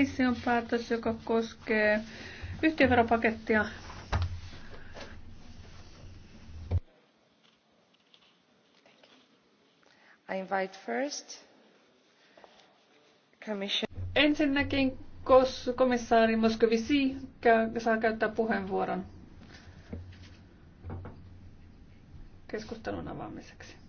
komission päätös, joka koskee yhtiöveropakettia. I invite first commission. Ensinnäkin komissaari Moscovici saa käyttää puheenvuoron keskustelun avaamiseksi.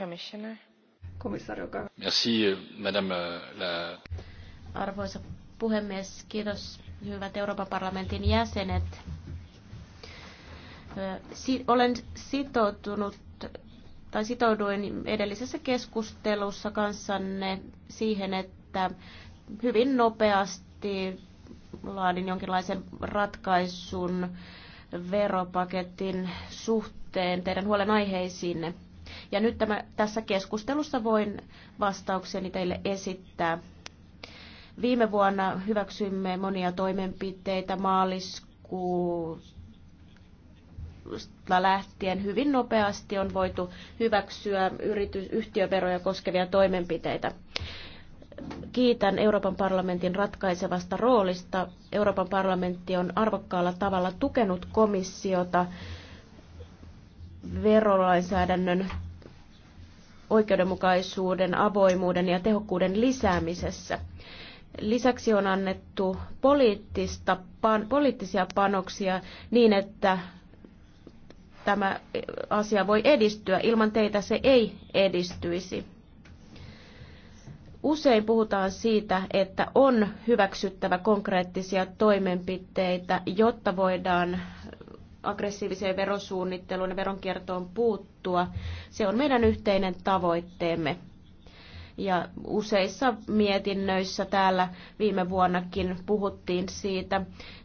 Euh, Arvoisa puhemies, kiitos hyvät Euroopan parlamentin jäsenet. Olen sitoutunut tai sitouduin edellisessä keskustelussa kanssanne siihen, että hyvin nopeasti laadin jonkinlaisen ratkaisun veropaketin suhteen teidän huolenaiheisiinne. Ja nyt tämä, tässä keskustelussa voin vastaukseni teille esittää. Viime vuonna hyväksyimme monia toimenpiteitä maaliskuusta lähtien. Hyvin nopeasti on voitu hyväksyä yritys, yhtiöveroja koskevia toimenpiteitä kiitän Euroopan parlamentin ratkaisevasta roolista. Euroopan parlamentti on arvokkaalla tavalla tukenut komissiota verolainsäädännön oikeudenmukaisuuden, avoimuuden ja tehokkuuden lisäämisessä. Lisäksi on annettu poliittista, pan, poliittisia panoksia niin, että tämä asia voi edistyä. Ilman teitä se ei edistyisi. Usein puhutaan siitä, että on hyväksyttävä konkreettisia toimenpiteitä, jotta voidaan aggressiiviseen verosuunnitteluun ja veronkiertoon puuttua. Se on meidän yhteinen tavoitteemme. Ja useissa mietinnöissä täällä viime vuonnakin puhuttiin siitä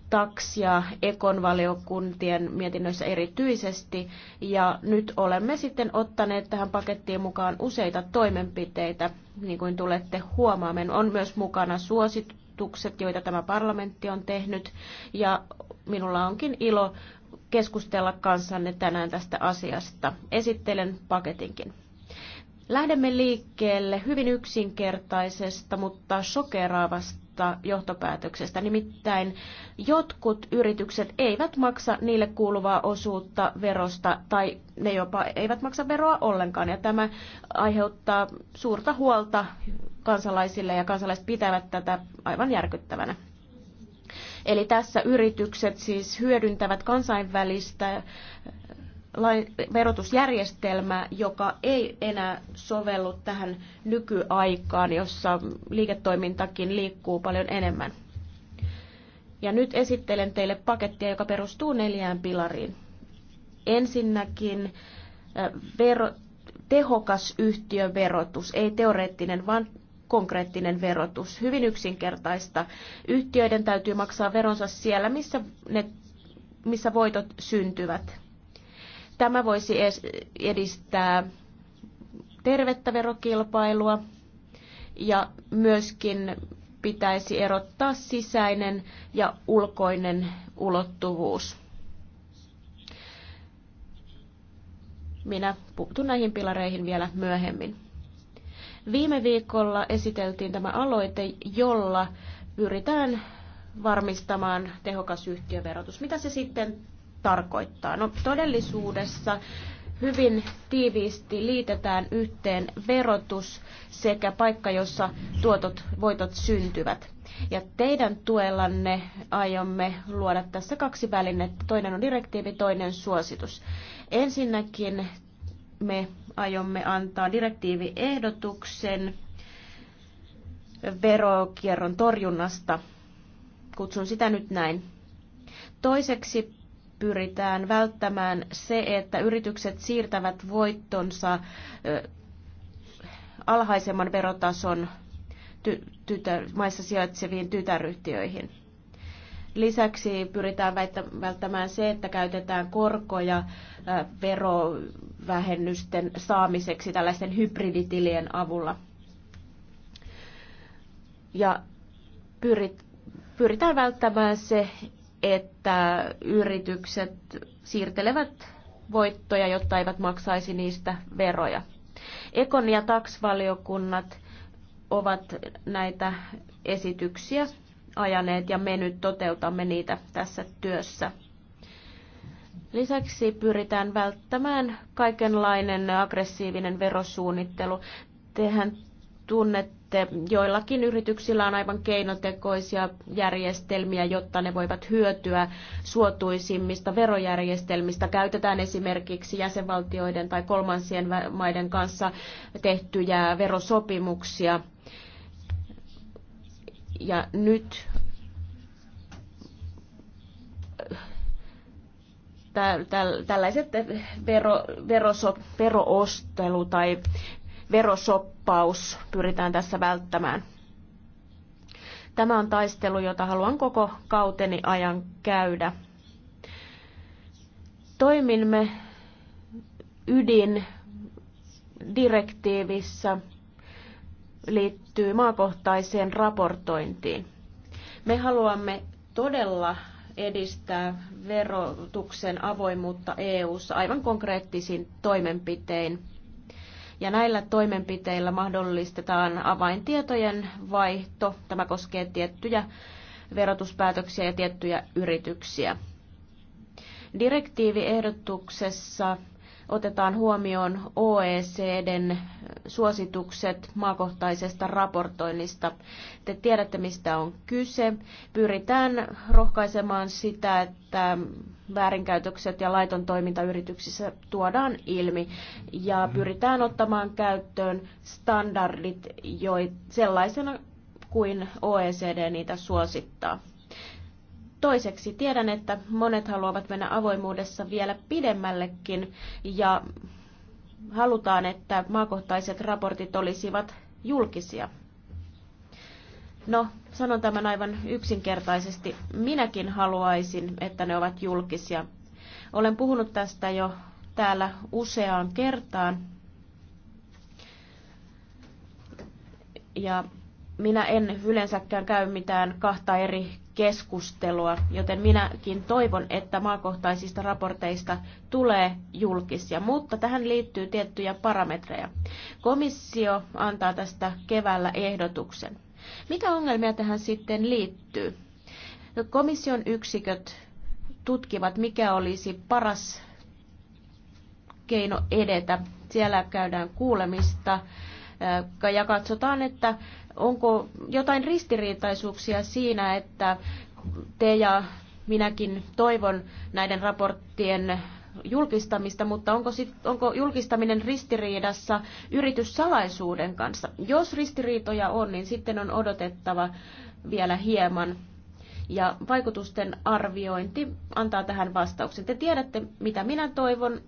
taksia ja ekonvaliokuntien mietinnöissä erityisesti. Ja nyt olemme sitten ottaneet tähän pakettiin mukaan useita toimenpiteitä, niin kuin tulette huomaamaan. On myös mukana suositukset, joita tämä parlamentti on tehnyt. Ja minulla onkin ilo keskustella kanssanne tänään tästä asiasta. Esittelen paketinkin. Lähdemme liikkeelle hyvin yksinkertaisesta, mutta shokeraavasta johtopäätöksestä. Nimittäin jotkut yritykset eivät maksa niille kuuluvaa osuutta verosta tai ne jopa eivät maksa veroa ollenkaan. Ja tämä aiheuttaa suurta huolta kansalaisille ja kansalaiset pitävät tätä aivan järkyttävänä. Eli tässä yritykset siis hyödyntävät kansainvälistä äh, verotusjärjestelmää, joka ei enää sovellu tähän nykyaikaan, jossa liiketoimintakin liikkuu paljon enemmän. Ja nyt esittelen teille pakettia, joka perustuu neljään pilariin. Ensinnäkin äh, vero, tehokas yhtiöverotus, ei teoreettinen, vaan konkreettinen verotus. Hyvin yksinkertaista. Yhtiöiden täytyy maksaa veronsa siellä, missä, ne, missä voitot syntyvät. Tämä voisi edistää tervettä verokilpailua ja myöskin pitäisi erottaa sisäinen ja ulkoinen ulottuvuus. Minä puutun näihin pilareihin vielä myöhemmin. Viime viikolla esiteltiin tämä aloite, jolla pyritään varmistamaan tehokas yhtiöverotus. Mitä se sitten tarkoittaa? No todellisuudessa hyvin tiiviisti liitetään yhteen verotus sekä paikka, jossa tuotot, voitot syntyvät. Ja teidän tuellanne aiomme luoda tässä kaksi välinettä. Toinen on direktiivi, toinen suositus. Ensinnäkin me aiomme antaa direktiiviehdotuksen verokierron torjunnasta. Kutsun sitä nyt näin. Toiseksi pyritään välttämään se, että yritykset siirtävät voittonsa alhaisemman verotason ty- tytär- maissa sijaitseviin tytäryhtiöihin. Lisäksi pyritään välttämään se, että käytetään korkoja äh, verovähennysten saamiseksi tällaisten hybriditilien avulla. Ja pyritään välttämään se, että yritykset siirtelevät voittoja, jotta eivät maksaisi niistä veroja. Ekon ja taksvaliokunnat ovat näitä esityksiä ajaneet ja me nyt toteutamme niitä tässä työssä. Lisäksi pyritään välttämään kaikenlainen aggressiivinen verosuunnittelu. Tehän tunnette, joillakin yrityksillä on aivan keinotekoisia järjestelmiä, jotta ne voivat hyötyä suotuisimmista verojärjestelmistä. Käytetään esimerkiksi jäsenvaltioiden tai kolmansien maiden kanssa tehtyjä verosopimuksia ja nyt tällaiset vero, veroso, veroostelu tai verosoppaus pyritään tässä välttämään. Tämä on taistelu, jota haluan koko kauteni ajan käydä. Toimimme ydin direktiivissä liittyy maakohtaiseen raportointiin. Me haluamme todella edistää verotuksen avoimuutta EU:ssa aivan konkreettisin toimenpitein. Ja näillä toimenpiteillä mahdollistetaan avaintietojen vaihto. Tämä koskee tiettyjä verotuspäätöksiä ja tiettyjä yrityksiä. Direktiiviehdotuksessa otetaan huomioon OECDn suositukset maakohtaisesta raportoinnista. Te tiedätte, mistä on kyse. Pyritään rohkaisemaan sitä, että väärinkäytökset ja laiton toiminta yrityksissä tuodaan ilmi ja mhm. pyritään ottamaan käyttöön standardit jo sellaisena kuin OECD niitä suosittaa. Toiseksi tiedän, että monet haluavat mennä avoimuudessa vielä pidemmällekin ja halutaan, että maakohtaiset raportit olisivat julkisia. No, sanon tämän aivan yksinkertaisesti. Minäkin haluaisin, että ne ovat julkisia. Olen puhunut tästä jo täällä useaan kertaan. Ja minä en yleensäkään käy mitään kahta eri keskustelua, joten minäkin toivon, että maakohtaisista raporteista tulee julkisia, mutta tähän liittyy tiettyjä parametreja. Komissio antaa tästä keväällä ehdotuksen. Mitä ongelmia tähän sitten liittyy? No, komission yksiköt tutkivat, mikä olisi paras keino edetä. Siellä käydään kuulemista ja katsotaan, että Onko jotain ristiriitaisuuksia siinä, että te ja minäkin toivon näiden raporttien julkistamista, mutta onko, sit, onko julkistaminen ristiriidassa yrityssalaisuuden kanssa? Jos ristiriitoja on, niin sitten on odotettava vielä hieman. Ja vaikutusten arviointi antaa tähän vastauksen. Te tiedätte, mitä minä toivon,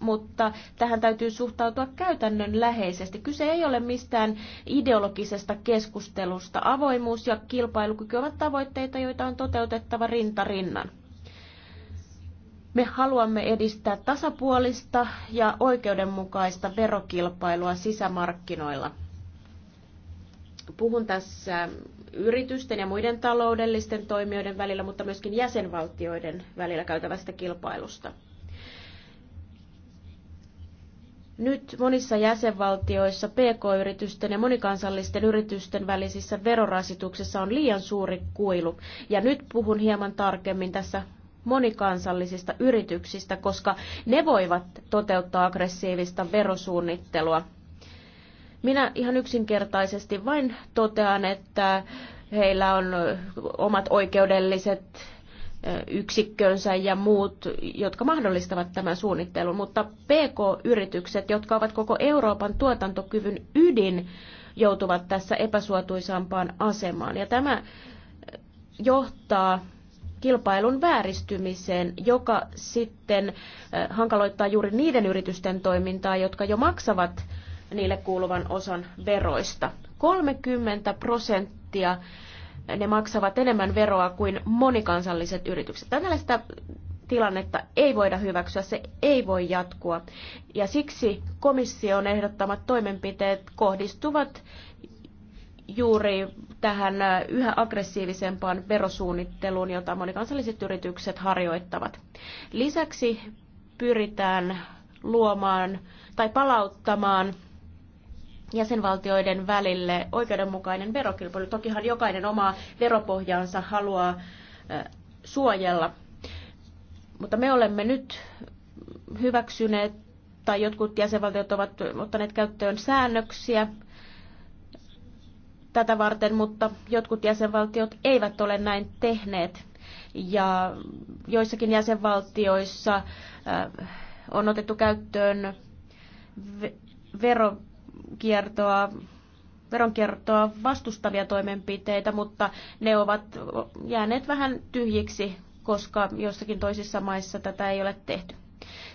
mutta tähän täytyy suhtautua käytännönläheisesti. Kyse ei ole mistään ideologisesta keskustelusta. Avoimuus ja kilpailukyky ovat tavoitteita, joita on toteutettava rinta rinnan. Me haluamme edistää tasapuolista ja oikeudenmukaista verokilpailua sisämarkkinoilla. Puhun tässä yritysten ja muiden taloudellisten toimijoiden välillä, mutta myöskin jäsenvaltioiden välillä käytävästä kilpailusta. Nyt monissa jäsenvaltioissa pk-yritysten ja monikansallisten yritysten välisissä verorasituksissa on liian suuri kuilu. Ja nyt puhun hieman tarkemmin tässä monikansallisista yrityksistä, koska ne voivat toteuttaa aggressiivista verosuunnittelua. Minä ihan yksinkertaisesti vain totean, että heillä on omat oikeudelliset yksikkönsä ja muut, jotka mahdollistavat tämän suunnittelun, mutta PK-yritykset, jotka ovat koko Euroopan tuotantokyvyn ydin, joutuvat tässä epäsuotuisampaan asemaan. Ja tämä johtaa kilpailun vääristymiseen, joka sitten hankaloittaa juuri niiden yritysten toimintaa, jotka jo maksavat niille kuuluvan osan veroista. 30 prosenttia ne maksavat enemmän veroa kuin monikansalliset yritykset. Tällaista tilannetta ei voida hyväksyä, se ei voi jatkua. Ja siksi komission ehdottamat toimenpiteet kohdistuvat juuri tähän yhä aggressiivisempaan verosuunnitteluun, jota monikansalliset yritykset harjoittavat. Lisäksi pyritään luomaan tai palauttamaan jäsenvaltioiden välille oikeudenmukainen verokilpailu. Tokihan jokainen omaa veropohjaansa haluaa suojella. Mutta me olemme nyt hyväksyneet tai jotkut jäsenvaltiot ovat ottaneet käyttöön säännöksiä tätä varten, mutta jotkut jäsenvaltiot eivät ole näin tehneet. Ja joissakin jäsenvaltioissa on otettu käyttöön vero kiertoa, veronkiertoa vastustavia toimenpiteitä, mutta ne ovat jääneet vähän tyhjiksi, koska jossakin toisissa maissa tätä ei ole tehty.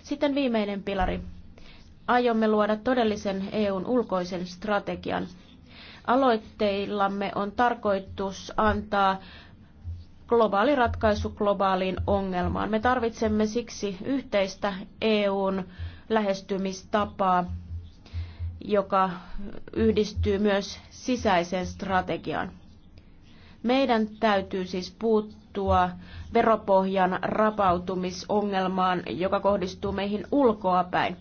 Sitten viimeinen pilari. Aiomme luoda todellisen EUn ulkoisen strategian. Aloitteillamme on tarkoitus antaa globaali ratkaisu globaaliin ongelmaan. Me tarvitsemme siksi yhteistä EUn lähestymistapaa joka yhdistyy myös sisäiseen strategiaan. Meidän täytyy siis puuttua veropohjan rapautumisongelmaan, joka kohdistuu meihin ulkoapäin.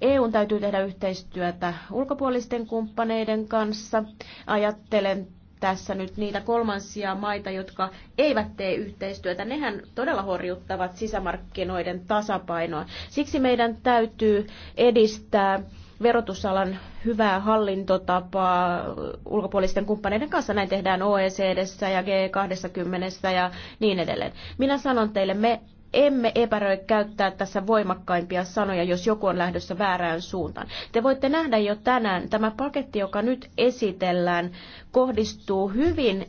EUn täytyy tehdä yhteistyötä ulkopuolisten kumppaneiden kanssa. Ajattelen tässä nyt niitä kolmansia maita, jotka eivät tee yhteistyötä. Nehän todella horjuttavat sisämarkkinoiden tasapainoa. Siksi meidän täytyy edistää verotusalan hyvää hallintotapaa ulkopuolisten kumppaneiden kanssa. Näin tehdään OECDssä ja G20 ja niin edelleen. Minä sanon teille, me emme epäröi käyttää tässä voimakkaimpia sanoja, jos joku on lähdössä väärään suuntaan. Te voitte nähdä jo tänään, tämä paketti, joka nyt esitellään, kohdistuu hyvin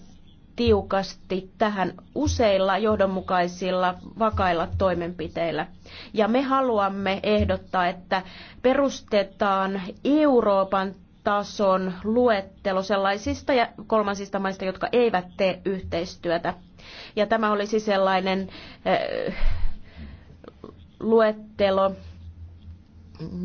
tiukasti tähän useilla johdonmukaisilla vakailla toimenpiteillä. Ja me haluamme ehdottaa, että perustetaan Euroopan tason luettelo sellaisista ja kolmansista maista, jotka eivät tee yhteistyötä. Ja tämä olisi sellainen eh, luettelo,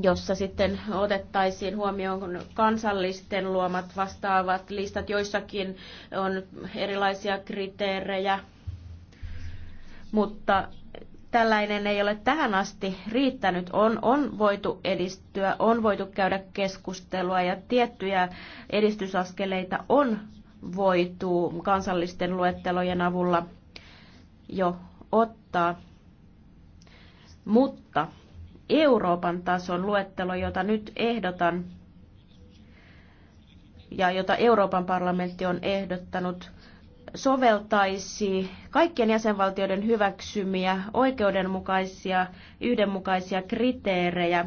jossa sitten otettaisiin huomioon kansallisten luomat vastaavat listat. Joissakin on erilaisia kriteerejä, mutta tällainen ei ole tähän asti riittänyt. On, on voitu edistyä, on voitu käydä keskustelua ja tiettyjä edistysaskeleita on voitu kansallisten luettelojen avulla jo ottaa. Mutta Euroopan tason luettelo, jota nyt ehdotan ja jota Euroopan parlamentti on ehdottanut, soveltaisi kaikkien jäsenvaltioiden hyväksymiä oikeudenmukaisia, yhdenmukaisia kriteerejä.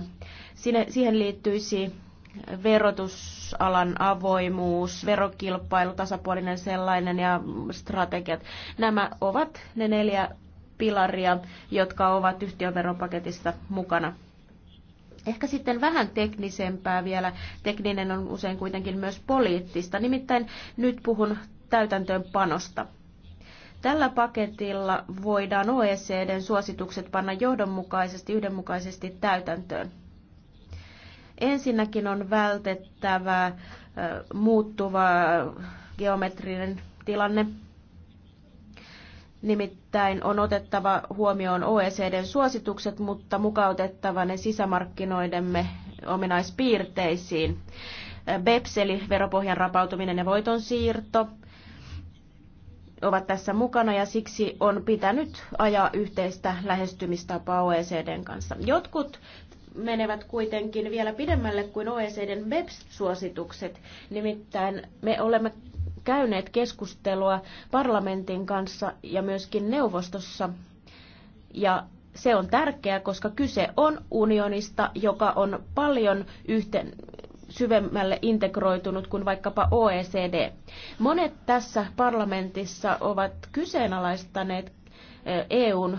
siihen liittyisi verotusalan avoimuus, verokilpailu, tasapuolinen sellainen ja strategiat. Nämä ovat ne neljä pilaria, jotka ovat yhtiöveropaketissa mukana. Ehkä sitten vähän teknisempää vielä. Tekninen on usein kuitenkin myös poliittista. Nimittäin nyt puhun täytäntöönpanosta. Tällä paketilla voidaan OECDn suositukset panna johdonmukaisesti, yhdenmukaisesti täytäntöön. Ensinnäkin on vältettävä muuttuva geometrinen tilanne Nimittäin on otettava huomioon OECDn suositukset, mutta mukautettava ne sisämarkkinoidemme ominaispiirteisiin. BEPS eli veropohjan rapautuminen ja voiton siirto ovat tässä mukana ja siksi on pitänyt ajaa yhteistä lähestymistapaa OECDn kanssa. Jotkut menevät kuitenkin vielä pidemmälle kuin OECDn BEPS-suositukset. Nimittäin me olemme käyneet keskustelua parlamentin kanssa ja myöskin neuvostossa. Ja se on tärkeää, koska kyse on unionista, joka on paljon yhten, syvemmälle integroitunut kuin vaikkapa OECD. Monet tässä parlamentissa ovat kyseenalaistaneet EUn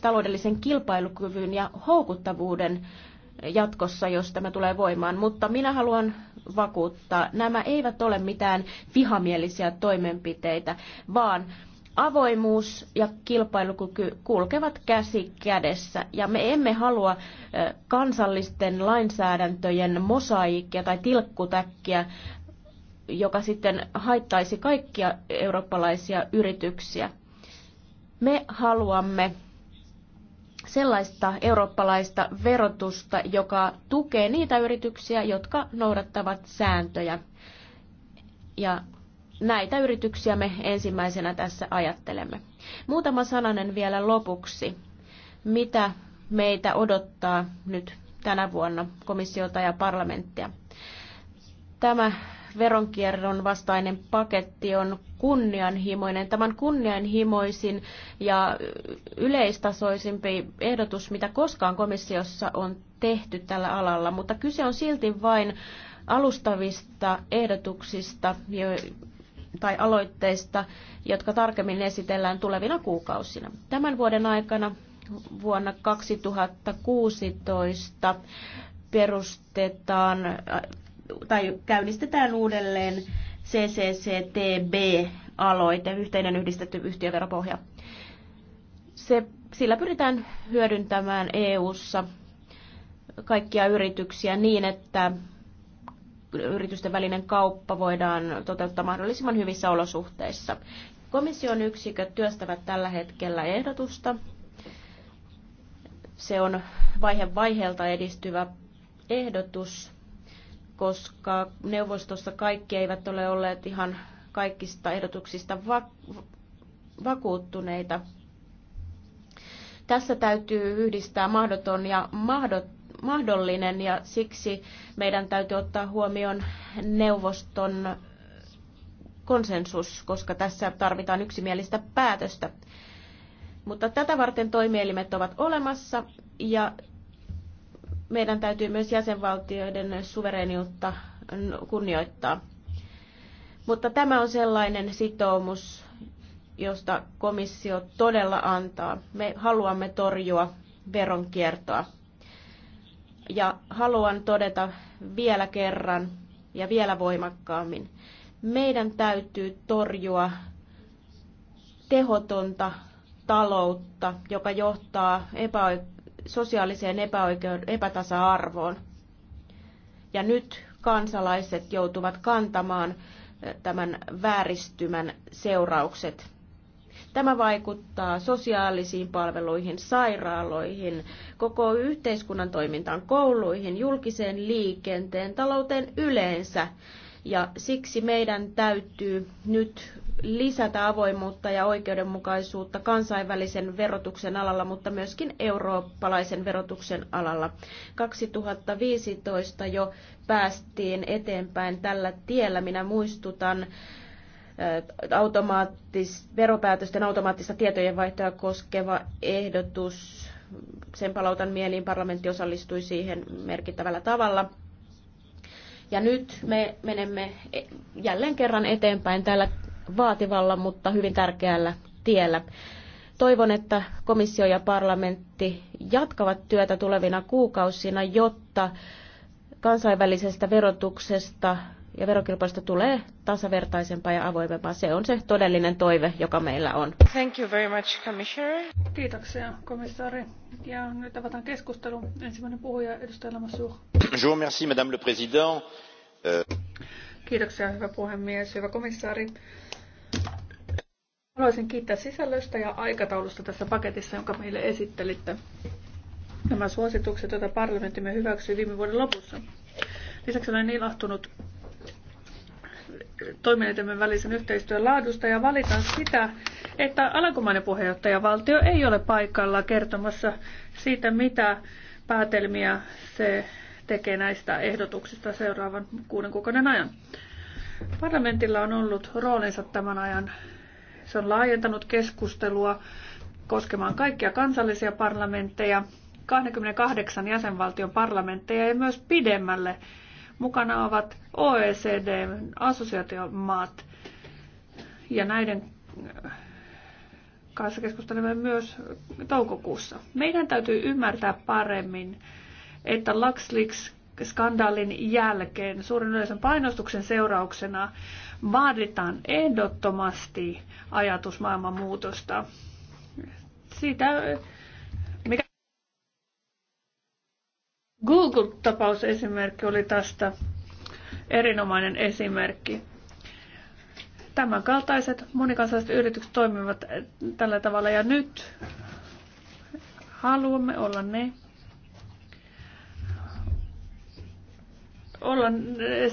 taloudellisen kilpailukyvyn ja houkuttavuuden jatkossa, jos tämä tulee voimaan. Mutta minä haluan vakuuttaa, nämä eivät ole mitään vihamielisiä toimenpiteitä, vaan avoimuus ja kilpailukyky kulkevat käsi kädessä ja me emme halua kansallisten lainsäädäntöjen mosaikkia tai tilkkutäkkiä, joka sitten haittaisi kaikkia eurooppalaisia yrityksiä. Me haluamme sellaista eurooppalaista verotusta, joka tukee niitä yrityksiä, jotka noudattavat sääntöjä. Ja näitä yrityksiä me ensimmäisenä tässä ajattelemme. Muutama sananen vielä lopuksi. Mitä meitä odottaa nyt tänä vuonna komissiota ja parlamenttia? Tämä veronkierron vastainen paketti on kunnianhimoinen, tämän kunnianhimoisin ja yleistasoisimpi ehdotus, mitä koskaan komissiossa on tehty tällä alalla, mutta kyse on silti vain alustavista ehdotuksista tai aloitteista, jotka tarkemmin esitellään tulevina kuukausina. Tämän vuoden aikana vuonna 2016 perustetaan tai käynnistetään uudelleen CCCTB-aloite, yhteinen yhdistetty yhtiöveropohja. Se, sillä pyritään hyödyntämään EU-ssa kaikkia yrityksiä niin, että yritysten välinen kauppa voidaan toteuttaa mahdollisimman hyvissä olosuhteissa. Komission yksiköt työstävät tällä hetkellä ehdotusta. Se on vaihe vaiheelta edistyvä ehdotus koska neuvostossa kaikki eivät ole olleet ihan kaikista ehdotuksista vakuuttuneita. Tässä täytyy yhdistää mahdoton ja mahdot, mahdollinen ja siksi meidän täytyy ottaa huomioon neuvoston konsensus, koska tässä tarvitaan yksimielistä päätöstä. Mutta tätä varten toimielimet ovat olemassa ja meidän täytyy myös jäsenvaltioiden suvereniutta kunnioittaa. Mutta tämä on sellainen sitoumus, josta komissio todella antaa. Me haluamme torjua veronkiertoa. Ja haluan todeta vielä kerran ja vielä voimakkaammin. Meidän täytyy torjua tehotonta taloutta, joka johtaa epäoikeudenmukaisuuteen sosiaaliseen epäoikeud- epätasa-arvoon. Ja nyt kansalaiset joutuvat kantamaan tämän vääristymän seuraukset. Tämä vaikuttaa sosiaalisiin palveluihin, sairaaloihin, koko yhteiskunnan toimintaan, kouluihin, julkiseen liikenteen, talouteen yleensä. Ja siksi meidän täytyy nyt lisätä avoimuutta ja oikeudenmukaisuutta kansainvälisen verotuksen alalla, mutta myöskin eurooppalaisen verotuksen alalla. 2015 jo päästiin eteenpäin tällä tiellä. Minä muistutan automaattis, veropäätösten automaattista tietojenvaihtoa koskeva ehdotus. Sen palautan mieliin, parlamentti osallistui siihen merkittävällä tavalla. Ja nyt me menemme e-, jälleen kerran eteenpäin tällä vaativalla, mutta hyvin tärkeällä tiellä. Toivon, että komissio ja parlamentti jatkavat työtä tulevina kuukausina, jotta kansainvälisestä verotuksesta ja verokilpailusta tulee tasavertaisempaa ja avoimempaa. Se on se todellinen toive, joka meillä on. Thank you very much, Commissioner. Kiitoksia, komissaari. Ja nyt avataan keskustelu. Ensimmäinen puhuja, edustaja Lamassu. Bonjour, merci, madame le président. Euh, Kiitoksia, hyvä puhemies, hyvä komissaari. Haluaisin kiittää sisällöstä ja aikataulusta tässä paketissa, jonka meille esittelitte. Nämä suositukset, joita parlamenttimme hyväksyi viime vuoden lopussa. Lisäksi olen ilahtunut toimielintämme välisen yhteistyön laadusta ja valitan sitä, että alankomainen puheenjohtajavaltio ei ole paikalla kertomassa siitä, mitä päätelmiä se tekee näistä ehdotuksista seuraavan kuuden kuukauden ajan. Parlamentilla on ollut roolinsa tämän ajan. Se on laajentanut keskustelua koskemaan kaikkia kansallisia parlamentteja, 28 jäsenvaltion parlamentteja ja myös pidemmälle. Mukana ovat OECD-assosiaatiomaat ja näiden kanssa keskustelemme myös toukokuussa. Meidän täytyy ymmärtää paremmin että LuxLeaks-skandaalin jälkeen suuren yleisön painostuksen seurauksena vaaditaan ehdottomasti ajatusmaailman muutosta. Siitä, mikä Google-tapaus esimerkki oli tästä erinomainen esimerkki. Tämän kaltaiset monikansalliset yritykset toimivat tällä tavalla ja nyt haluamme olla ne, olla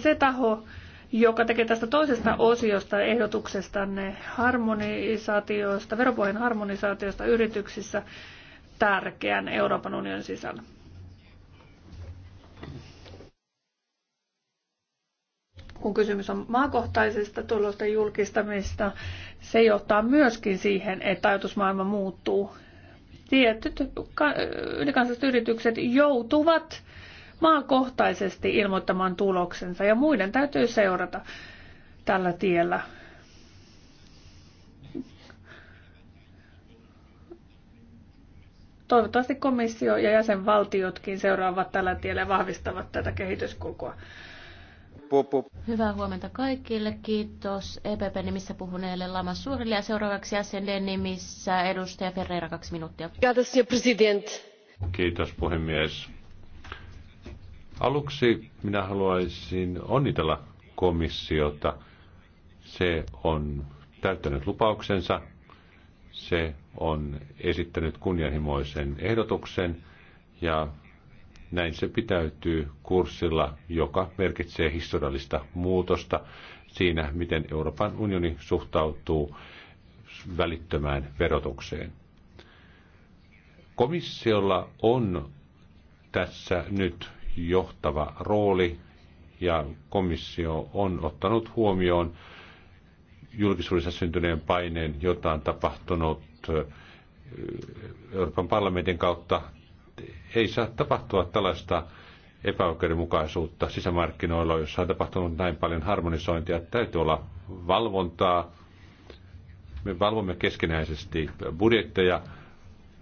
se taho, joka tekee tästä toisesta osiosta ehdotuksestanne harmonisaatiosta, veropohjan harmonisaatiosta yrityksissä tärkeän Euroopan unionin sisällä. kun kysymys on maakohtaisesta tulosten julkistamista, se johtaa myöskin siihen, että ajatusmaailma muuttuu. Tietyt ylikansalliset yritykset joutuvat maakohtaisesti ilmoittamaan tuloksensa ja muiden täytyy seurata tällä tiellä. Toivottavasti komissio ja jäsenvaltiotkin seuraavat tällä tiellä ja vahvistavat tätä kehityskulkua. Hyvää huomenta kaikille. Kiitos EPP nimissä puhuneelle Lama Suurille ja seuraavaksi SND nimissä edustaja Ferreira kaksi minuuttia. Kiitos puhemies Aluksi minä haluaisin onnitella komissiota. Se on täyttänyt lupauksensa. Se on esittänyt kunnianhimoisen ehdotuksen ja näin se pitäytyy kurssilla, joka merkitsee historiallista muutosta siinä, miten Euroopan unioni suhtautuu välittömään verotukseen. Komissiolla on tässä nyt johtava rooli ja komissio on ottanut huomioon julkisuudessa syntyneen paineen, jota on tapahtunut eh, Euroopan parlamentin kautta. Ei saa tapahtua tällaista epäoikeudenmukaisuutta sisämarkkinoilla, jossa on tapahtunut näin paljon harmonisointia. Täytyy olla valvontaa. Me valvomme keskinäisesti budjetteja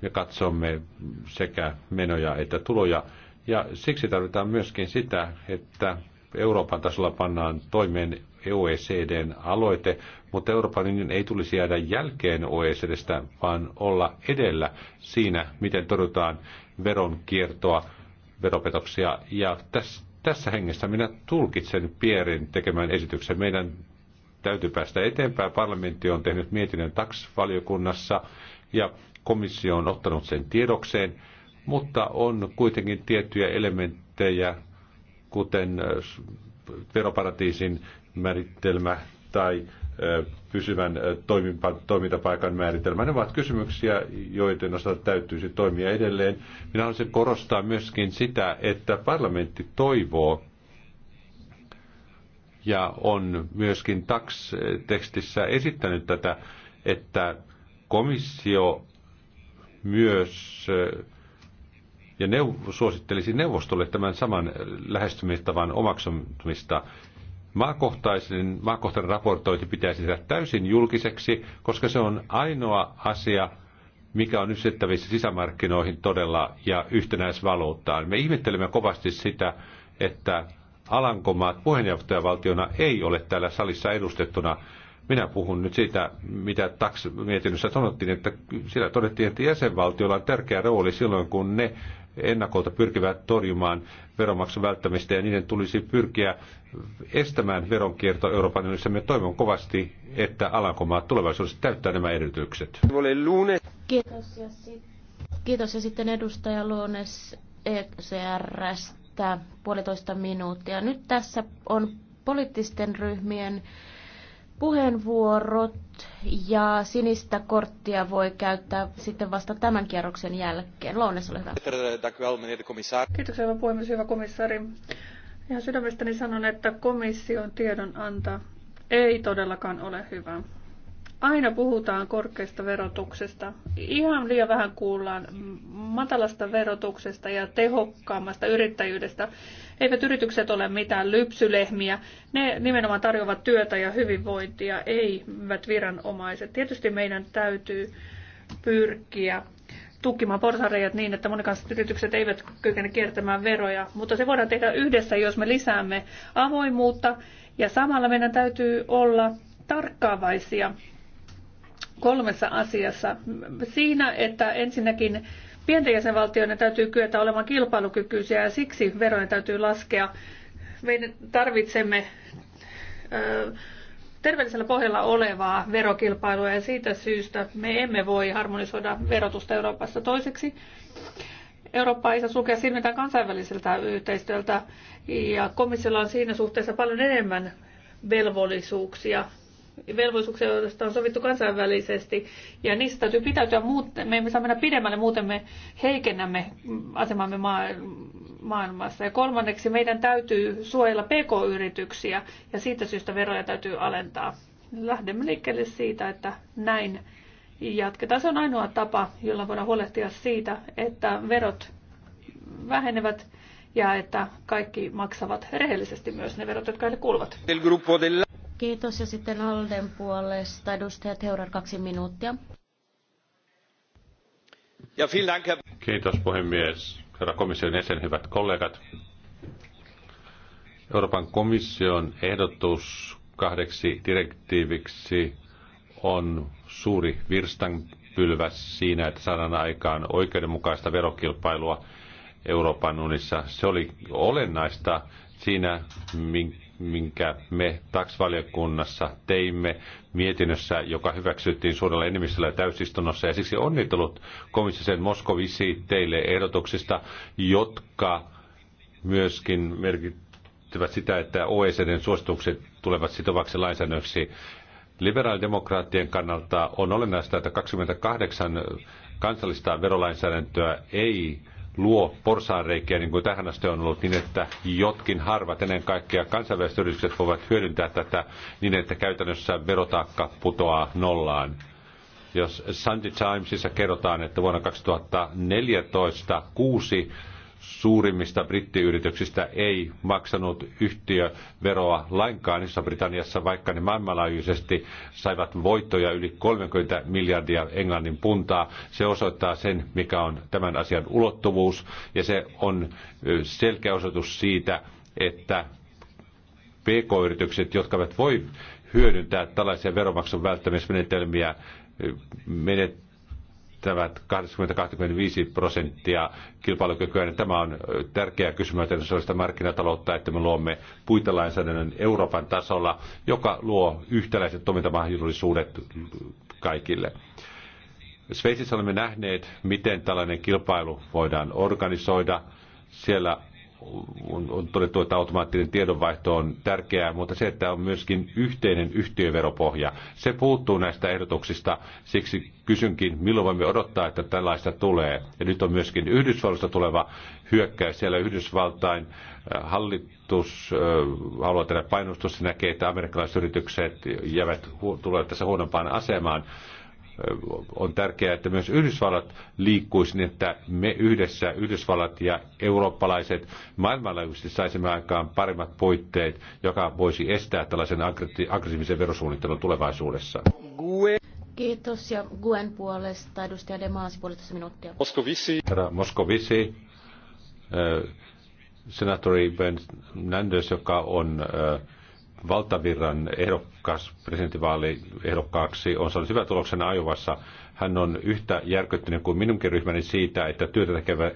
ja katsomme sekä menoja että tuloja ja siksi tarvitaan myöskin sitä, että Euroopan tasolla pannaan toimeen OECDn aloite, mutta Euroopan unionin ei tulisi jäädä jälkeen OECDstä, vaan olla edellä siinä, miten torjutaan veronkiertoa, veropetoksia. Ja tässä, tässä hengessä minä tulkitsen Pierin tekemään esityksen. Meidän täytyy päästä eteenpäin. Parlamentti on tehnyt mietinnön TAX-valiokunnassa ja komissio on ottanut sen tiedokseen mutta on kuitenkin tiettyjä elementtejä, kuten veroparatiisin määritelmä tai pysyvän toimintapaikan määritelmä. Ne ovat kysymyksiä, joiden osalta täytyisi toimia edelleen. Minä haluaisin korostaa myöskin sitä, että parlamentti toivoo ja on myöskin TAX-tekstissä esittänyt tätä, että komissio myös ja neu- suosittelisi neuvostolle tämän saman lähestymistavan omaksumista. Maakohtaisen, maakohtainen raportointi pitäisi tehdä täysin julkiseksi, koska se on ainoa asia, mikä on yksittävissä sisämarkkinoihin todella ja yhtenäisvaluuttaan. Me ihmettelemme kovasti sitä, että Alankomaat puheenjohtajavaltiona ei ole täällä salissa edustettuna. Minä puhun nyt siitä, mitä taks mietinnössä sanottiin, että siellä todettiin, että jäsenvaltiolla on tärkeä rooli silloin, kun ne ennakolta pyrkivät torjumaan veronmaksun välttämistä ja niiden tulisi pyrkiä estämään veronkierto Euroopan unionissa. Me toivon kovasti, että Alankomaat tulevaisuudessa täyttää nämä edellytykset. Kiitos ja, sit- Kiitos ja sitten edustaja Luones ECRstä puolitoista minuuttia. Nyt tässä on poliittisten ryhmien puheenvuorot ja sinistä korttia voi käyttää sitten vasta tämän kierroksen jälkeen. Lounes, ole hyvä. Kiitoksia, hyvä puhemies, hyvä komissaari. Ihan sydämestäni sanon, että komission tiedon anta ei todellakaan ole hyvä aina puhutaan korkeasta verotuksesta. Ihan liian vähän kuullaan matalasta verotuksesta ja tehokkaammasta yrittäjyydestä. Eivät yritykset ole mitään lypsylehmiä. Ne nimenomaan tarjoavat työtä ja hyvinvointia, eivät viranomaiset. Tietysti meidän täytyy pyrkiä tukkimaan porsareijat niin, että monikansalliset yritykset eivät kykene kiertämään veroja, mutta se voidaan tehdä yhdessä, jos me lisäämme avoimuutta ja samalla meidän täytyy olla tarkkaavaisia kolmessa asiassa. Siinä, että ensinnäkin pienten jäsenvaltioiden täytyy kyetä olemaan kilpailukykyisiä ja siksi verojen täytyy laskea. Me tarvitsemme ö, terveellisellä pohjalla olevaa verokilpailua ja siitä syystä me emme voi harmonisoida verotusta Euroopassa toiseksi. Eurooppa ei saa sulkea silmitään kansainväliseltä yhteistyöltä ja komissiolla on siinä suhteessa paljon enemmän velvollisuuksia velvollisuuksia, joista on sovittu kansainvälisesti, ja niistä täytyy pitäytyä, muuten, me emme saa mennä pidemmälle, muuten me heikennämme asemamme maailmassa. Ja kolmanneksi meidän täytyy suojella pk-yrityksiä, ja siitä syystä veroja täytyy alentaa. Lähdemme liikkeelle siitä, että näin jatketaan. Se on ainoa tapa, jolla voidaan huolehtia siitä, että verot vähenevät ja että kaikki maksavat rehellisesti myös ne verot, jotka heille kuuluvat. Kiitos ja sitten Alden puolesta edustaja Teurar kaksi minuuttia. Ja Kiitos puhemies, herra komission jäsen, hyvät kollegat. Euroopan komission ehdotus kahdeksi direktiiviksi on suuri virstanpylväs siinä, että saadaan aikaan oikeudenmukaista verokilpailua Euroopan unissa. Se oli olennaista siinä, minkä me TAX-valiokunnassa teimme mietinnössä, joka hyväksyttiin suurella enemmistöllä täysistunnossa. Ja siksi onnittelut komissisen Moskovisi teille ehdotuksista, jotka myöskin merkittävät sitä, että OECDn suositukset tulevat sitovaksi lainsäädännöksi. Liberaalidemokraattien kannalta on olennaista, että 28 kansallista verolainsäädäntöä ei luo porsaanreikiä, niin kuin tähän asti on ollut, niin että jotkin harvat, ennen kaikkea kansainväliset yritykset, voivat hyödyntää tätä niin, että käytännössä verotaakka putoaa nollaan. Jos Sunday Timesissa kerrotaan, että vuonna 2014 kuusi suurimmista brittiyrityksistä ei maksanut yhtiöveroa lainkaan iso Britanniassa, vaikka ne maailmanlaajuisesti saivat voittoja yli 30 miljardia englannin puntaa. Se osoittaa sen, mikä on tämän asian ulottuvuus, ja se on selkeä osoitus siitä, että PK-yritykset, jotka voi hyödyntää tällaisia veromaksun välttämismenetelmiä, menet, ylittävät 20-25 prosenttia kilpailukykyä. Tämä on tärkeä kysymys että sellaista markkinataloutta, että me luomme puitelainsäädännön Euroopan tasolla, joka luo yhtäläiset toimintamahdollisuudet kaikille. Sveitsissä olemme nähneet, miten tällainen kilpailu voidaan organisoida. Siellä on, on todettu, että automaattinen tiedonvaihto on tärkeää, mutta se, että on myöskin yhteinen yhtiöveropohja, se puuttuu näistä ehdotuksista. Siksi kysynkin, milloin voimme odottaa, että tällaista tulee. Ja nyt on myöskin Yhdysvalloista tuleva hyökkäys. Siellä Yhdysvaltain äh, hallitus äh, haluaa tehdä painostusta, näkee, että amerikkalaiset yritykset jäävät, tulevat tässä huonompaan asemaan on tärkeää, että myös Yhdysvallat liikkuisi, niin että me yhdessä, Yhdysvallat ja eurooppalaiset, maailmanlaajuisesti saisimme aikaan paremmat puitteet, joka voisi estää tällaisen aggressiivisen verosuunnittelun tulevaisuudessa. Kiitos ja Guen puolesta edustaja Demaasi puolitoista minuuttia. Moskovisi. Herra Moskovisi, äh, senaattori Ben Nandes, joka on äh, valtavirran ehdokas presidentivaaliehdokkaaksi on saanut hyvän tuloksen Ajovassa. Hän on yhtä järkyttynyt kuin minunkin ryhmäni siitä, että työtä tekevät,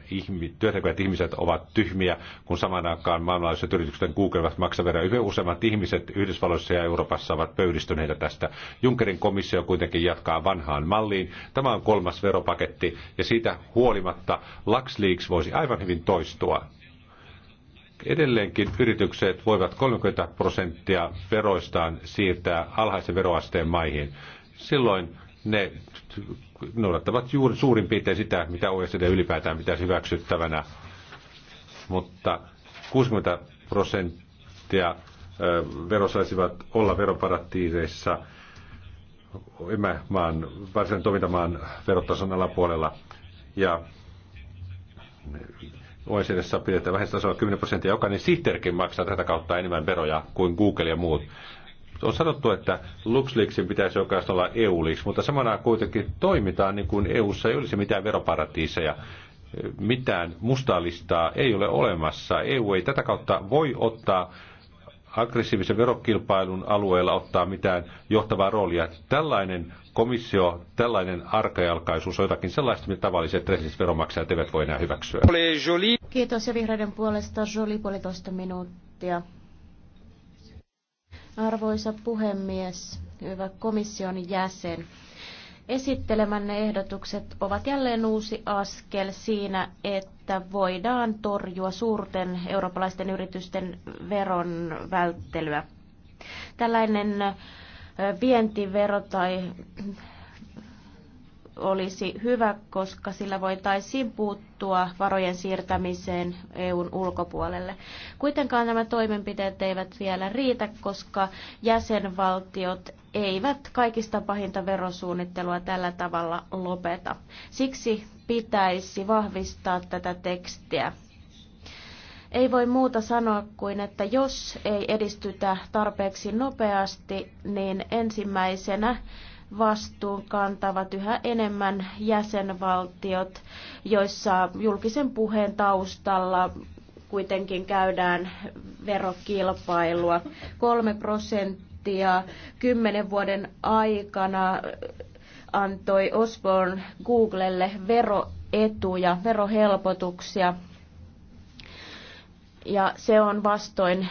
työtä tekevät ihmiset ovat tyhmiä, kun samaan aikaan maailmanlaajuiset yritykset googlevat maksaveroja. Yhä useammat ihmiset Yhdysvalloissa ja Euroopassa ovat pöydistyneitä tästä. Junckerin komissio kuitenkin jatkaa vanhaan malliin. Tämä on kolmas veropaketti ja siitä huolimatta Lux Leaks voisi aivan hyvin toistua. Edelleenkin yritykset voivat 30 prosenttia veroistaan siirtää alhaisen veroasteen maihin. Silloin ne noudattavat juuri suurin piirtein sitä, mitä OECD ylipäätään pitäisi hyväksyttävänä. Mutta 60 prosenttia verosaisivat olla veroparatiiseissa emämaan, varsinaisen toimintamaan verotason alapuolella. Ja OECDssä pidetään vähennystasolla 10 prosenttia, jokainen sihteerikin maksaa tätä kautta enemmän veroja kuin Google ja muut. On sanottu, että LuxLeaksin pitäisi oikeastaan olla eu mutta samana kuitenkin toimitaan niin kuin EUssa ei olisi mitään veroparatiiseja. Mitään mustaa listaa ei ole olemassa. EU ei tätä kautta voi ottaa aggressiivisen verokilpailun alueella ottaa mitään johtavaa roolia. Tällainen komissio, tällainen arkajalkaisuus on jotakin sellaista, mitä tavalliset rehelliset veronmaksajat eivät voi enää hyväksyä. Kiitos ja vihreiden puolesta Jolie puolitoista minuuttia. Arvoisa puhemies, hyvä komission jäsen. Esittelemänne ehdotukset ovat jälleen uusi askel siinä, että voidaan torjua suurten eurooppalaisten yritysten veron välttelyä. Tällainen vientivero tai olisi hyvä, koska sillä voitaisiin puuttua varojen siirtämiseen EUn ulkopuolelle. Kuitenkaan nämä toimenpiteet eivät vielä riitä, koska jäsenvaltiot eivät kaikista pahinta verosuunnittelua tällä tavalla lopeta. Siksi pitäisi vahvistaa tätä tekstiä ei voi muuta sanoa kuin, että jos ei edistytä tarpeeksi nopeasti, niin ensimmäisenä vastuun kantavat yhä enemmän jäsenvaltiot, joissa julkisen puheen taustalla kuitenkin käydään verokilpailua. Kolme prosenttia kymmenen vuoden aikana antoi Osborne Googlelle veroetuja, verohelpotuksia. Ja se on vastoin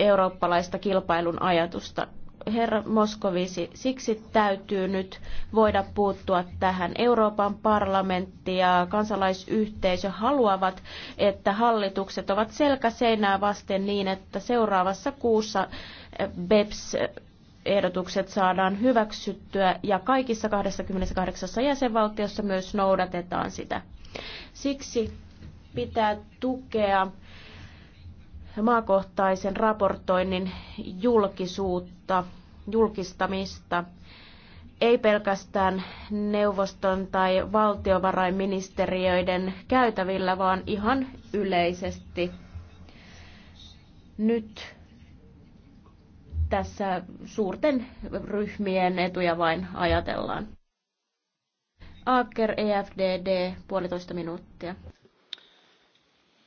eurooppalaista kilpailun ajatusta herra Moskovisi, siksi täytyy nyt voida puuttua tähän. Euroopan parlamentti ja kansalaisyhteisö haluavat, että hallitukset ovat selkä seinää vasten niin, että seuraavassa kuussa eh, BEPS ehdotukset saadaan hyväksyttyä ja kaikissa 28 jäsenvaltiossa myös noudatetaan sitä. Siksi pitää tukea maakohtaisen raportoinnin julkisuutta, julkistamista, ei pelkästään neuvoston tai valtiovarainministeriöiden käytävillä, vaan ihan yleisesti. Nyt tässä suurten ryhmien etuja vain ajatellaan. Aker EFDD, puolitoista minuuttia.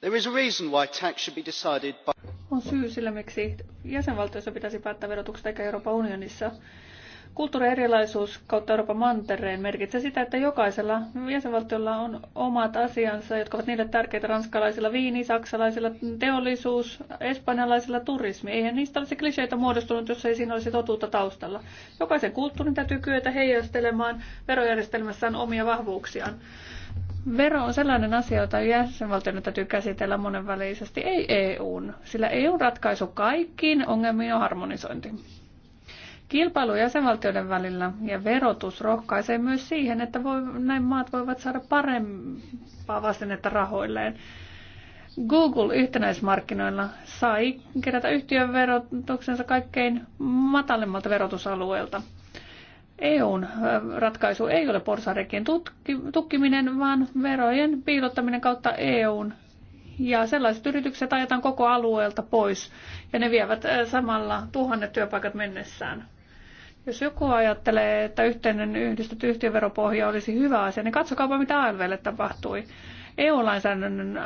There is a reason why tax should be decided by... On syy sille, miksi jäsenvaltioissa pitäisi päättää verotuksesta eikä Euroopan unionissa. Kulttuurierilaisuus kautta Euroopan mantereen merkitsee sitä, että jokaisella jäsenvaltiolla on omat asiansa, jotka ovat niille tärkeitä ranskalaisilla viini, saksalaisilla teollisuus, espanjalaisilla turismi. Eihän niistä olisi kliseitä muodostunut, jos ei siinä olisi totuutta taustalla. Jokaisen kulttuurin täytyy kyetä heijastelemaan verojärjestelmässään omia vahvuuksiaan. Vero on sellainen asia, jota jäsenvaltioiden täytyy käsitellä monenvälisesti, ei EUn, sillä EUn ratkaisu kaikkiin ongelmiin on harmonisointi. Kilpailu jäsenvaltioiden välillä ja verotus rohkaisee myös siihen, että voi, näin maat voivat saada parempaa vastennetta rahoilleen. Google yhtenäismarkkinoilla sai kerätä yhtiön verotuksensa kaikkein matalimmalta verotusalueelta – EUn ratkaisu ei ole porsarekien tukkiminen, vaan verojen piilottaminen kautta EUn. Ja sellaiset yritykset ajetaan koko alueelta pois ja ne vievät samalla tuhannet työpaikat mennessään. Jos joku ajattelee, että yhteinen yhdistetty yhtiöveropohja olisi hyvä asia, niin katsokaapa mitä ALVlle tapahtui. EU-lainsäädännön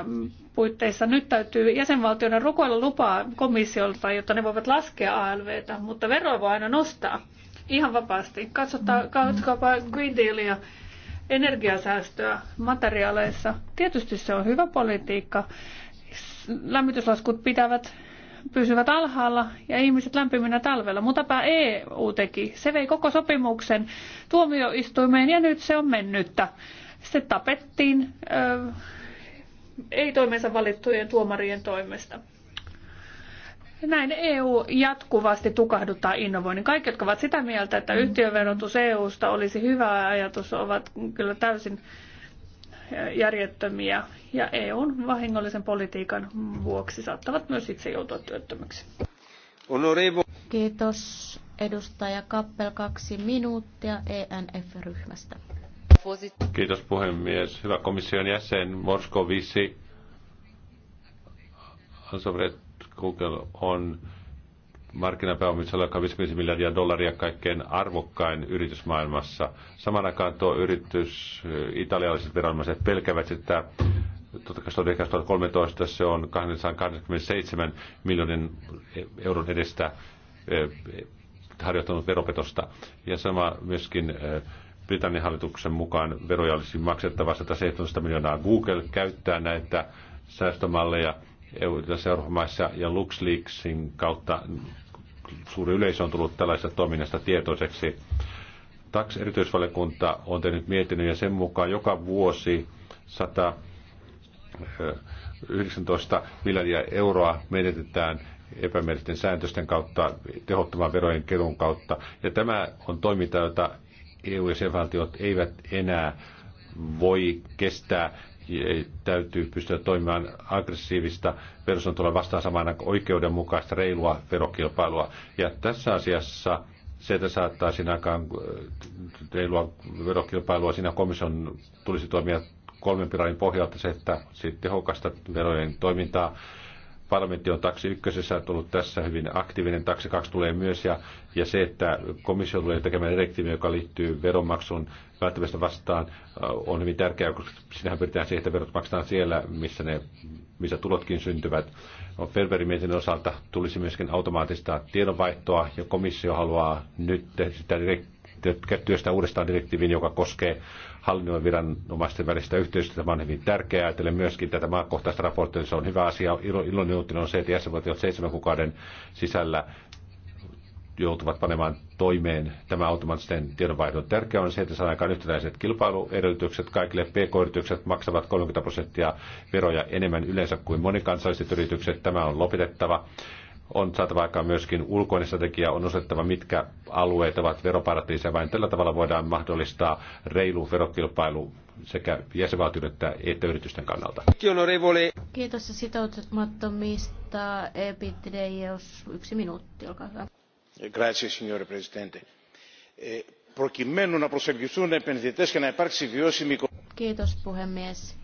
puitteissa nyt täytyy jäsenvaltioiden rukoilla lupaa komissiolta, jotta ne voivat laskea ALVtä, mutta veroa voi aina nostaa. Ihan vapaasti. Katsotaan, katsotaanpa Green Dealia, energiasäästöä materiaaleissa. Tietysti se on hyvä politiikka. Lämmityslaskut pitävät pysyvät alhaalla ja ihmiset lämpiminä talvella. Mutapa EU teki. Se vei koko sopimuksen tuomioistuimeen ja nyt se on mennyttä. Se tapettiin ö, ei toimensa valittujen tuomarien toimesta. Näin EU jatkuvasti tukahduttaa innovoinnin. Kaikki, jotka ovat sitä mieltä, että mm. yhtiöverotus EUsta olisi hyvä ajatus, ovat kyllä täysin järjettömiä ja EUn vahingollisen politiikan vuoksi saattavat myös itse joutua työttömyksi. Kiitos. Edustaja Kappel, kaksi minuuttia ENF-ryhmästä. Kiitos puhemies. Hyvä komission jäsen Moskovici. Ansovret Google on markkinapääomissa 155 miljardia dollaria kaikkein arvokkain yritys maailmassa. Saman aikaan tuo yritys, eh, italialaiset viranomaiset pelkävät, että 2013 se on 227 miljoonin e- euron edestä eh, harjoittanut veropetosta. Ja sama myöskin eh, Britannian hallituksen mukaan veroja olisi maksettava 117 miljoonaa. Google käyttää näitä säästömalleja – EU- maissa ja LuxLeaksin kautta suuri yleisö on tullut tällaista toiminnasta tietoiseksi. Tax erityisvaliokunta on tehnyt mietinnön ja sen mukaan joka vuosi 119 miljardia euroa menetetään epämielisten sääntösten kautta, tehottoman verojen kerun kautta. Ja tämä on toiminta, jota EU- ja sen valtiot eivät enää voi kestää täytyy pystyä toimimaan aggressiivista verosuunnittelua vastaan samaan oikeudenmukaista, reilua verokilpailua. Ja tässä asiassa se, että saattaa siinä aikaan äh, reilua verokilpailua, siinä komission tulisi toimia kolmen pilarin pohjalta se, että sitten tehokasta verojen toimintaa parlamentti on taksi ykkösessä tullut tässä hyvin aktiivinen, taksi kaksi tulee myös, ja, ja se, että komissio tulee tekemään direktiivi, joka liittyy veronmaksun välttämättä vastaan, äh, on hyvin tärkeää, koska sinähän pyritään siihen, että verot maksetaan siellä, missä, ne, missä tulotkin syntyvät. No, Ferberimielisen osalta tulisi myöskin automaattista tiedonvaihtoa, ja komissio haluaa nyt sitä direktiiviä työstää uudestaan direktiivin, joka koskee hallinnon viranomaisten välistä yhteistyötä. Tämä on hyvin tärkeää. Ajattelen myöskin tätä maakohtaista raporttia, niin se on hyvä asia. Iloinen uutinen on se, että jäsenvaltiot seitsemän kuukauden sisällä joutuvat panemaan toimeen tämä automaattisten tiedonvaihdon. Tärkeää on se, että saadaan aikaan yhtenäiset kilpailuedellytykset. Kaikille pk-yritykset maksavat 30 prosenttia veroja enemmän yleensä kuin monikansalliset yritykset. Tämä on lopetettava on saatava aikaan myöskin ulkoinen strategia, on osoittava, mitkä alueet ovat veroparatiiseja. Vain tällä tavalla voidaan mahdollistaa reilu verokilpailu sekä jäsenvaltioiden että yritysten kannalta. Kiitos ja sitoutumattomista epitideios. Yksi minuutti, olkaa hyvä. Grazie, signore Presidente. Προκειμένου να προσελκυθούν επενδυτές και να υπάρξει βιώσιμη... Kiitos, puhemies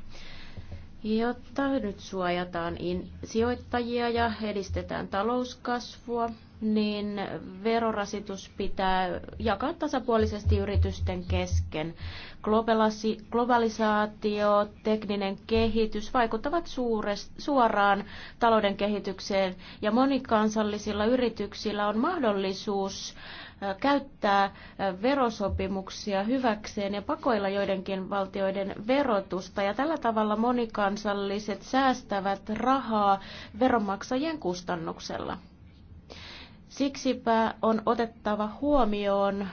Jotta nyt suojataan in, sijoittajia ja edistetään talouskasvua, niin verorasitus pitää jakaa tasapuolisesti yritysten kesken. Globalasi, globalisaatio, tekninen kehitys vaikuttavat suures, suoraan talouden kehitykseen ja monikansallisilla yrityksillä on mahdollisuus äh, käyttää verosopimuksia hyväkseen ja pakoilla joidenkin valtioiden verotusta. Ja tällä tavalla monikansalliset säästävät rahaa veronmaksajien kustannuksella. Siksipä on otettava huomioon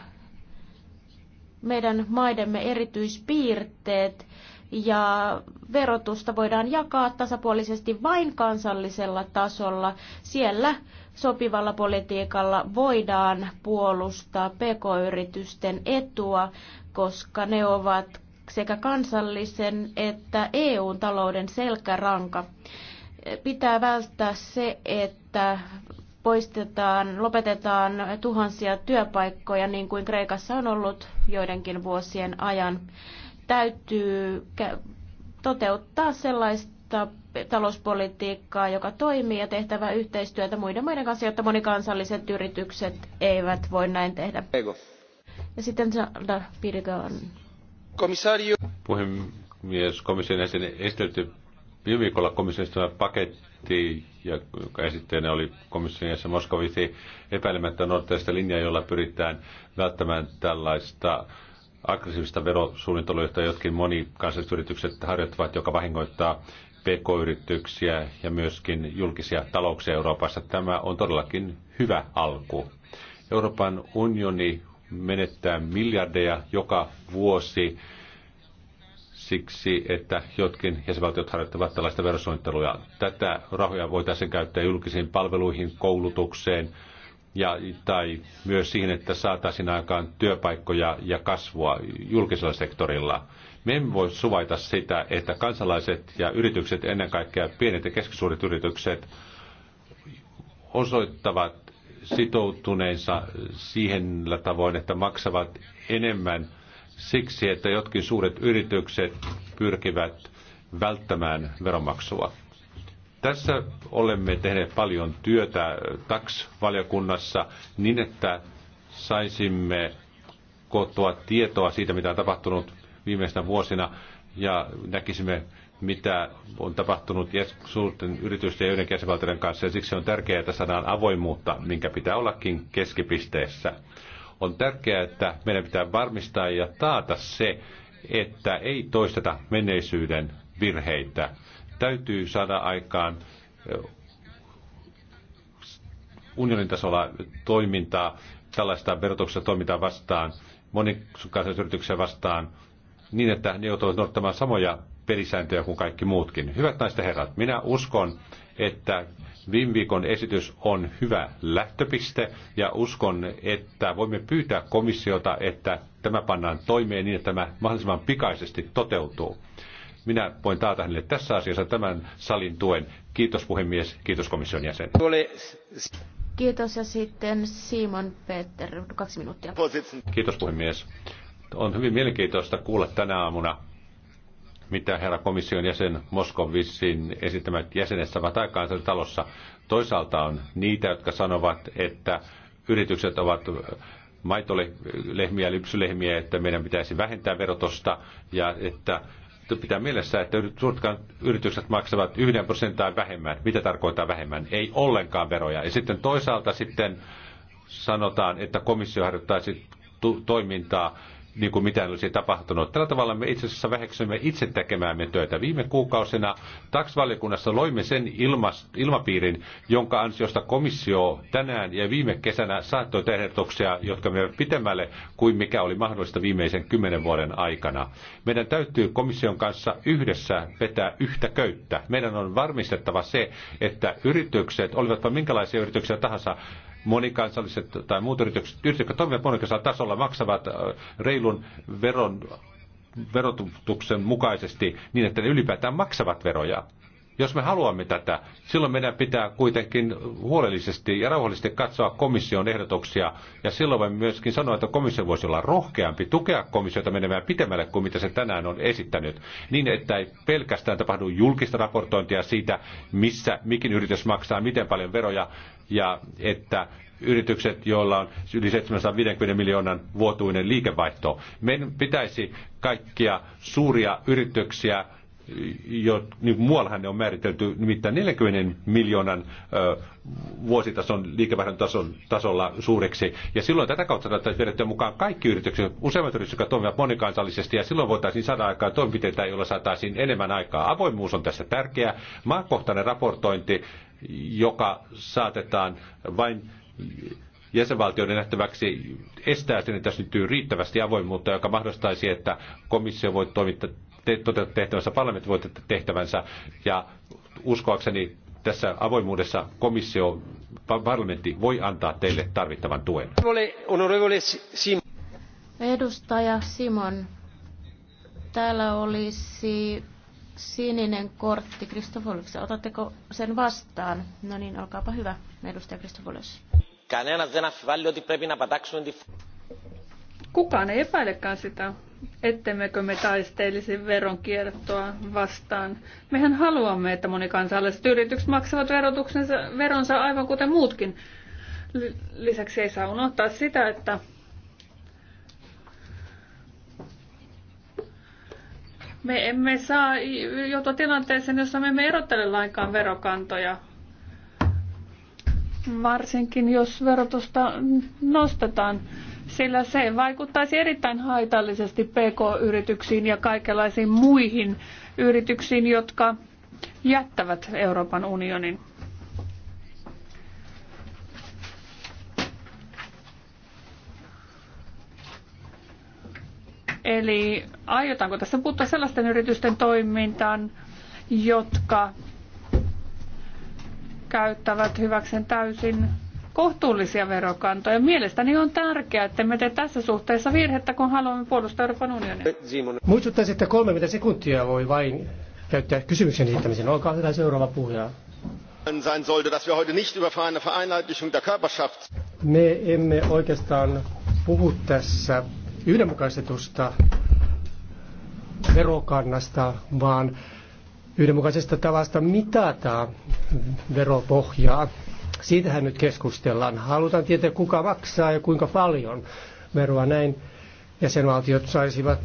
meidän maidemme erityispiirteet ja verotusta voidaan jakaa tasapuolisesti vain kansallisella tasolla. Siellä sopivalla politiikalla voidaan puolustaa pk-yritysten etua, koska ne ovat sekä kansallisen että EU-talouden selkäranka. Pitää välttää se, että poistetaan, lopetetaan tuhansia työpaikkoja, niin kuin Kreikassa on ollut joidenkin vuosien ajan. Täytyy toteuttaa sellaista harjoittaa talouspolitiikkaa, joka toimii ja tehtävä yhteistyötä muiden maiden kanssa, jotta monikansalliset yritykset eivät voi näin tehdä. Ego. Ja sitten Sandra Pirgaan. Komissario. Puhemies, komission jäsen esitelty viime viikolla komission paketti, ja, joka esitteenä oli komission jäsen Moskovici epäilemättä noudattaista linjaa, jolla pyritään välttämään tällaista aggressiivista verosuunnittelua, jota jotkin monikansalliset yritykset harjoittavat, joka vahingoittaa pk-yrityksiä ja myöskin julkisia talouksia Euroopassa. Tämä on todellakin hyvä alku. Euroopan unioni menettää miljardeja joka vuosi siksi, että jotkin jäsenvaltiot harjoittavat tällaista verosuunnittelua. Tätä rahoja voitaisiin käyttää julkisiin palveluihin, koulutukseen ja, tai myös siihen, että saataisiin aikaan työpaikkoja ja kasvua julkisella sektorilla. Me emme voi suvaita sitä, että kansalaiset ja yritykset, ennen kaikkea pienet ja keskisuuret yritykset, osoittavat sitoutuneensa siihen tavoin, että maksavat enemmän siksi, että jotkin suuret yritykset pyrkivät välttämään veronmaksua. Tässä olemme tehneet paljon työtä TAX-valiokunnassa niin, että saisimme koottua tietoa siitä, mitä on tapahtunut viimeisenä vuosina ja näkisimme, mitä on tapahtunut suurten yritysten ja yhden jäsenvaltioiden kanssa. Ja siksi on tärkeää, että saadaan avoimuutta, minkä pitää ollakin keskipisteessä. On tärkeää, että meidän pitää varmistaa ja taata se, että ei toisteta menneisyyden virheitä. Täytyy saada aikaan unionin tasolla toimintaa, tällaista verotuksessa toimintaa vastaan, monikansallisyrityksiä vastaan, niin, että ne joutuvat ottamaan samoja pelisääntöjä kuin kaikki muutkin. Hyvät naiset ja herrat, minä uskon, että viime viikon esitys on hyvä lähtöpiste ja uskon, että voimme pyytää komissiota, että tämä pannaan toimeen niin, että tämä mahdollisimman pikaisesti toteutuu. Minä voin taata hänelle tässä asiassa tämän salin tuen. Kiitos puhemies, kiitos komission jäsen. Kiitos ja sitten Simon Peter, kaksi minuuttia. Kiitos puhemies. On hyvin mielenkiintoista kuulla tänä aamuna, mitä herra komission jäsen Moskovissin esittämät jäsenet saavat aikaan talossa. Toisaalta on niitä, jotka sanovat, että yritykset ovat maitolehmiä, lypsylehmiä, että meidän pitäisi vähentää verotosta ja että pitää mielessä, että suurtkaan yritykset maksavat yhden prosenttia vähemmän. Mitä tarkoittaa vähemmän? Ei ollenkaan veroja. Ja sitten toisaalta sitten sanotaan, että komissio harjoittaisi toimintaa, niin kuin mitään olisi tapahtunut. Tällä tavalla me itse asiassa väheksymme itse tekemäämme työtä. Viime kuukausina taksvaliokunnassa loimme sen ilmas, ilmapiirin, jonka ansiosta komissio tänään ja viime kesänä saattoi tehdä ehdotuksia, jotka me pitemmälle kuin mikä oli mahdollista viimeisen kymmenen vuoden aikana. Meidän täytyy komission kanssa yhdessä vetää yhtä köyttä. Meidän on varmistettava se, että yritykset, olivatpa minkälaisia yrityksiä tahansa, Monikansalliset tai muut yritykset, jotka toimivat monikansallisella tasolla, maksavat reilun veron verotuksen mukaisesti niin, että ne ylipäätään maksavat veroja. Jos me haluamme tätä, silloin meidän pitää kuitenkin huolellisesti ja rauhallisesti katsoa komission ehdotuksia. Ja silloin voimme myöskin sanoa, että komissio voisi olla rohkeampi tukea komissiota menemään pitemmälle kuin mitä se tänään on esittänyt. Niin, että ei pelkästään tapahdu julkista raportointia siitä, missä mikin yritys maksaa, miten paljon veroja, ja että yritykset, joilla on yli 750 miljoonan vuotuinen liikevaihto. Meidän pitäisi kaikkia suuria yrityksiä jo, niin muuallahan ne on määritelty, nimittäin 40 miljoonan ö, vuositason liikevaihdon tason, tasolla suureksi. Ja silloin tätä kautta saattaisi vedettyä mukaan kaikki yritykset, useimmat yritykset, jotka toimivat monikansallisesti, ja silloin voitaisiin saada aikaa toimenpiteitä, joilla saataisiin enemmän aikaa. Avoimuus on tässä tärkeä. Maakohtainen raportointi, joka saatetaan vain jäsenvaltioiden nähtäväksi estää sen, että syntyy riittävästi avoimuutta, joka mahdollistaisi, että komissio voi toimittaa te tehtävänsä, parlamentti voi tehdä tehtävänsä ja uskoakseni tässä avoimuudessa komissio, parlamentti voi antaa teille tarvittavan tuen. Edustaja Simon, täällä olisi sininen kortti Kristofolus. Otatteko sen vastaan? No niin, olkaapa hyvä, edustaja Kristofolus. Kukaan ei epäilekään sitä, ettemmekö me taistelisi veronkiertoa vastaan. Mehän haluamme, että monikansalliset yritykset maksavat verotuksensa, veronsa aivan kuten muutkin. Lisäksi ei saa unohtaa sitä, että me emme saa joutua tilanteeseen, jossa me emme erottele lainkaan verokantoja. Varsinkin jos verotusta nostetaan sillä se vaikuttaisi erittäin haitallisesti PK-yrityksiin ja kaikenlaisiin muihin yrityksiin, jotka jättävät Euroopan unionin. Eli aiotaanko tässä puuttua sellaisten yritysten toimintaan, jotka käyttävät hyväkseen täysin kohtuullisia verokantoja. Mielestäni on tärkeää, että me tee tässä suhteessa virhettä, kun haluamme puolustaa Euroopan unionia. Muistuttaisin, että 30 sekuntia voi vain käyttää kysymyksen esittämiseen. Olkaa hyvä seuraava puhuja. Me emme oikeastaan puhu tässä yhdenmukaistetusta verokannasta, vaan yhdenmukaisesta tavasta mitata veropohjaa. Siitähän nyt keskustellaan. Halutaan tietää, kuka maksaa ja kuinka paljon veroa näin. Jäsenvaltiot saisivat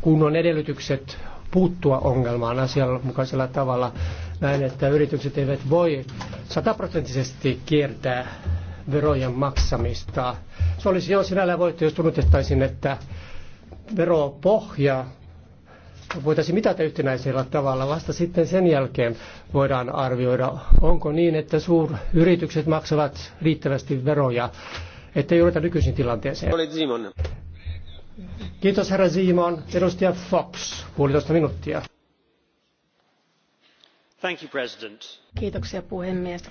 kunnon edellytykset puuttua ongelmaan asianmukaisella tavalla näin, että yritykset eivät voi sataprosenttisesti kiertää verojen maksamista. Se olisi jo sinällään voitto, jos tunnutettaisiin, että veropohja voitaisiin mitata yhtenäisellä tavalla. Vasta sitten sen jälkeen voidaan arvioida, onko niin, että suuryritykset maksavat riittävästi veroja, että jouduta nykyisin tilanteeseen. Kiitos herra Simon. Edustaja Fox, puolitoista minuuttia. Thank you, President. Kiitoksia puhemies.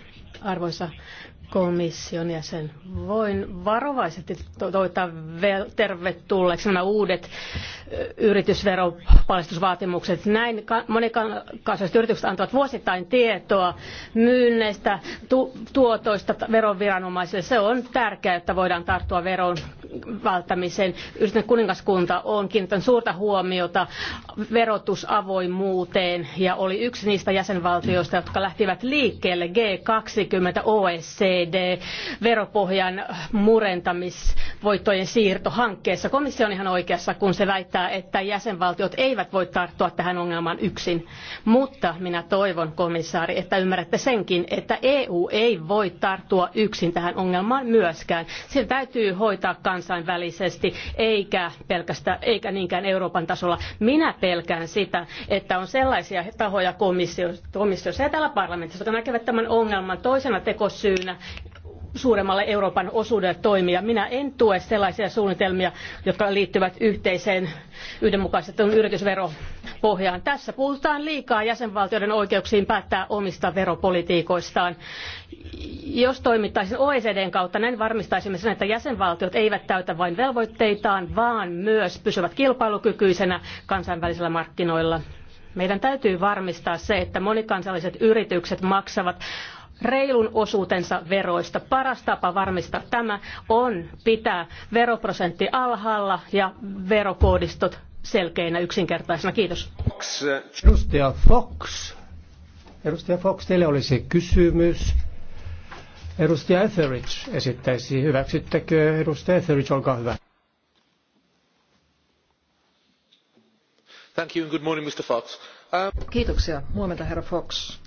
Arvoisa komission jäsen. Voin varovaisesti toivottaa tervetulleeksi nämä uudet yritysveropaljastusvaatimukset. Näin monikansalliset yritykset antavat vuosittain tietoa myynneistä, tu- tuotoista veroviranomaisille. Se on tärkeää, että voidaan tarttua veron välttämiseen. Yritysten kuningaskunta on kiinnittänyt suurta huomiota verotusavoimuuteen ja oli yksi niistä jäsenvaltioista, jotka lähtivät liikkeelle G20 OSC OECD-veropohjan murentamisvoittojen siirtohankkeessa. Komissio on ihan oikeassa, kun se väittää, että jäsenvaltiot eivät voi tarttua tähän ongelmaan yksin. Mutta minä toivon, komissaari, että ymmärrätte senkin, että EU ei voi tarttua yksin tähän ongelmaan myöskään. Se täytyy hoitaa kansainvälisesti, eikä, pelkästään, eikä niinkään Euroopan tasolla. Minä pelkään sitä, että on sellaisia tahoja komissiossa ja täällä parlamentissa, jotka näkevät tämän ongelman toisena tekosyynä suuremmalle Euroopan osuudelle toimia. Minä en tue sellaisia suunnitelmia, jotka liittyvät yhteiseen yhdenmukaistettuun yritysveropohjaan. Tässä puhutaan liikaa jäsenvaltioiden oikeuksiin päättää omista veropolitiikoistaan. Jos toimittaisiin OECDn kautta, näin varmistaisimme sen, että jäsenvaltiot eivät täytä vain velvoitteitaan, vaan myös pysyvät kilpailukykyisenä kansainvälisillä markkinoilla. Meidän täytyy varmistaa se, että monikansalliset yritykset maksavat reilun osuutensa veroista. Paras tapa varmistaa tämä on pitää veroprosentti alhaalla ja verokoodistot selkeinä yksinkertaisena. Kiitos. Edustaja Fox. Edustaja Fox, teille olisi kysymys. Edustaja Etheridge esittäisi. Hyväksyttekö edustaja Etheridge, olkaa hyvä. Thank you and good morning, Mr. Fox. Um... Kiitoksia. Huomenta, herra Fox.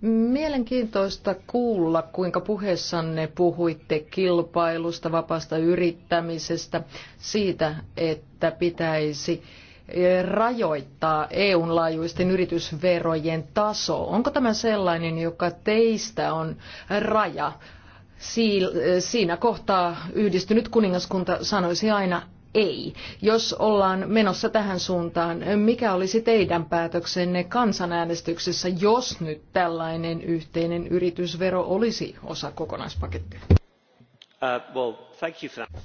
Mielenkiintoista kuulla, kuinka puheessanne puhuitte kilpailusta, vapaasta yrittämisestä, siitä, että pitäisi e, rajoittaa EUn laajuisten yritysverojen taso. Onko tämä sellainen, joka teistä on raja? E, siinä kohtaa yhdistynyt kuningaskunta sanoisi aina ei. Jos ollaan menossa tähän suuntaan, mikä olisi teidän päätöksenne kansanäänestyksessä, jos nyt tällainen yhteinen yritysvero olisi osa kokonaispakettia? Uh,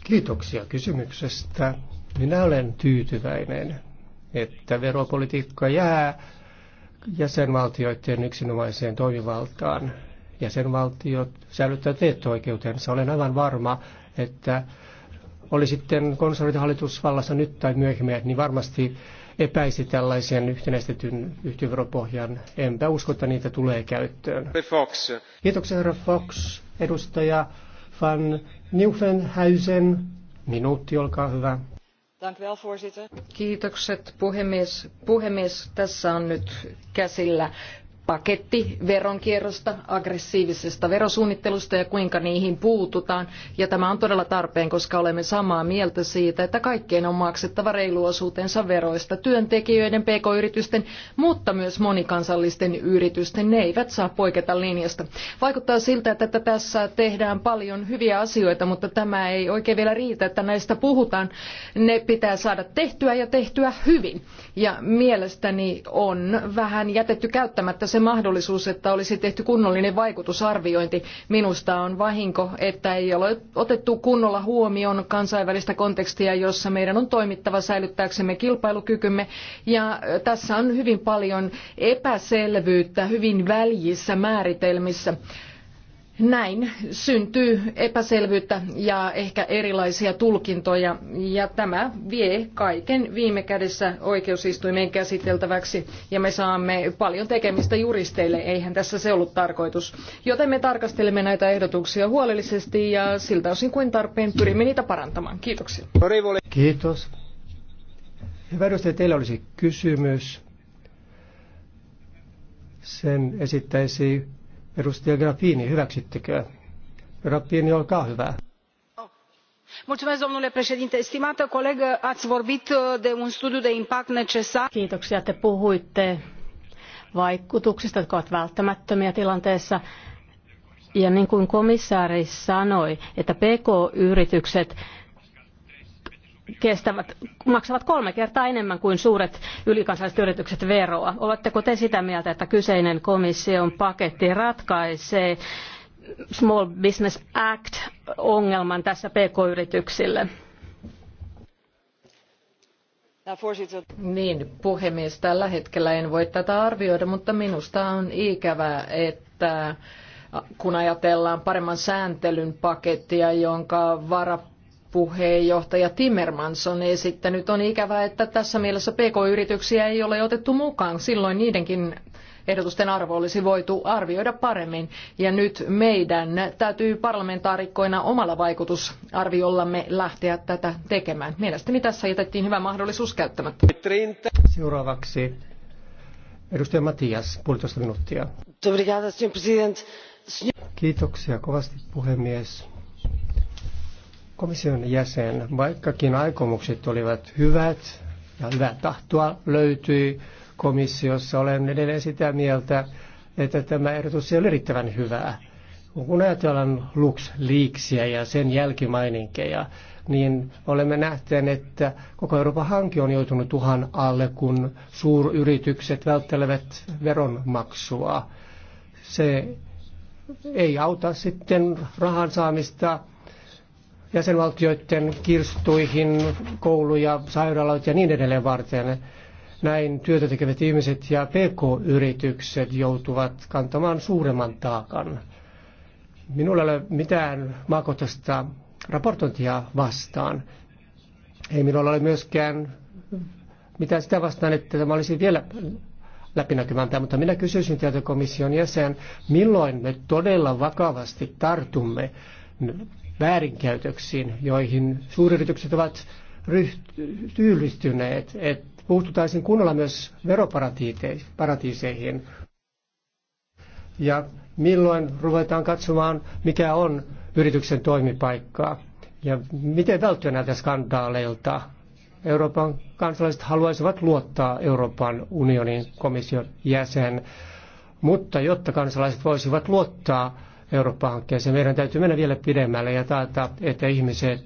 Kiitoksia kysymyksestä. Minä olen tyytyväinen, että veropolitiikka jää jäsenvaltioiden yksinomaiseen toimivaltaan. Jäsenvaltiot säilyttävät veto-oikeutensa. Olen aivan varma, että oli sitten konservatiivihallitus vallassa nyt tai myöhemmin, niin varmasti epäisi tällaisen yhtenäistetyn yhtiöveropohjan. Enpä usko, että niitä tulee käyttöön. Fox. Kiitoksia herra Fox, edustaja van Nieuwenhuizen. Minuutti, olkaa hyvä. Kiitokset puhemies. Puhemies, tässä on nyt käsillä paketti veronkierrosta, aggressiivisesta verosuunnittelusta ja kuinka niihin puututaan. Ja tämä on todella tarpeen, koska olemme samaa mieltä siitä, että kaikkien on maksettava reilu osuutensa veroista työntekijöiden, pk-yritysten, mutta myös monikansallisten yritysten. Ne eivät saa poiketa linjasta. Vaikuttaa siltä, että tässä tehdään paljon hyviä asioita, mutta tämä ei oikein vielä riitä, että näistä puhutaan. Ne pitää saada tehtyä ja tehtyä hyvin. Ja mielestäni on vähän jätetty käyttämättä se mahdollisuus, että olisi tehty kunnollinen vaikutusarviointi. Minusta on vahinko, että ei ole otettu kunnolla huomioon kansainvälistä kontekstia, jossa meidän on toimittava säilyttääksemme kilpailukykymme. Ja tässä on hyvin paljon epäselvyyttä hyvin väljissä määritelmissä. Näin syntyy epäselvyyttä ja ehkä erilaisia tulkintoja ja tämä vie kaiken viime kädessä oikeusistuimeen käsiteltäväksi ja me saamme paljon tekemistä juristeille, eihän tässä se ollut tarkoitus. Joten me tarkastelemme näitä ehdotuksia huolellisesti ja siltä osin kuin tarpeen pyrimme niitä parantamaan. Kiitoksia. Kiitos. Hyvä edustaja, teillä olisi kysymys. Sen esittäisi Edustaja Grappini, hyväksyttekö? Grappini, olkaa hyvä. Uh, Kiitoksia, te puhuitte vaikutuksista, jotka ovat välttämättömiä tilanteessa. Ja niin kuin komissaari sanoi, että PK-yritykset kestävät, maksavat kolme kertaa enemmän kuin suuret ylikansalliset yritykset veroa. Oletteko te sitä mieltä, että kyseinen komission paketti ratkaisee Small Business Act-ongelman tässä pk-yrityksille? Niin, puhemies, tällä hetkellä en voi tätä arvioida, mutta minusta on ikävää, että kun ajatellaan paremman sääntelyn pakettia, jonka vara puheenjohtaja Timmermans on esittänyt. On ikävää, että tässä mielessä PK-yrityksiä ei ole otettu mukaan. Silloin niidenkin ehdotusten arvo olisi voitu arvioida paremmin. Ja nyt meidän täytyy parlamentaarikkoina omalla vaikutusarviollamme lähteä tätä tekemään. Mielestäni tässä jätettiin hyvä mahdollisuus käyttämättä. Seuraavaksi edustaja Matias, puolitoista minuuttia. Kiitoksia kovasti puhemies. Komission jäsen, vaikkakin aikomukset olivat hyvät ja hyvää tahtoa löytyi komissiossa, olen edelleen sitä mieltä, että tämä ehdotus ei ole riittävän hyvää. Kun ajatellaan Lux Leaksia ja sen jälkimaininkeja, niin olemme nähteen, että koko Euroopan hanke on joutunut tuhan alle, kun suuryritykset välttelevät veronmaksua. Se ei auta sitten rahan saamista jäsenvaltioiden kirstuihin, kouluja, sairaaloita ja niin edelleen varten. Näin työtä tekevät ihmiset ja PK-yritykset joutuvat kantamaan suuremman taakan. Minulla ei ole mitään maakohtaista raportointia vastaan. Ei minulla ole myöskään mitään sitä vastaan, että tämä olisi vielä läpinäkyvämpää, mutta minä kysyisin tietokomission jäsen, milloin me todella vakavasti tartumme väärinkäytöksiin, joihin suuryritykset ovat syyllistyneet, että puututaisiin kunnolla myös veroparatiiseihin. Ja milloin ruvetaan katsomaan, mikä on yrityksen toimipaikkaa ja miten välttyä näiltä skandaaleilta. Euroopan kansalaiset haluaisivat luottaa Euroopan unionin komission jäsen, mutta jotta kansalaiset voisivat luottaa Eurooppa-hankkeeseen. Meidän täytyy mennä vielä pidemmälle ja taata, että ihmiset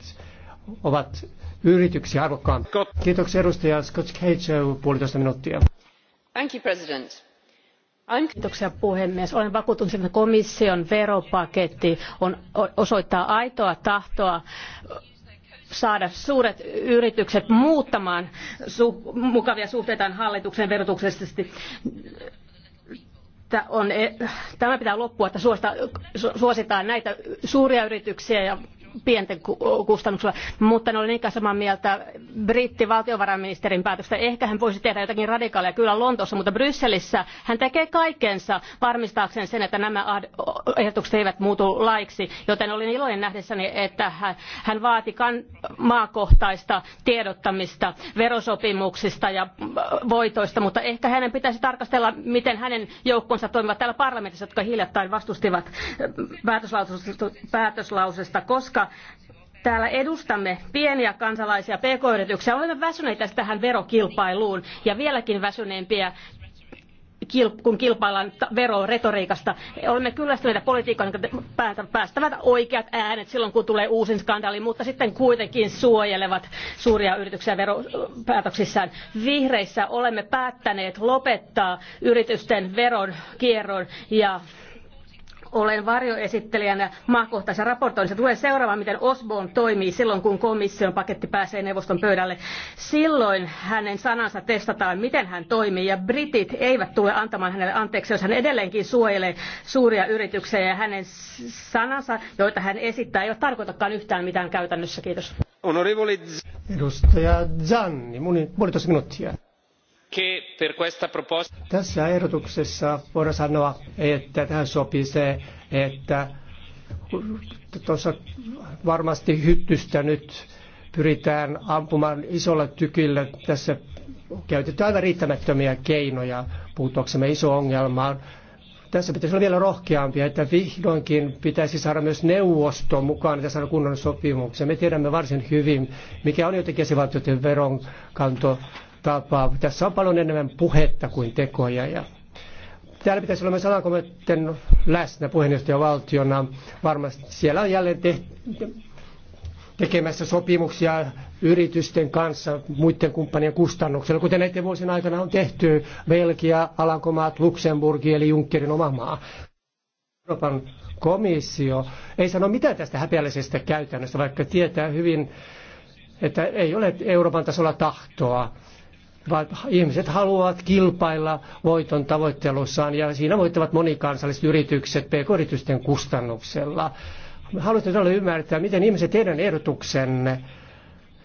ovat yrityksiä arvokkaan. Kiitoksia edustaja Scott Cage, puolitoista minuuttia. Thank you, President. I'm... Kiitoksia puhemies. Olen vakuuttunut, että komission veropaketti on, osoittaa aitoa tahtoa saada suuret yritykset muuttamaan su- mukavia suhteitaan hallituksen verotuksellisesti tämän e- tämä pitää loppua, että suositaan näitä suuria yrityksiä ja pienten kustannuksella, mutta olen ikään samaa mieltä brittivaltiovarainministerin päätöstä. Ehkä hän voisi tehdä jotakin radikaalia kyllä Lontoossa, mutta Brysselissä hän tekee kaikkensa varmistaakseen sen, että nämä ehdotukset eivät muutu laiksi, joten olin iloinen nähdessäni, että hän vaati kan- maakohtaista tiedottamista verosopimuksista ja voitoista, mutta ehkä hänen pitäisi tarkastella, miten hänen joukkonsa toimivat täällä parlamentissa, jotka hiljattain vastustivat päätöslausesta, koska täällä edustamme pieniä kansalaisia, pk-yrityksiä. Olemme väsyneitä tähän verokilpailuun ja vieläkin väsyneempiä kun kilpaillaan veroretoriikasta. Olemme kyllästyneitä politiikkaan, jotka päästävät oikeat äänet silloin, kun tulee uusin skandaali, mutta sitten kuitenkin suojelevat suuria yrityksiä veropäätöksissään. Vihreissä olemme päättäneet lopettaa yritysten veron kierron ja olen varjoesittelijänä maakohtaisessa raportoinnissa. Tulee seuraamaan, miten Osborne toimii silloin, kun komission paketti pääsee neuvoston pöydälle. Silloin hänen sanansa testataan, miten hän toimii, ja britit eivät tule antamaan hänelle anteeksi, jos hän edelleenkin suojelee suuria yrityksiä, ja hänen sanansa, joita hän esittää, ei ole tarkoitakaan yhtään mitään käytännössä. Kiitos. Edustaja Zanni, puolitoista minuuttia. Tässä ehdotuksessa voidaan sanoa, että tähän sopii se, että tuossa varmasti hyttystä nyt pyritään ampumaan isolla tykillä. Tässä käytetään aivan riittämättömiä keinoja puuttuaksemme iso ongelmaan. Tässä pitäisi olla vielä rohkeampia, että vihdoinkin pitäisi saada myös neuvosto mukaan ja saada kunnon sopimuksen. Me tiedämme varsin hyvin, mikä on jotenkin jäsenvaltioiden veronkanto tapa. Tässä on paljon enemmän puhetta kuin tekoja. Ja täällä pitäisi olla myös alankometten läsnä puheenjohtajavaltiona. Varmasti siellä on jälleen tehty tekemässä sopimuksia yritysten kanssa muiden kumppanien kustannuksella, kuten näiden vuosien aikana on tehty Belgia, Alankomaat, Luxemburgi eli Junckerin oma maa. Euroopan komissio ei sano mitään tästä häpeällisestä käytännöstä, vaikka tietää hyvin, että ei ole Euroopan tasolla tahtoa vaan ihmiset haluavat kilpailla voiton tavoittelussaan ja siinä voittavat monikansalliset yritykset pk-yritysten kustannuksella. Haluaisin todella ymmärtää, miten ihmiset teidän ehdotuksenne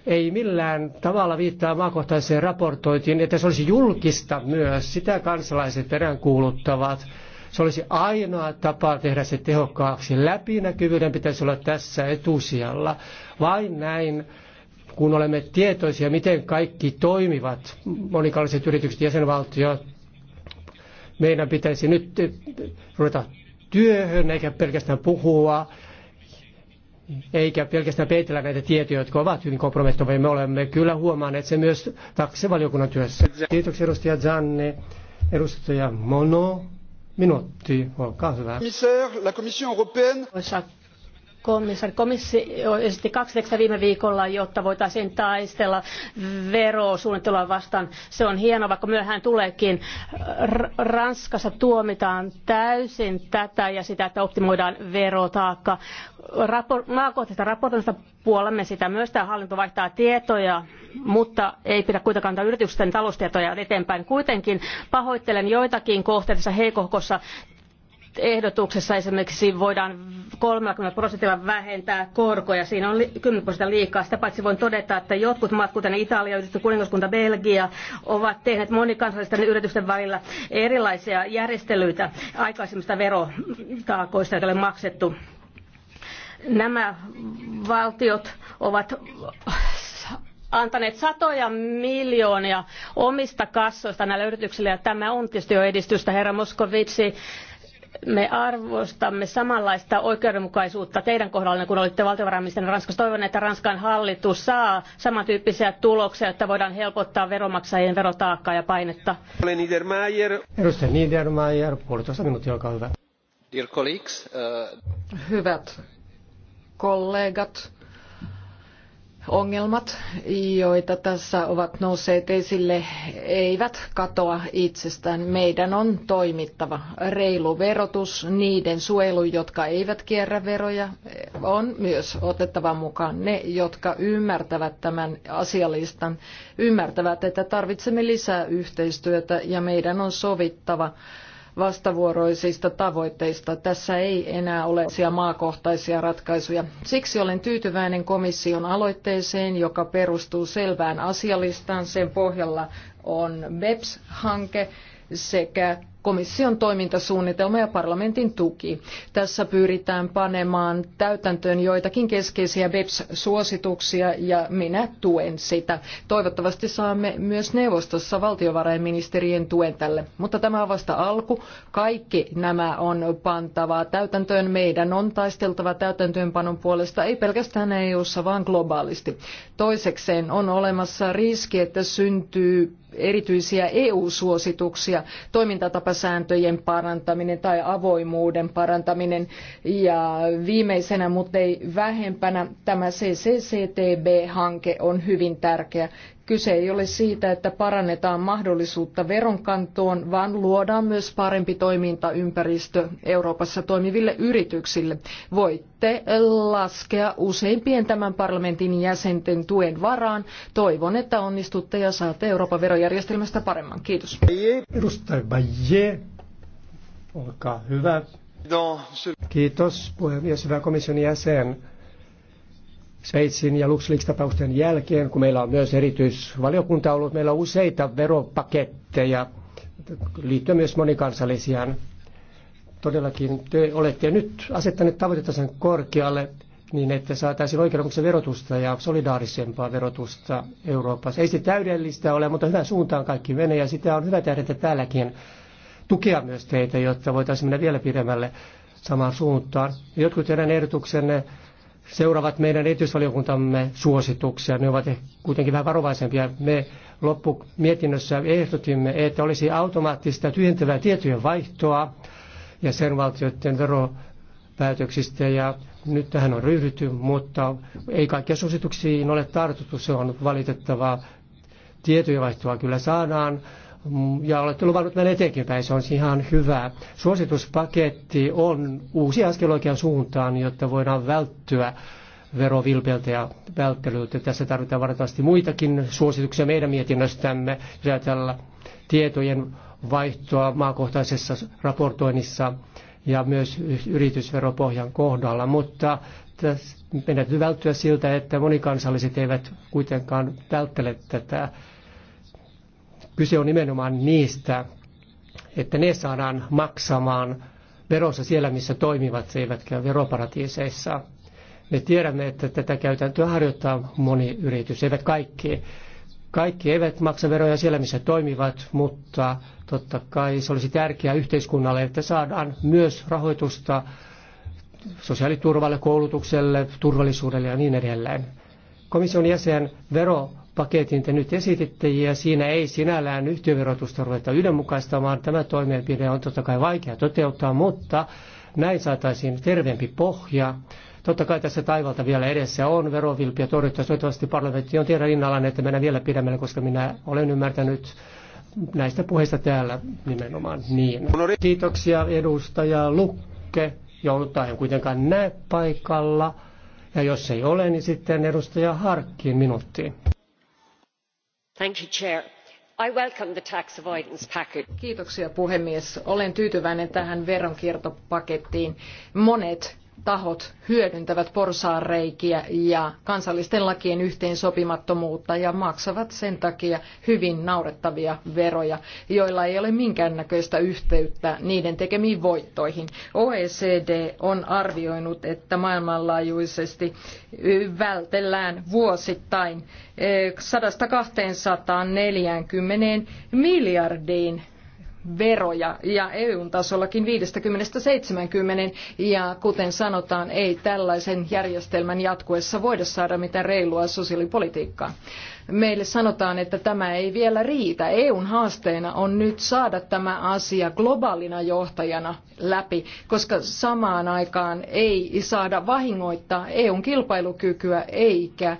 ei millään tavalla viittaa maakohtaiseen raportointiin, että se olisi julkista myös, sitä kansalaiset peräänkuuluttavat. Se olisi ainoa tapa tehdä se tehokkaaksi. Läpinäkyvyyden pitäisi olla tässä etusijalla. Vain näin kun olemme tietoisia, miten kaikki toimivat, monikalliset yritykset, jäsenvaltiot, meidän pitäisi nyt eh, ruveta työhön, eikä pelkästään puhua, eikä pelkästään peitellä näitä tietoja, jotka ovat hyvin kompromettoivia. Me olemme kyllä huomanneet se myös taksivaliokunnan työssä. Kiitoksia edustaja Zanne. Edustaja Mono, minuutti, olkaa hyvä. européenne komissaari. Komissio esitti kaksi tekstiä viime viikolla, jotta voitaisiin taistella verosuunnittelua vastaan. Se on hienoa, vaikka myöhään tuleekin. Ranskassa tuomitaan täysin tätä ja sitä, että optimoidaan verotaakka. Rapor- maakohtaisesta raportoinnista puolemme sitä myös. Tämä hallinto vaihtaa tietoja, mutta ei pidä kuitenkaan antaa yritysten taloustietoja eteenpäin. Kuitenkin pahoittelen joitakin kohteita heikohkossa ehdotuksessa esimerkiksi voidaan 30 prosentilla vähentää korkoja. Siinä on 10 prosenttia liikaa. Sitä paitsi voin todeta, että jotkut maat, kuten Italia, yhdistetty kuningaskunta, Belgia, ovat tehneet monikansallisten yritysten välillä erilaisia järjestelyitä aikaisemmista verotaakoista, joita ole maksettu. Nämä valtiot ovat antaneet satoja miljoonia omista kassoista näille yrityksille ja tämä on tietysti jo edistystä. Herra Moskovitsi, me arvostamme samanlaista oikeudenmukaisuutta teidän kohdallanne, kun olitte valtiovarainministerinä Ranskassa. Toivon, että Ranskan hallitus saa samantyyppisiä tuloksia, että voidaan helpottaa veronmaksajien verotaakkaa ja painetta. Niedermayer. Edustaja Niedermayer, puolitoista minuuttia, olkaa hyvä. Dear colleagues, uh, Hyvät kollegat, ongelmat, joita tässä ovat nousseet esille, eivät katoa itsestään. Meidän on toimittava. Reilu verotus, niiden suojelu, jotka eivät kierrä veroja, on myös otettava mukaan. Ne, jotka ymmärtävät tämän asialistan, ymmärtävät, että tarvitsemme lisää yhteistyötä ja meidän on sovittava vastavuoroisista tavoitteista. Tässä ei enää ole maakohtaisia ratkaisuja. Siksi olen tyytyväinen komission aloitteeseen, joka perustuu selvään asialistaan. Sen pohjalla on BEPS-hanke sekä komission toimintasuunnitelma ja parlamentin tuki. Tässä pyritään panemaan täytäntöön joitakin keskeisiä BEPS-suosituksia ja minä tuen sitä. Toivottavasti saamme myös neuvostossa valtiovarainministerien tuen tälle. Mutta tämä on vasta alku. Kaikki nämä on pantavaa täytäntöön. Meidän on taisteltava täytäntöönpanon puolesta ei pelkästään EU-ssa, vaan globaalisti. Toisekseen on olemassa riski, että syntyy erityisiä EU-suosituksia, toimintatapasääntöjen parantaminen tai avoimuuden parantaminen ja viimeisenä, mutta ei vähempänä, tämä CCCTB-hanke on hyvin tärkeä. Kyse ei ole siitä, että parannetaan mahdollisuutta veronkantoon, vaan luodaan myös parempi toimintaympäristö Euroopassa toimiville yrityksille. Voitte laskea useimpien tämän parlamentin jäsenten tuen varaan. Toivon, että onnistutte ja saatte Euroopan verojärjestelmästä paremman. Kiitos. Edustaja Baye, olkaa hyvä. No, Kiitos puhemies, hyvä komission jäsen. Sveitsin ja LuxLeaks-tapausten jälkeen, kun meillä on myös erityisvaliokunta ollut, meillä on useita veropaketteja, liittyen myös monikansallisiaan. Todellakin te olette nyt asettaneet tavoitetta sen korkealle niin, että saataisiin oikeudenmukaisen verotusta ja solidaarisempaa verotusta Euroopassa. Ei se täydellistä ole, mutta hyvän suuntaan kaikki menee ja sitä on hyvä tehdä täälläkin tukea myös teitä, jotta voitaisiin mennä vielä pidemmälle samaan suuntaan. Jotkut teidän ehdotuksenne seuraavat meidän erityisvaliokuntamme suosituksia. Ne ovat kuitenkin vähän varovaisempia. Me loppumietinnössä ehdotimme, että olisi automaattista tyhjentävää tietojen vaihtoa ja sen valtioiden veropäätöksistä ja nyt tähän on ryhdytty, mutta ei kaikkia suosituksiin ole tartuttu. Se on valitettavaa. vaihtoa kyllä saadaan Mm, ja olette luvannut mennä eteenpäin. se on ihan hyvä. Suosituspaketti on uusi askel oikean suuntaan, jotta voidaan välttyä verovilpeltä ja välttelyltä. Tässä tarvitaan varmasti muitakin suosituksia meidän mietinnöstämme, jos tietojen vaihtoa maakohtaisessa raportoinnissa ja myös yritysveropohjan kohdalla, mutta meidän täytyy välttyä siltä, että monikansalliset eivät kuitenkaan välttele tätä Kyse on nimenomaan niistä, että ne saadaan maksamaan veronsa siellä, missä toimivat, eivätkä veroparatiiseissa. Me tiedämme, että tätä käytäntöä harjoittaa moni yritys, eivät kaikki. Kaikki eivät maksa veroja siellä, missä toimivat, mutta totta kai se olisi tärkeää yhteiskunnalle, että saadaan myös rahoitusta sosiaaliturvalle, koulutukselle, turvallisuudelle ja niin edelleen. Komission jäsen vero paketin te nyt esititte, ja siinä ei sinällään yhtiöverotusta ruveta yhdenmukaistamaan. Tämä toimenpide on totta kai vaikea toteuttaa, mutta näin saataisiin terveempi pohja. Totta kai tässä taivalta vielä edessä on verovilpiä torjuttaa. Toivottavasti parlamentti on tiedä rinnalla, että mennään vielä pidemmälle, koska minä olen ymmärtänyt näistä puheista täällä nimenomaan niin. Kiitoksia edustaja Lukke. Joulutta en kuitenkaan näe paikalla. Ja jos ei ole, niin sitten edustaja Harkkiin minuuttiin arvoisa puhemies olen tyytyväinen tähän veronkiertopakettiin. monet tahot hyödyntävät porsaanreikiä ja kansallisten lakien yhteensopimattomuutta ja maksavat sen takia hyvin naurettavia veroja, joilla ei ole minkäännäköistä yhteyttä niiden tekemiin voittoihin. OECD on arvioinut, että maailmanlaajuisesti vältellään vuosittain 100-240 eh, miljardiin veroja ja EUn tasollakin 50-70 ja kuten sanotaan, ei tällaisen järjestelmän jatkuessa voida saada mitään reilua sosiaalipolitiikkaa meille sanotaan, että tämä ei vielä riitä. EUn haasteena on nyt saada tämä asia globaalina johtajana läpi, koska samaan aikaan ei saada vahingoittaa EUn kilpailukykyä eikä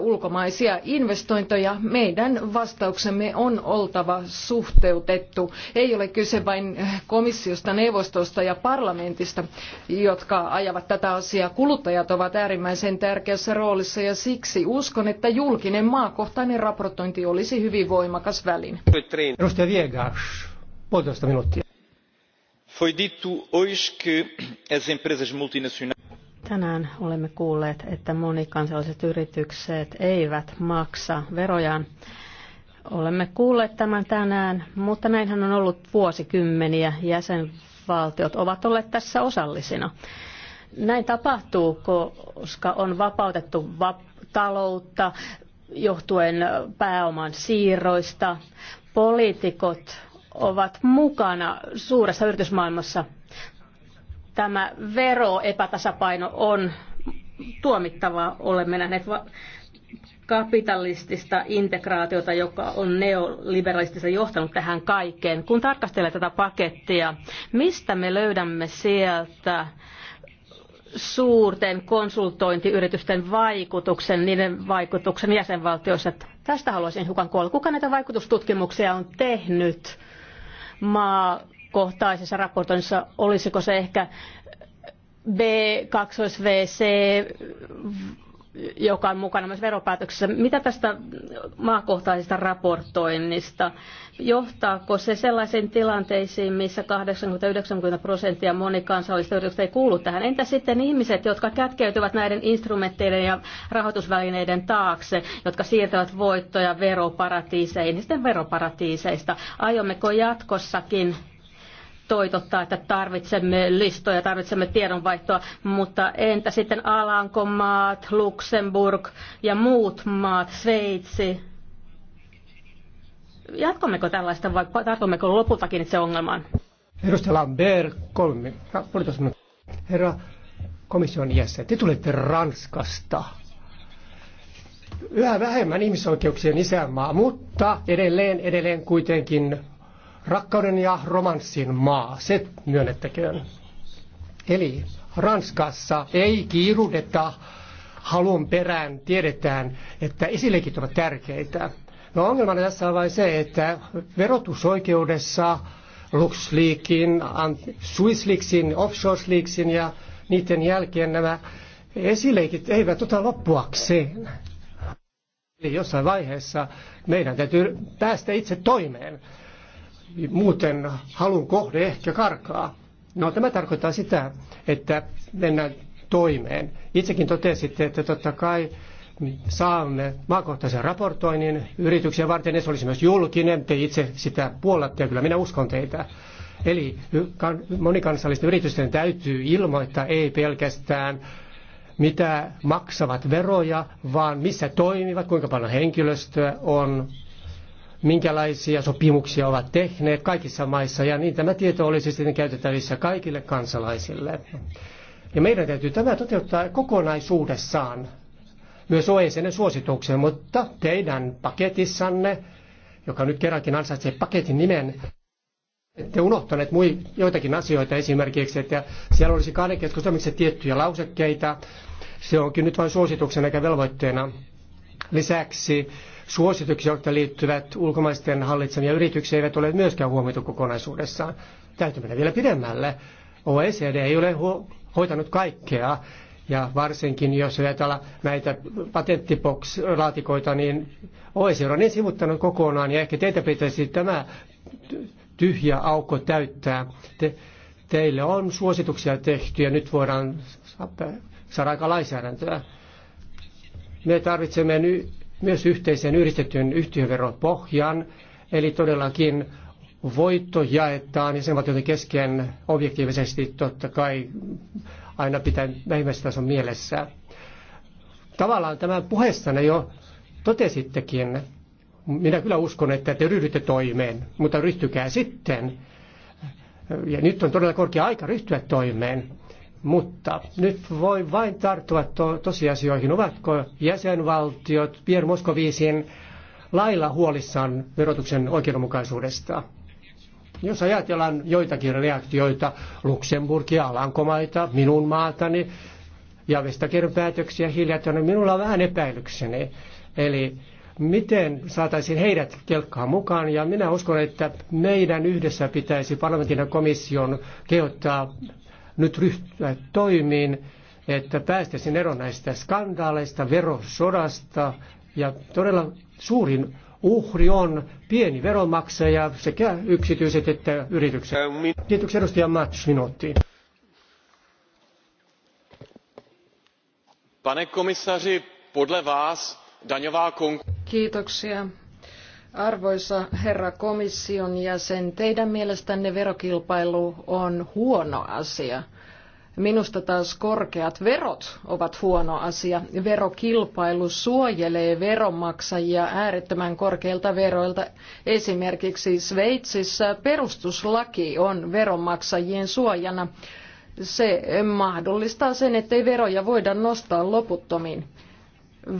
ulkomaisia investointeja. Meidän vastauksemme on oltava suhteutettu. Ei ole kyse vain komissiosta, neuvostosta ja parlamentista, jotka ajavat tätä asiaa. Kuluttajat ovat äärimmäisen tärkeässä roolissa ja siksi uskon, että julkinen maa maakohtainen raportointi olisi hyvin voimakas väline. Edustaja Viegas, puolitoista minuuttia. Tänään olemme kuulleet, että monikansalliset yritykset eivät maksa verojaan. Olemme kuulleet tämän tänään, mutta näinhän on ollut vuosikymmeniä. Jäsenvaltiot ovat olleet tässä osallisina. Näin tapahtuu, koska on vapautettu vap- taloutta, johtuen pääoman siirroista. Poliitikot ovat mukana suuressa yritysmaailmassa. Tämä veroepätasapaino on tuomittavaa. Olemme nähneet kapitalistista integraatiota, joka on neoliberalistisesti johtanut tähän kaikkeen. Kun tarkastelee tätä pakettia, mistä me löydämme sieltä suurten konsultointiyritysten vaikutuksen, niiden vaikutuksen jäsenvaltioissa. Tästä haluaisin hukan kuulla. Kuka näitä vaikutustutkimuksia on tehnyt maakohtaisessa raportoinnissa? Olisiko se ehkä B, 2VC, joka on mukana myös veropäätöksessä. Mitä tästä maakohtaisesta raportoinnista? Johtaako se sellaisiin tilanteisiin, missä 80-90 prosenttia monikansallista yrityksistä ei kuulu tähän? Entä sitten ihmiset, jotka kätkeytyvät näiden instrumentteiden ja rahoitusvälineiden taakse, jotka siirtävät voittoja veroparatiiseihin ja sitten veroparatiiseista? Aiommeko jatkossakin toitottaa, että tarvitsemme listoja, tarvitsemme tiedonvaihtoa, mutta entä sitten Alankomaat, Luxemburg ja muut maat, Sveitsi? Jatkammeko tällaista vai tartummeko lopultakin itse ongelmaan? Edustaja Lambert, kolme, puolitoista Herra komission jäsen, te tulette Ranskasta. Yhä vähemmän ihmisoikeuksien isänmaa, mutta edelleen, edelleen kuitenkin rakkauden ja romanssin maa, se myönnettäköön. Eli Ranskassa ei kiirudeta halun perään, tiedetään, että esillekin ovat tärkeitä. No ongelmana tässä on vain se, että verotusoikeudessa LuxLeakin, SwissLeaksin, Offshoresleaksin ja niiden jälkeen nämä esileikit eivät tota loppuakseen. Eli jossain vaiheessa meidän täytyy päästä itse toimeen muuten halun kohde ehkä karkaa. No tämä tarkoittaa sitä, että mennään toimeen. Itsekin totesitte, että totta kai saamme maakohtaisen raportoinnin yrityksiä varten, ja se olisi myös julkinen, te itse sitä puolatte, ja kyllä minä uskon teitä. Eli monikansallisten yritysten täytyy ilmoittaa ei pelkästään mitä maksavat veroja, vaan missä toimivat, kuinka paljon henkilöstöä on, minkälaisia sopimuksia ovat tehneet kaikissa maissa, ja niin tämä tieto olisi sitten käytettävissä kaikille kansalaisille. Ja meidän täytyy tämä toteuttaa kokonaisuudessaan, myös OECD suosituksen, mutta teidän paketissanne, joka nyt kerrankin ansaitsee paketin nimen, ette unohtaneet mui, joitakin asioita esimerkiksi, että siellä olisi kahden keskustelmiksi tiettyjä lausekkeita. Se onkin nyt vain suosituksen eikä velvoitteena. Lisäksi suositukset, jotka liittyvät ulkomaisten hallitsemia yrityksiä, eivät ole myöskään huomioitu kokonaisuudessaan. Täytyy mennä vielä pidemmälle. OECD ei ole hoitanut kaikkea, ja varsinkin jos ajatellaan näitä patenttibox-laatikoita, niin OECD on niin sivuttanut kokonaan, ja ehkä teitä pitäisi tämä tyhjä aukko täyttää. Te, teille on suosituksia tehty, ja nyt voidaan saada aika lainsäädäntöä. Me tarvitsemme nyt myös yhteisen yhdistetyn pohjan, eli todellakin voitto jaetaan jäsenvaltioiden kesken objektiivisesti totta kai aina pitää vähimmäistason mielessä. Tavallaan tämän puheessanne jo totesittekin, minä kyllä uskon, että te ryhdytte toimeen, mutta ryhtykää sitten. Ja nyt on todella korkea aika ryhtyä toimeen. Mutta nyt voi vain tarttua to- tosiasioihin. Ovatko jäsenvaltiot Pierre Moskoviisin lailla huolissaan verotuksen oikeudenmukaisuudesta? Jos ajatellaan joitakin reaktioita, Luxemburgia, Alankomaita, minun maatani ja Vestagerin päätöksiä hiljattain, niin minulla on vähän epäilykseni. Eli miten saataisiin heidät kelkkaan mukaan. Ja minä uskon, että meidän yhdessä pitäisi parlamentin ja komission kehottaa nyt ryhtyä toimiin, että päästäisiin eroon näistä skandaaleista, verosodasta. Ja todella suurin uhri on pieni veronmaksaja sekä yksityiset että yritykset. Kiitoksia edustaja Mats minuuttiin. Pane komissaari, podle vás daňová konkurence... Kiitoksia Arvoisa herra komission jäsen, teidän mielestänne verokilpailu on huono asia. Minusta taas korkeat verot ovat huono asia. Verokilpailu suojelee veronmaksajia äärettömän korkeilta veroilta. Esimerkiksi Sveitsissä perustuslaki on veronmaksajien suojana. Se mahdollistaa sen, ettei veroja voida nostaa loputtomiin.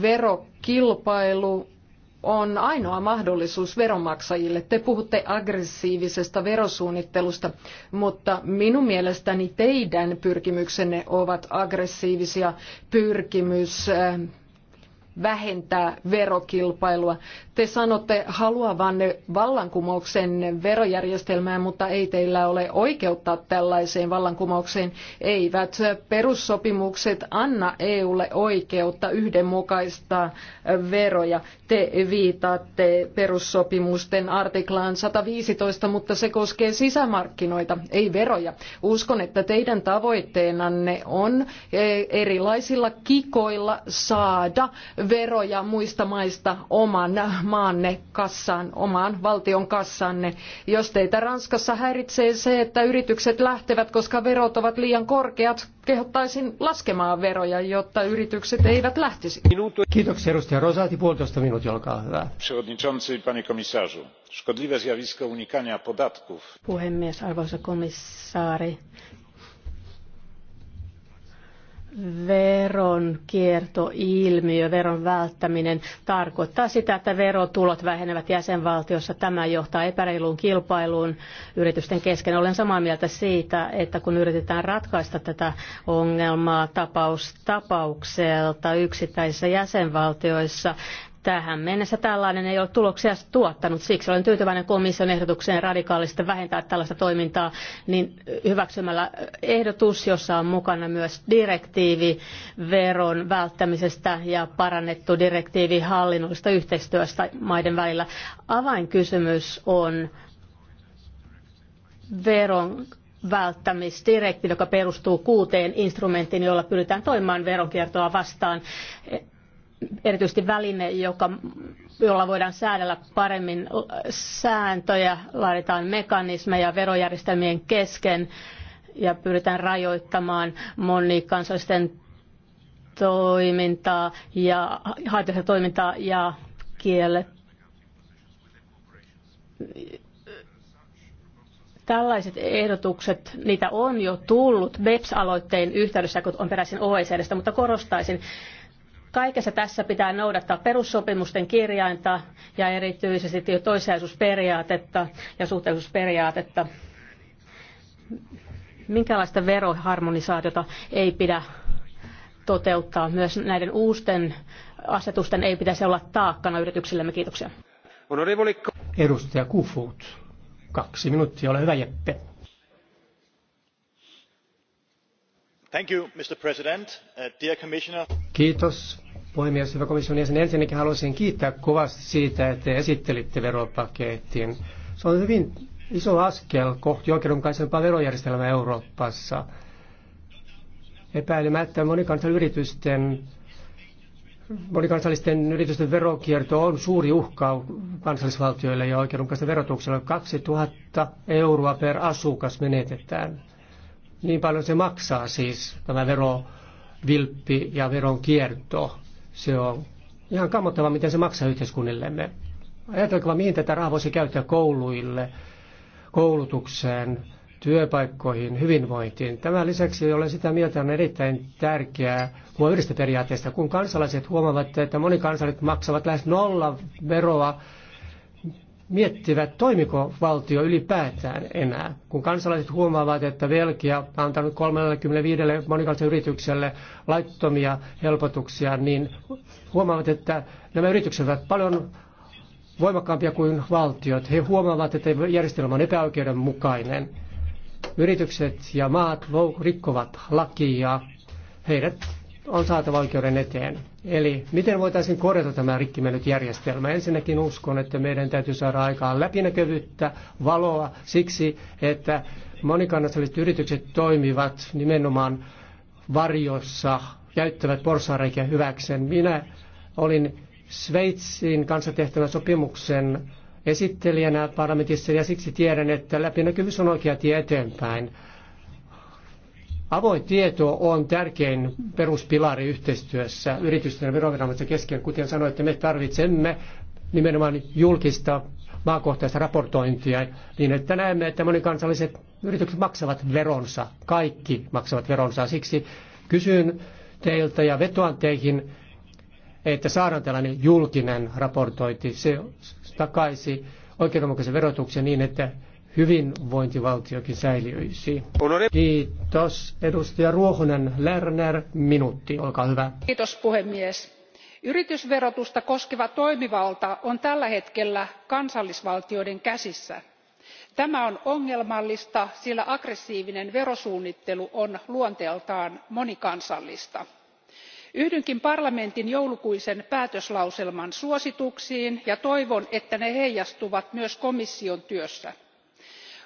Verokilpailu on ainoa mahdollisuus veronmaksajille. Te puhutte aggressiivisesta verosuunnittelusta, mutta minun mielestäni teidän pyrkimyksenne ovat aggressiivisia pyrkimys äh, vähentää verokilpailua. Te sanotte haluavanne vallankumouksen verojärjestelmään, mutta ei teillä ole oikeutta tällaiseen vallankumoukseen. Eivät perussopimukset anna EUlle oikeutta yhdenmukaistaa veroja. Te viitaatte perussopimusten artiklaan 115, mutta se koskee sisämarkkinoita, ei veroja. Uskon, että teidän tavoitteenanne on e, erilaisilla kikoilla saada veroja muista maista oman maanne kassaan, omaan valtion kassanne. Jos teitä Ranskassa häiritsee se, että yritykset lähtevät, koska verot ovat liian korkeat, kehottaisin laskemaan veroja, jotta yritykset eivät lähtisi. Kiitoksia edustaja Rosati, puolitoista minuuttia, olkaa hyvä. Puhemies, arvoisa komissaari, veron kiertoilmiö, veron välttäminen tarkoittaa sitä, että verotulot vähenevät jäsenvaltiossa. Tämä johtaa epäreiluun kilpailuun yritysten kesken. Olen samaa mieltä siitä, että kun yritetään ratkaista tätä ongelmaa tapaus tapaukselta yksittäisissä jäsenvaltioissa, Tähän mennessä tällainen ei ole tuloksia tuottanut. Siksi olen tyytyväinen komission ehdotukseen radikaalisesti vähentää tällaista toimintaa niin hyväksymällä ehdotus, jossa on mukana myös direktiivi veron välttämisestä ja parannettu direktiivi hallinnollisesta yhteistyöstä maiden välillä. Avainkysymys on veron välttämisdirektiivi, joka perustuu kuuteen instrumenttiin, jolla pyritään toimimaan veronkiertoa vastaan erityisesti väline, joka, jolla voidaan säädellä paremmin sääntöjä, laaditaan mekanismeja verojärjestelmien kesken ja pyritään rajoittamaan monikansallisten toimintaa ja haitallista toimintaa ja kielle. Tällaiset ehdotukset, niitä on jo tullut BEPS-aloitteen yhteydessä, kun on peräisin OECDstä, mutta korostaisin, Kaikessa tässä pitää noudattaa perussopimusten kirjainta ja erityisesti toissijaisuusperiaatetta ja suhteellisuusperiaatetta. Minkälaista veroharmonisaatiota ei pidä toteuttaa. Myös näiden uusten asetusten ei pitäisi olla taakkana yrityksillemme. Kiitoksia. Edustaja Kufut, kaksi minuuttia, ole hyvä Jeppe. Thank you, Mr. President. Uh, dear Commissioner. Kiitos puhemies, hyvä komission jäsen. Ensinnäkin haluaisin kiittää kovasti siitä, että te esittelitte veropaketin. Se on hyvin iso askel kohti oikeudenmukaisempaa verojärjestelmää Euroopassa. Epäilemättä monikansallisten yritysten, monikansallisten yritysten verokierto on suuri uhka kansallisvaltioille ja oikeudenmukaiselle verotukselle. 2000 euroa per asukas menetetään. Niin paljon se maksaa siis tämä vero vilppi ja veron kierto. Se on ihan kammottava, miten se maksaa yhteiskunnillemme. Ajatelkaa, mihin tätä rahaa voisi käyttää kouluille, koulutukseen, työpaikkoihin, hyvinvointiin. Tämän lisäksi olen sitä mieltä, on erittäin tärkeää puhua yhdestä periaatteesta, kun kansalaiset huomaavat, että monikansalaiset maksavat lähes nolla veroa miettivät, toimiko valtio ylipäätään enää. Kun kansalaiset huomaavat, että Belgia on antanut 35 monikansalliselle yritykselle laittomia helpotuksia, niin huomaavat, että nämä yritykset ovat paljon voimakkaampia kuin valtiot. He huomaavat, että järjestelmä on epäoikeudenmukainen. Yritykset ja maat rikkovat lakia. Heidät on saatava oikeuden eteen. Eli miten voitaisiin korjata tämä rikki mennyt järjestelmä? Ensinnäkin uskon, että meidän täytyy saada aikaan läpinäkyvyyttä, valoa siksi, että monikansalliset yritykset toimivat nimenomaan varjossa, käyttävät porsareikia hyväkseen. Minä olin Sveitsin kanssa tehtävän sopimuksen esittelijänä parlamentissa ja siksi tiedän, että läpinäkyvyys on oikea tie eteenpäin. Avoin tieto on tärkein peruspilari yhteistyössä yritysten ja veroviranomaisten kesken. Kuten sanoitte, me tarvitsemme nimenomaan julkista maakohtaista raportointia niin, että näemme, että monikansalliset yritykset maksavat veronsa. Kaikki maksavat veronsa. Siksi kysyn teiltä ja vetoan teihin, että saadaan tällainen julkinen raportointi. Se takaisi oikeudenmukaisen verotuksen niin, että hyvinvointivaltiokin säilyisi. Kiitos. Edustaja Ruohonen Lerner, minuutti, olkaa hyvä. Kiitos puhemies. Yritysverotusta koskeva toimivalta on tällä hetkellä kansallisvaltioiden käsissä. Tämä on ongelmallista, sillä aggressiivinen verosuunnittelu on luonteeltaan monikansallista. Yhdynkin parlamentin joulukuisen päätöslauselman suosituksiin ja toivon, että ne heijastuvat myös komission työssä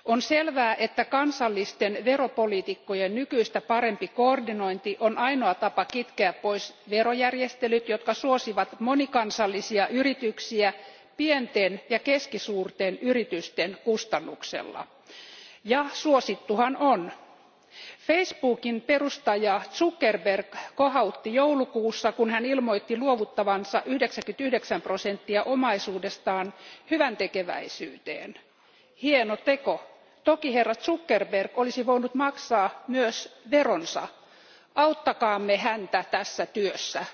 on selvää että kansallisten veropolitiikkojen nykyistä parempi koordinointi on ainoa tapa kitkeä pois verojärjestelyt jotka suosivat monikansallisia yrityksiä pienten ja keskisuurten yritysten kustannuksella ja suosittuhan on. facebookin perustaja zuckerberg kohautti joulukuussa kun hän ilmoitti luovuttavansa yhdeksänkymmentäyhdeksän prosenttia omaisuudestaan hyväntekeväisyyteen. hieno teko toki herra zuckerberg olisi voinut maksaa myös veronsa. auttakaamme häntä tässä työssä.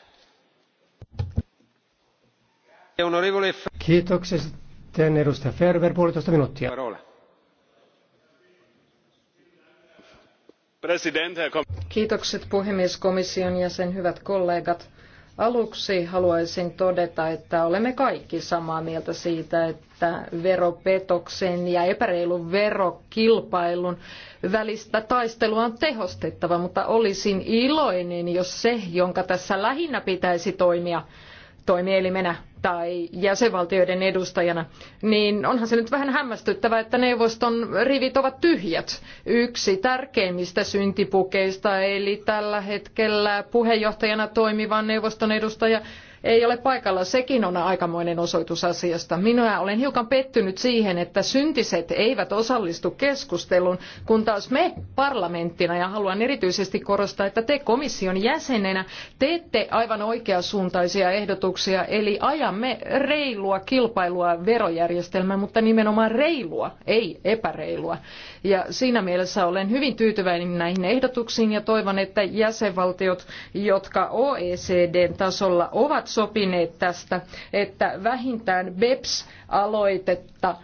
Kiitoksia. Sitten edustaja Ferber, puolitoista minuuttia. Kiitokset puhemies, komission jäsen, hyvät kollegat Aluksi haluaisin todeta, että olemme kaikki samaa mieltä siitä, että veropetoksen ja epäreilun verokilpailun välistä taistelua on tehostettava, mutta olisin iloinen, jos se, jonka tässä lähinnä pitäisi toimia, toimielimenä tai jäsenvaltioiden edustajana, niin onhan se nyt vähän hämmästyttävää, että neuvoston rivit ovat tyhjät. Yksi tärkeimmistä syntipukeista, eli tällä hetkellä puheenjohtajana toimiva neuvoston edustaja ei ole paikalla. Sekin on aikamoinen osoitus asiasta. Minä olen hiukan pettynyt siihen, että syntiset eivät osallistu keskusteluun, kun taas me parlamenttina, ja haluan erityisesti korostaa, että te komission jäsenenä teette aivan oikeasuuntaisia ehdotuksia, eli ajamme reilua kilpailua verojärjestelmään, mutta nimenomaan reilua, ei epäreilua. Ja siinä mielessä olen hyvin tyytyväinen näihin ehdotuksiin ja toivon, että jäsenvaltiot, jotka OECDn tasolla ovat sopineet tästä, että vähintään BEPS-aloitetta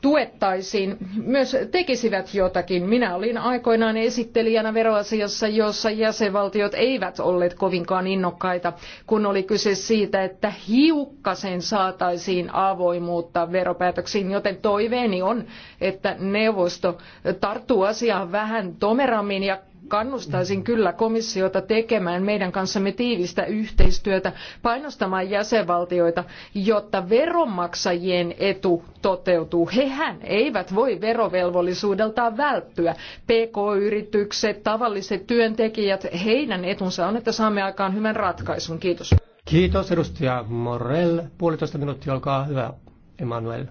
tuettaisiin, myös tekisivät jotakin. Minä olin aikoinaan esittelijänä veroasiassa, jossa jäsenvaltiot eivät olleet kovinkaan innokkaita, kun oli kyse siitä, että hiukkasen saataisiin avoimuutta veropäätöksiin, joten toiveeni on, että neuvosto tarttuu asiaan vähän tomerammin ja kannustaisin kyllä komissiota tekemään meidän kanssamme tiivistä yhteistyötä, painostamaan jäsenvaltioita, jotta veronmaksajien etu toteutuu. Hehän eivät voi verovelvollisuudeltaan välttyä. PK-yritykset, tavalliset työntekijät, heidän etunsa on, että saamme aikaan hyvän ratkaisun. Kiitos. Kiitos edustaja Morel. Puolitoista minuuttia, olkaa hyvä, Emmanuel.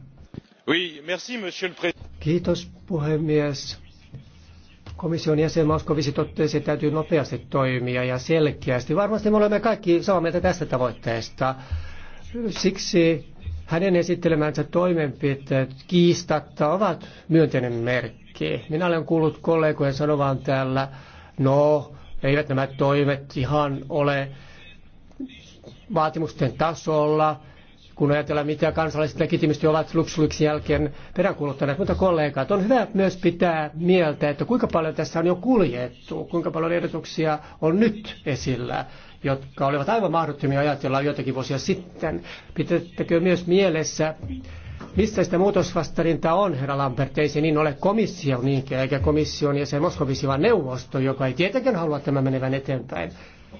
Oui, merci, Kiitos puhemies komission jäsen Moskovisi totesi, että täytyy nopeasti toimia ja selkeästi. Varmasti me olemme kaikki samaa mieltä tästä tavoitteesta. Siksi hänen esittelemänsä toimenpiteet kiistatta ovat myönteinen merkki. Minä olen kuullut kollegojen sanovan täällä, no, eivät nämä toimet ihan ole vaatimusten tasolla, kun ajatellaan, mitä kansalaiset legitimisti ovat LuxLuxin jälkeen peräänkuuluttaneet, mutta kollegat, on hyvä myös pitää mieltä, että kuinka paljon tässä on jo kuljettu, kuinka paljon ehdotuksia on nyt esillä, jotka olivat aivan mahdottomia ajatella joitakin vuosia sitten. Pitättekö myös mielessä, missä sitä muutosvastarintaa on, herra Lambert, ei se niin ole komissio niinkään, eikä komission jäsen Moskovisi, vaan neuvosto, joka ei tietenkään halua tämän menevän eteenpäin.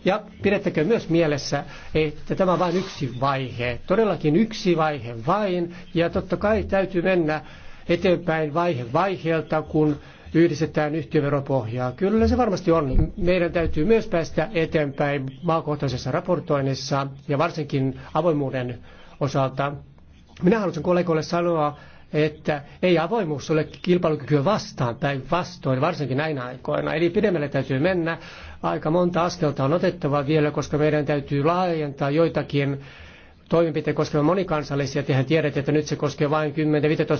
Ja pidettäkö myös mielessä, että tämä on vain yksi vaihe, todellakin yksi vaihe vain, ja totta kai täytyy mennä eteenpäin vaihe vaiheelta, kun yhdistetään yhtiöveropohjaa. Kyllä se varmasti on. Meidän täytyy myös päästä eteenpäin maakohtaisessa raportoinnissa ja varsinkin avoimuuden osalta. Minä haluaisin kollegoille sanoa, että ei avoimuus ole kilpailukykyä vastaan tai varsinkin näinä aikoina. Eli pidemmälle täytyy mennä. Aika monta askelta on otettava vielä, koska meidän täytyy laajentaa joitakin toimenpiteitä koskevan monikansallisia. Tehän tiedät, että nyt se koskee vain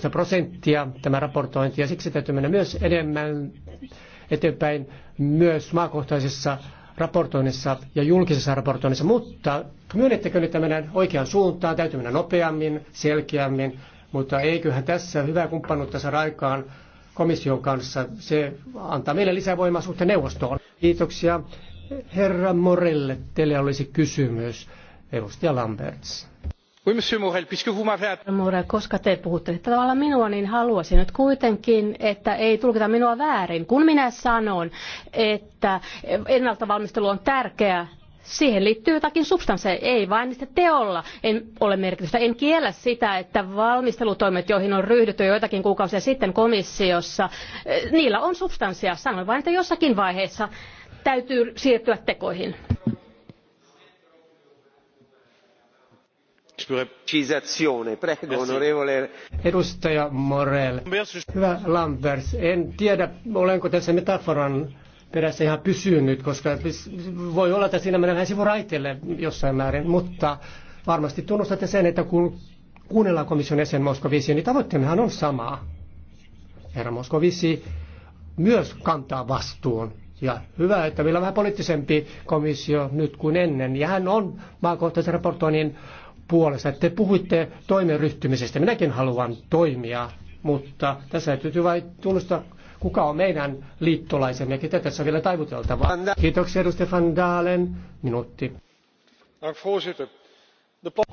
10-15 prosenttia tämä raportointi ja siksi täytyy mennä myös enemmän eteenpäin myös maakohtaisessa raportoinnissa ja julkisessa raportoinnissa, mutta myönnettekö nyt mennään oikeaan suuntaan, täytyy mennä nopeammin, selkeämmin, mutta eiköhän tässä hyvää kumppanuutta saada aikaan komission kanssa. Se antaa meille lisävoimaa suhteen neuvostoon. Kiitoksia. Herra Morelle, teille olisi kysymys. Edustaja Lamberts. Oui, monsieur Morel, puisque vous m'avez... Morel, koska te puhutte tavallaan minua, niin haluaisin nyt kuitenkin, että ei tulkita minua väärin. Kun minä sanon, että ennaltavalmistelu on tärkeää, siihen liittyy jotakin substanssia, ei vain niistä teolla en ole merkitystä. En kiellä sitä, että valmistelutoimet, joihin on ryhdytty joitakin kuukausia sitten komissiossa, eh, niillä on substanssia. Sanoin vain, että jossakin vaiheessa täytyy siirtyä tekoihin. Edustaja Morel. Hyvä Lambers, en tiedä olenko tässä metaforan perässä ihan pysynyt, koska voi olla, että siinä menee vähän sivuraiteille jossain määrin, mutta varmasti tunnustatte sen, että kun kuunnellaan komission jäsen Moskovisi, niin tavoitteemmehan on sama. Herra Moskovisi myös kantaa vastuun. Ja hyvä, että meillä on vähän poliittisempi komissio nyt kuin ennen. Ja hän on maakohtaisen raportoinnin puolesta. Te puhuitte toimen ryhtymisestä. Minäkin haluan toimia, mutta tässä täytyy vain tunnustaa kuka on meidän liittolaisemme ketä tässä on vielä taivuteltavaa. Kiitoksia edustaja Van Dalen. Minuutti.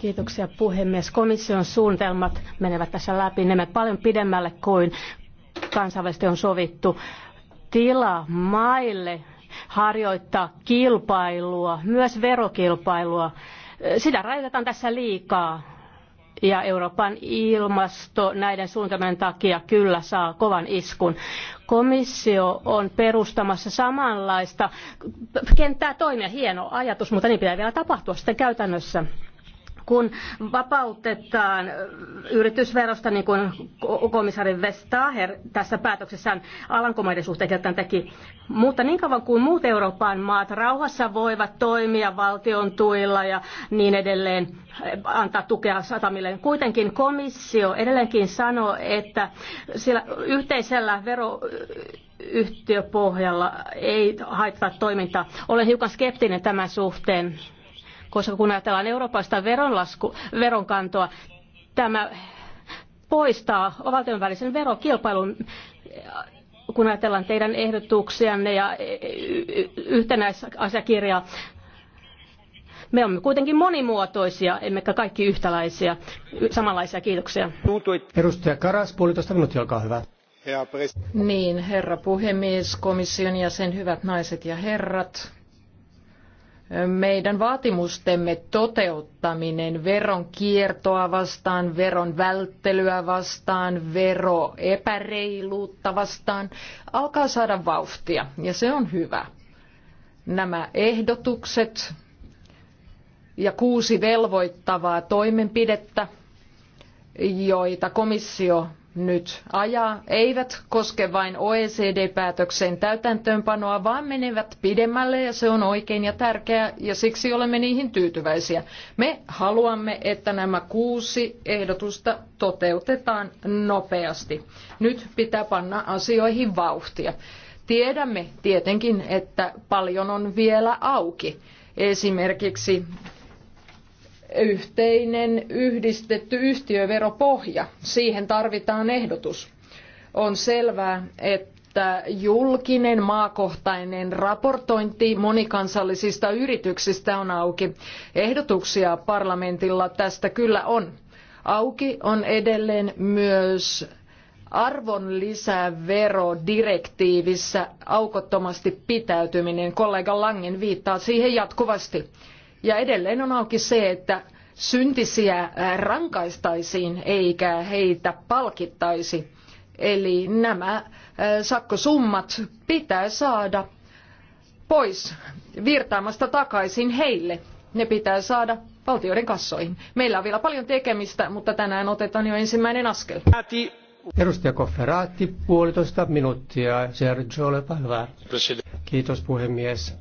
Kiitoksia puhemies. Komission suunnitelmat menevät tässä läpi. Ne menevät paljon pidemmälle kuin kansainvälisesti on sovittu. Tila maille harjoittaa kilpailua, myös verokilpailua. Sitä rajoitetaan tässä liikaa ja Euroopan ilmasto näiden suunnitelmien takia kyllä saa kovan iskun. Komissio on perustamassa samanlaista kenttää toimia. Hieno ajatus, mutta niin pitää vielä tapahtua sitten käytännössä kun vapautetaan yritysverosta, niin kuin komissaari Vestager tässä päätöksessään Alankomaiden suhteen tämän teki. Mutta niin kauan kuin muut Euroopan maat rauhassa voivat toimia valtion tuilla ja niin edelleen, antaa tukea satamille. Niin kuitenkin komissio edelleenkin sanoo, että sillä yhteisellä vero yhtiöpohjalla ei haittaa toimintaa. Olen hiukan skeptinen tämän suhteen koska kun ajatellaan eurooppalaista veronlasku, veronkantoa, tämä poistaa valtion välisen verokilpailun kun ajatellaan teidän ehdotuksianne ja yhtenäisasiakirjaa. Me olemme kuitenkin monimuotoisia, emmekä kaikki yhtäläisiä, samanlaisia. Kiitoksia. Edustaja Karas, puolitoista minuuttia, olkaa hyvä. Niin, herra puhemies, komission jäsen, hyvät naiset ja herrat meidän vaatimustemme toteuttaminen veron kiertoa vastaan, veron välttelyä vastaan, veroepäreiluutta vastaan alkaa saada vauhtia ja se on hyvä. Nämä ehdotukset ja kuusi velvoittavaa toimenpidettä, joita komissio nyt ajaa, eivät koske vain OECD-päätöksen täytäntöönpanoa, vaan menevät pidemmälle ja se on oikein ja tärkeää ja siksi olemme niihin tyytyväisiä. Me haluamme, että nämä kuusi ehdotusta toteutetaan nopeasti. Nyt pitää panna asioihin vauhtia. Tiedämme tietenkin, että paljon on vielä auki. Esimerkiksi yhteinen yhdistetty yhtiöveropohja. Siihen tarvitaan ehdotus. On selvää, että julkinen maakohtainen raportointi monikansallisista yrityksistä on auki. Ehdotuksia parlamentilla tästä kyllä on. Auki on edelleen myös arvonlisäverodirektiivissä aukottomasti pitäytyminen. Kollega Langen viittaa siihen jatkuvasti ja edelleen on auki se, että syntisiä äh, rankaistaisiin eikä heitä palkittaisi. Eli nämä äh, sakkosummat pitää saada pois virtaamasta takaisin heille. Ne pitää saada valtioiden kassoihin. Meillä on vielä paljon tekemistä, mutta tänään otetaan jo ensimmäinen askel. Edustaja Kofferaatti, puolitoista minuuttia. Sergio, ole Kiitos puhemies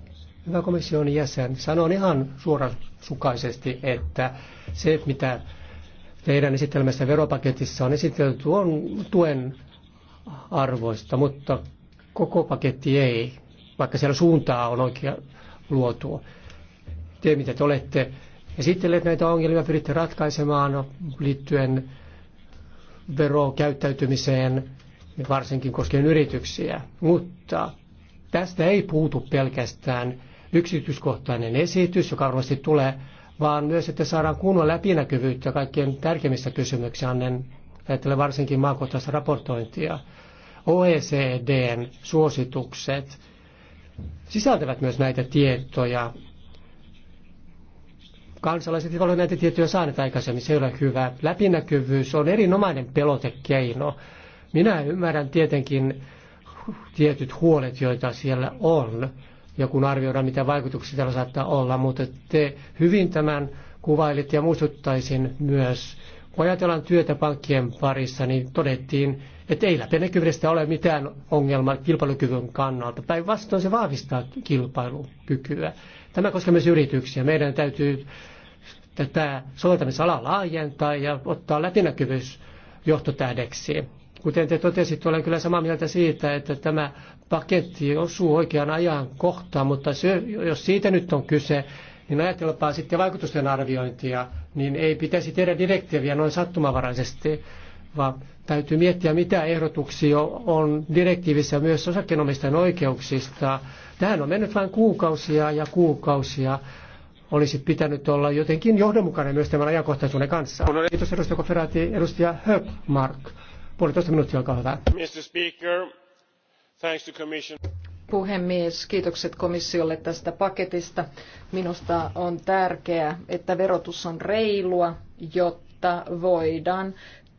hyvä komission jäsen, sanon ihan suorasukaisesti, että se, mitä teidän esitelmässä veropaketissa on esitelty, on tuen arvoista, mutta koko paketti ei, vaikka siellä suuntaa on oikea luotu. Te, mitä te olette esitelleet näitä ongelmia, pyritte ratkaisemaan liittyen verokäyttäytymiseen, varsinkin koskien yrityksiä, mutta tästä ei puutu pelkästään yksityiskohtainen esitys, joka varmasti tulee, vaan myös, että saadaan kunnon läpinäkyvyyttä kaikkien tärkeimmistä kysymyksiä annen ajattelen varsinkin maakohtaista raportointia. OECDn suositukset sisältävät myös näitä tietoja. Kansalaiset eivät ole näitä tietoja saaneet aikaisemmin, se ei ole hyvä. Läpinäkyvyys on erinomainen pelotekeino. Minä ymmärrän tietenkin tietyt huolet, joita siellä on ja kun arvioidaan, mitä vaikutuksia tällä saattaa olla, mutta te hyvin tämän kuvailit ja muistuttaisin myös, kun ajatellaan työtä pankkien parissa, niin todettiin, että ei läpinäkyvyydestä ole mitään ongelmaa kilpailukyvyn kannalta. Päinvastoin se vahvistaa kilpailukykyä. Tämä koskee myös yrityksiä. Meidän täytyy tätä soveltamisalaa laajentaa ja ottaa läpinäkyvyys johtotähdeksi. Kuten te totesitte, olen kyllä samaa mieltä siitä, että tämä paketti osuu oikeaan ajan kohtaan, mutta se, jos siitä nyt on kyse, niin ajatellaanpa sitten vaikutusten arviointia, niin ei pitäisi tehdä direktiiviä noin sattumavaraisesti, vaan täytyy miettiä, mitä ehdotuksia on direktiivissä myös osakkeenomistajan oikeuksista. Tähän on mennyt vain kuukausia ja kuukausia. Olisi pitänyt olla jotenkin johdonmukainen myös tämän ajankohtaisuuden kanssa. Kiitos edustaja Koferati, edustaja Höpmark. Puolitoista minuuttia, olkaa hyvä. Mr. Speaker, puhemies, kiitokset komissiolle tästä paketista. Minusta on tärkeää, että verotus on reilua, jotta voidaan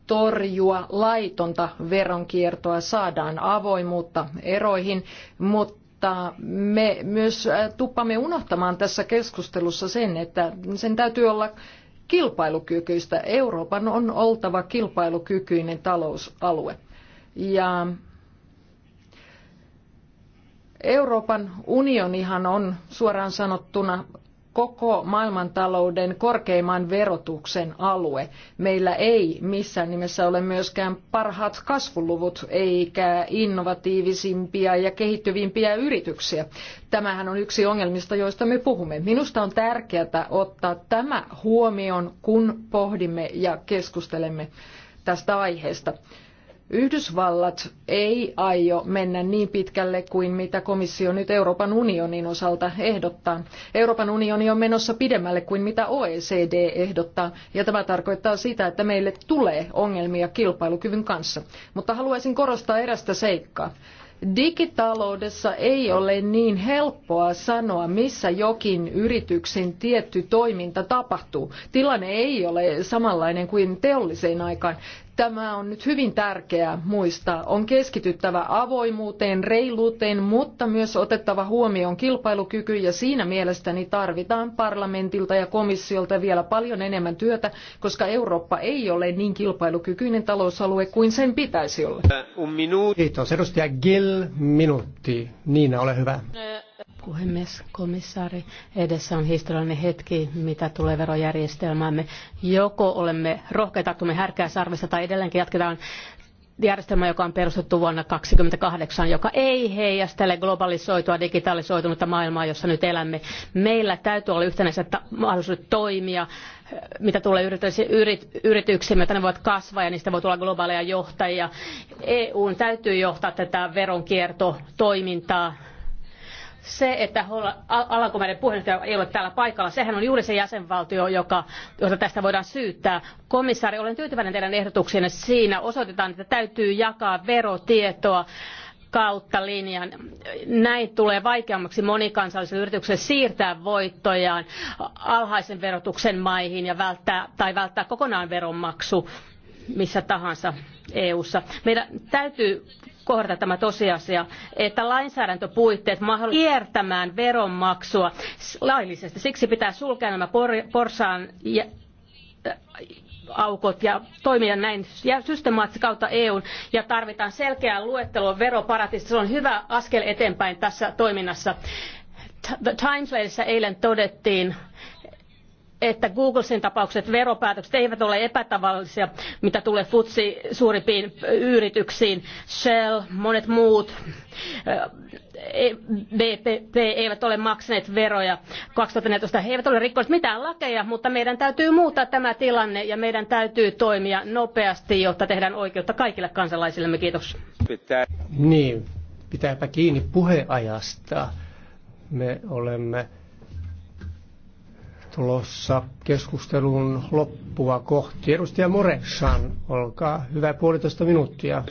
torjua laitonta veronkiertoa, saadaan avoimuutta eroihin, mutta mutta me myös äh, tuppamme unohtamaan tässä keskustelussa sen, että sen täytyy olla kilpailukykyistä. Euroopan on oltava kilpailukykyinen talousalue. Ja Euroopan unionihan on suoraan sanottuna koko maailmantalouden korkeimman verotuksen alue. Meillä ei missään nimessä ole myöskään parhaat kasvuluvut eikä innovatiivisimpia ja kehittyvimpiä yrityksiä. Tämähän on yksi ongelmista, joista me puhumme. Minusta on tärkeää ottaa tämä huomioon, kun pohdimme ja keskustelemme tästä aiheesta. Yhdysvallat ei aio mennä niin pitkälle kuin mitä komissio nyt Euroopan unionin osalta ehdottaa. Euroopan unioni on menossa pidemmälle kuin mitä OECD ehdottaa, ja tämä tarkoittaa sitä, että meille tulee ongelmia kilpailukyvyn kanssa. Mutta haluaisin korostaa erästä seikkaa. Digitaloudessa ei ole niin helppoa sanoa, missä jokin yrityksen tietty toiminta tapahtuu. Tilanne ei ole samanlainen kuin teolliseen aikaan. Tämä on nyt hyvin tärkeää muistaa. On keskityttävä avoimuuteen, reiluuteen, mutta myös otettava huomioon kilpailukyky ja siinä mielestäni tarvitaan parlamentilta ja komissiolta vielä paljon enemmän työtä, koska Eurooppa ei ole niin kilpailukykyinen talousalue kuin sen pitäisi olla. Äh, Kiitos. Edustaja Gill, minuutti. Niina, ole hyvä. Äh, Puhemies, komissaari, edessä on historiallinen hetki, mitä tulee verojärjestelmäämme. Joko olemme rohkeita, kun me härkää sarvista, tai edelleenkin jatketaan järjestelmä, joka on perustettu vuonna 2028, joka ei heijastele globalisoitua, digitalisoitunutta maailmaa, jossa nyt elämme. Meillä täytyy olla yhtenäiset mahdollisuudet toimia, eh, mitä tulee yrit, yrityksiin, että ne voivat kasvaa ja niistä voi tulla globaaleja johtajia. EUn täytyy johtaa tätä veronkiertotoimintaa se, että Alankomaiden puheenjohtaja ei ole täällä paikalla, sehän on juuri se jäsenvaltio, joka, jota tästä voidaan syyttää. Komissaari, olen tyytyväinen teidän ehdotuksiinne. Siinä osoitetaan, että täytyy jakaa verotietoa kautta linjan. Näin tulee vaikeammaksi monikansallisille yrityksille siirtää voittojaan alhaisen verotuksen maihin ja välttää, tai välttää kokonaan veronmaksu missä tahansa EU:ssa. Meidän täytyy kohdata tämä tosiasia, että lainsäädäntöpuitteet mahdollistavat kiertämään veronmaksua laillisesti. Siksi pitää sulkea nämä porsaan ja, äh, aukot ja toimia näin systemaattisesti kautta EUn ja tarvitaan selkeää luettelua veroparatiisista. Se on hyvä askel eteenpäin tässä toiminnassa. The Times-lehdessä eilen todettiin, että Googlesin tapaukset veropäätökset eivät ole epätavallisia, mitä tulee futsi suurimpiin yrityksiin. Shell, monet muut, eh, e, BP eivät ole maksaneet veroja 2014. He eivät ole rikkoneet mitään lakeja, mutta meidän täytyy muuttaa tämä tilanne ja meidän täytyy toimia nopeasti, jotta tehdään oikeutta kaikille kansalaisillemme. Kiitos. Pitää. Niin, pitääpä kiinni puheajasta. Me olemme tulossa keskustelun loppua kohti. Edustaja Mureshan, olkaa hyvä puolitoista minuuttia.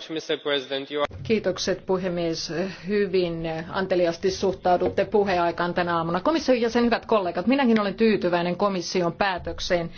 Kiitokset puhemies. Hyvin anteliasti suhtaudutte puheaikaan tänä aamuna. Komission jäsen, hyvät kollegat, minäkin olen tyytyväinen komission päätökseen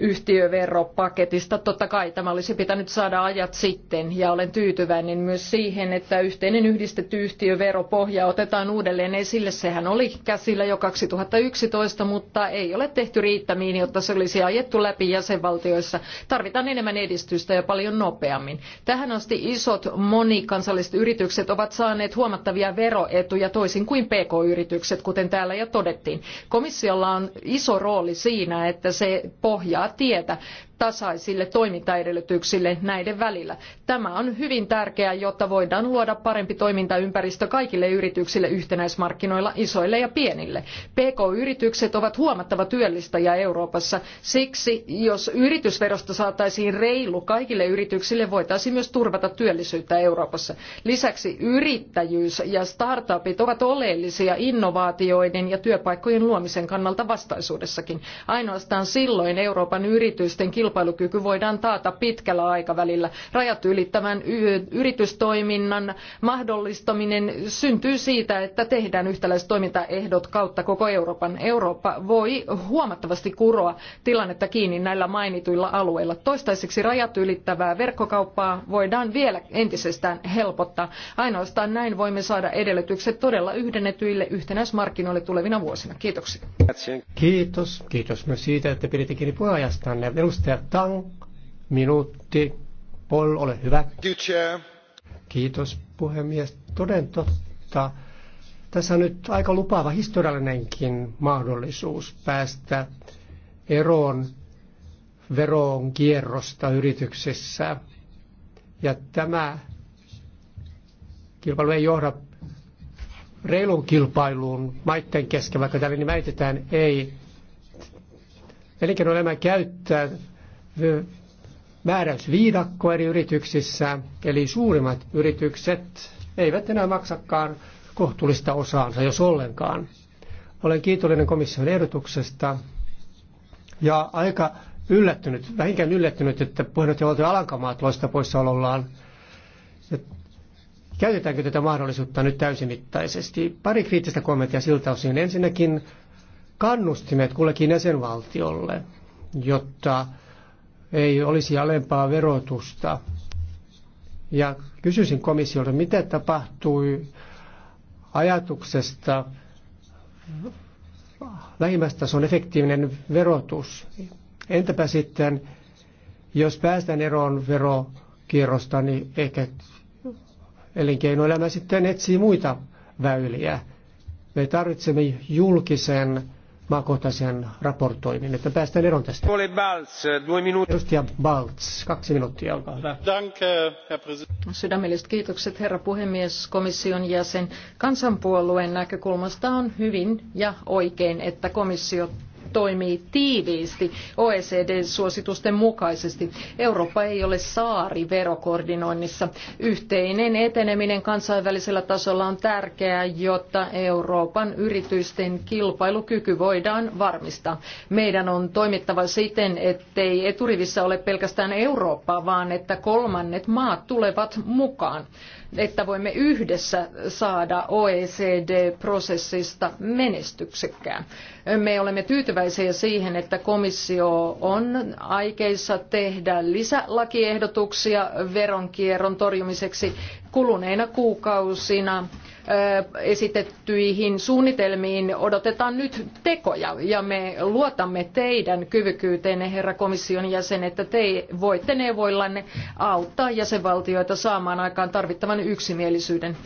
yhtiöveropaketista. Totta kai tämä olisi pitänyt saada ajat sitten ja olen tyytyväinen myös siihen, että yhteinen yhdistetty yhtiöveropohja otetaan uudelleen esille. Sehän oli käsillä jo 2011, mutta ei ole tehty riittämiin, jotta se olisi ajettu läpi jäsenvaltioissa. Tarvitaan enemmän edistystä ja paljon nopeammin. Tähän asti isot monikansalliset yritykset ovat saaneet huomattavia veroetuja toisin kuin pk-yritykset, kuten täällä jo todettiin. Komissiolla on iso rooli siinä, että se pohjaa tietä tasaisille toimintaedellytyksille näiden välillä. Tämä on hyvin tärkeää, jotta voidaan luoda parempi toimintaympäristö kaikille yrityksille yhtenäismarkkinoilla, isoille ja pienille. PK-yritykset ovat huomattava työllistäjä Euroopassa. Siksi, jos yritysverosta saataisiin reilu kaikille yrityksille, voitaisiin myös turvata työllisyyttä Euroopassa. Lisäksi yrittäjyys ja startupit ovat oleellisia innovaatioiden ja työpaikkojen luomisen kannalta vastaisuudessakin. Ainoastaan silloin Euroopan yritysten kilpailu kilpailukyky voidaan taata pitkällä aikavälillä. Rajat ylittävän yritystoiminnan mahdollistaminen syntyy siitä, että tehdään yhtäläiset toimintaehdot kautta koko Euroopan. Eurooppa voi huomattavasti kuroa tilannetta kiinni näillä mainituilla alueilla. Toistaiseksi rajat ylittävää verkkokauppaa voidaan vielä entisestään helpottaa. Ainoastaan näin voimme saada edellytykset todella yhdennetyille yhtenäismarkkinoille tulevina vuosina. Kiitoksia. Kiitos. Kiitos myös siitä, että piditte kiinni puheenjohtajanne. Edustaja Tang, minuutti. Paul, ole hyvä. Kiitos puhemies. Toden totta. Tässä on nyt aika lupaava historiallinenkin mahdollisuus päästä eroon veroon kierrosta yrityksissä. Ja tämä kilpailu ei johda reilun kilpailuun maiden kesken, vaikka täällä niin väitetään ei. Elinkeinoelämä käyttää viidakko eri yrityksissä, eli suurimmat yritykset eivät enää maksakaan kohtuullista osaansa, jos ollenkaan. Olen kiitollinen komission ehdotuksesta ja aika yllättynyt, vähinkään yllättynyt, että puheenjohtajavaltio Alankamaat loista poissaolollaan. Käytetäänkö tätä mahdollisuutta nyt täysimittaisesti? Pari kriittistä kommenttia siltä osin. Ensinnäkin kannustimet kullekin jäsenvaltiolle, jotta ei olisi alempaa verotusta. Ja kysyisin komissiolta, mitä tapahtui ajatuksesta lähimmästason efektiivinen verotus. Entäpä sitten, jos päästään eroon verokierrosta, niin ehkä elinkeinoelämä sitten etsii muita väyliä. Me tarvitsemme julkisen maakohtaisen raportoinnin, että päästään eroon tästä. Balz, Edustaja Balz, kaksi minuuttia, olkaa hyvä. Danke, Sydämelliset kiitokset, herra puhemies, komission jäsen. Kansanpuolueen näkökulmasta on hyvin ja oikein, että komissio toimii tiiviisti OECDn suositusten mukaisesti. Eurooppa ei ole saari verokoordinoinnissa. Yhteinen eteneminen kansainvälisellä tasolla on tärkeää, jotta Euroopan yritysten kilpailukyky voidaan varmistaa. Meidän on toimittava siten, ettei eturivissä ole pelkästään Eurooppaa, vaan että kolmannet maat tulevat mukaan että voimme yhdessä saada OECD-prosessista menestyksekkään. Me olemme tyytyväisiä siihen, että komissio on aikeissa tehdä lisälakiehdotuksia veronkierron torjumiseksi kuluneina kuukausina esitettyihin suunnitelmiin odotetaan nyt tekoja ja me luotamme teidän kyvykkyyteenne, herra komission jäsen, että te voitte neuvoillanne auttaa jäsenvaltioita saamaan aikaan tarvittavan yksimielisyyden.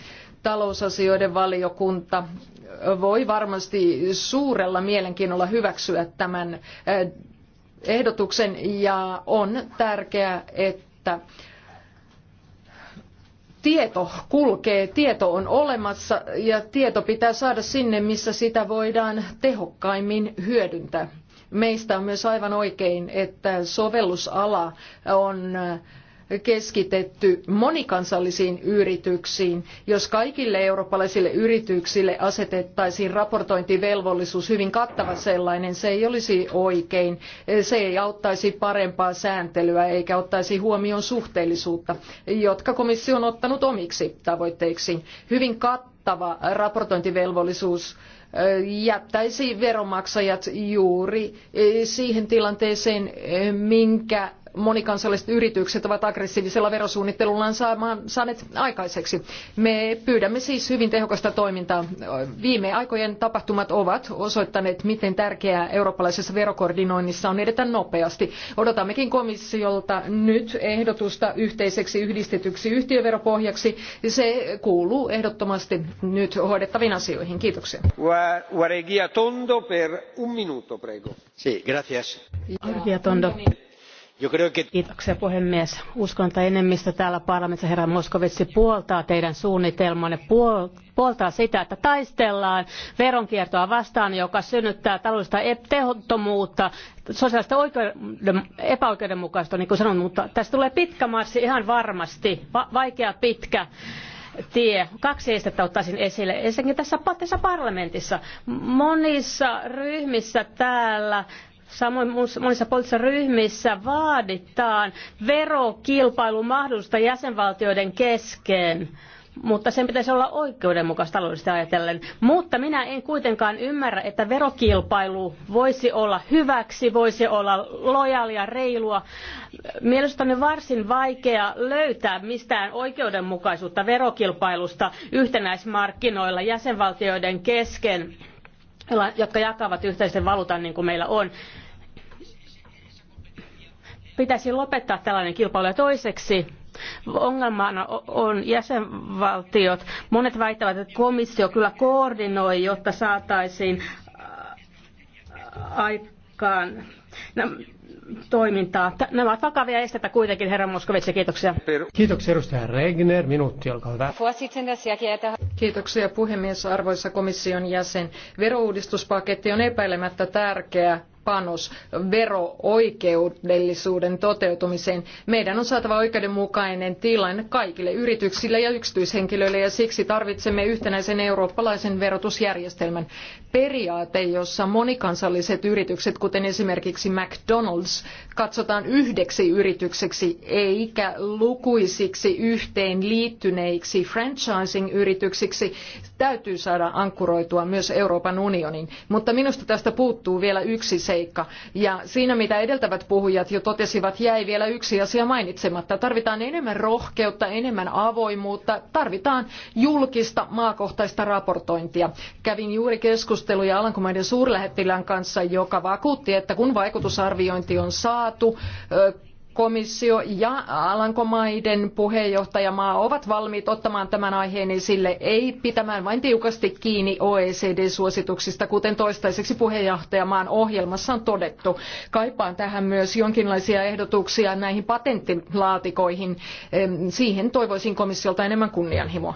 Talousasioiden valiokunta voi varmasti suurella mielenkiinnolla hyväksyä tämän ehdotuksen ja on tärkeää, että että tieto kulkee, tieto on olemassa ja tieto pitää saada sinne, missä sitä voidaan tehokkaimmin hyödyntää. Meistä on myös aivan oikein, että sovellusala on keskitetty monikansallisiin yrityksiin. Jos kaikille eurooppalaisille yrityksille asetettaisiin raportointivelvollisuus, hyvin kattava sellainen, se ei olisi oikein. Se ei auttaisi parempaa sääntelyä eikä ottaisi huomioon suhteellisuutta, jotka komissio on ottanut omiksi tavoitteiksi. Hyvin kattava raportointivelvollisuus eh, jättäisi veronmaksajat juuri eh, siihen tilanteeseen, eh, minkä monikansalliset yritykset ovat aggressiivisella verosuunnittelullaan saaneet aikaiseksi. Me pyydämme siis hyvin tehokasta toimintaa. Viime aikojen tapahtumat ovat osoittaneet, miten tärkeää eurooppalaisessa verokoordinoinnissa on edetä nopeasti. Odotammekin komissiolta nyt ehdotusta yhteiseksi yhdistetyksi yhtiöveropohjaksi. Se kuuluu ehdottomasti nyt hoidettaviin asioihin. Kiitoksia. Tondo per un minuto, prego. Arvia Tondo. Kiitoksia puhemies. Uskon, että enemmistö täällä parlamentissa herra Moskovitsi puoltaa teidän suunnitelmanne, puoltaa sitä, että taistellaan veronkiertoa vastaan, joka synnyttää taloudellista e-, tehottomuutta, sosiaalista oikeuden, epäoikeudenmukaisuutta, niin kuin sanon, mutta tästä tulee pitkä marssi ihan varmasti, va- vaikea pitkä tie. Kaksi estettä ottaisin esille. Ensinnäkin tässä, tässä parlamentissa monissa ryhmissä täällä Samoin monissa poliittisissa ryhmissä vaaditaan verokilpailun mahdollisuutta jäsenvaltioiden kesken mutta sen pitäisi olla oikeudenmukaista taloudellisesti ajatellen. Mutta minä en kuitenkaan ymmärrä, että verokilpailu voisi olla hyväksi, voisi olla lojaalia, reilua. Mielestäni on varsin vaikea löytää mistään oikeudenmukaisuutta verokilpailusta yhtenäismarkkinoilla jäsenvaltioiden kesken jotka jakavat yhteisen valuutan niin kuin meillä on. Pitäisi lopettaa tällainen kilpailu. Ja toiseksi ongelmana on jäsenvaltiot. Monet väittävät, että komissio kyllä koordinoi, jotta saataisiin aikaan no, toimintaa. Nämä ovat vakavia esteitä kuitenkin, herra Moskovitsi, kiitoksia. Kiitoksia edustaja Regner, minuutti, olkaa hyvä. Kiitoksia puhemies, arvoisa komission jäsen. Verouudistuspaketti on epäilemättä tärkeä panos vero-oikeudellisuuden toteutumiseen. Meidän on saatava oikeudenmukainen tilanne kaikille yrityksille ja yksityishenkilöille ja siksi tarvitsemme yhtenäisen eurooppalaisen verotusjärjestelmän. Periaate, jossa monikansalliset yritykset, kuten esimerkiksi McDonald's, katsotaan yhdeksi yritykseksi eikä lukuisiksi yhteen liittyneiksi franchising-yrityksiksi, täytyy saada ankkuroitua myös Euroopan unioniin. Mutta minusta tästä puuttuu vielä yksi se seikka. Ja siinä, mitä edeltävät puhujat jo totesivat, jäi vielä yksi asia mainitsematta. Tarvitaan enemmän rohkeutta, enemmän avoimuutta, tarvitaan julkista maakohtaista raportointia. Kävin juuri keskusteluja Alankomaiden suurlähettilään kanssa, joka vakuutti, että kun vaikutusarviointi on saatu, komissio ja Alankomaiden puheenjohtajamaa ovat valmiit ottamaan tämän aiheen esille, ei pitämään vain tiukasti kiinni OECD-suosituksista, kuten toistaiseksi puheenjohtajamaan ohjelmassa on todettu. Kaipaan tähän myös jonkinlaisia ehdotuksia näihin patenttilaatikoihin. Siihen toivoisin komissiolta enemmän kunnianhimoa.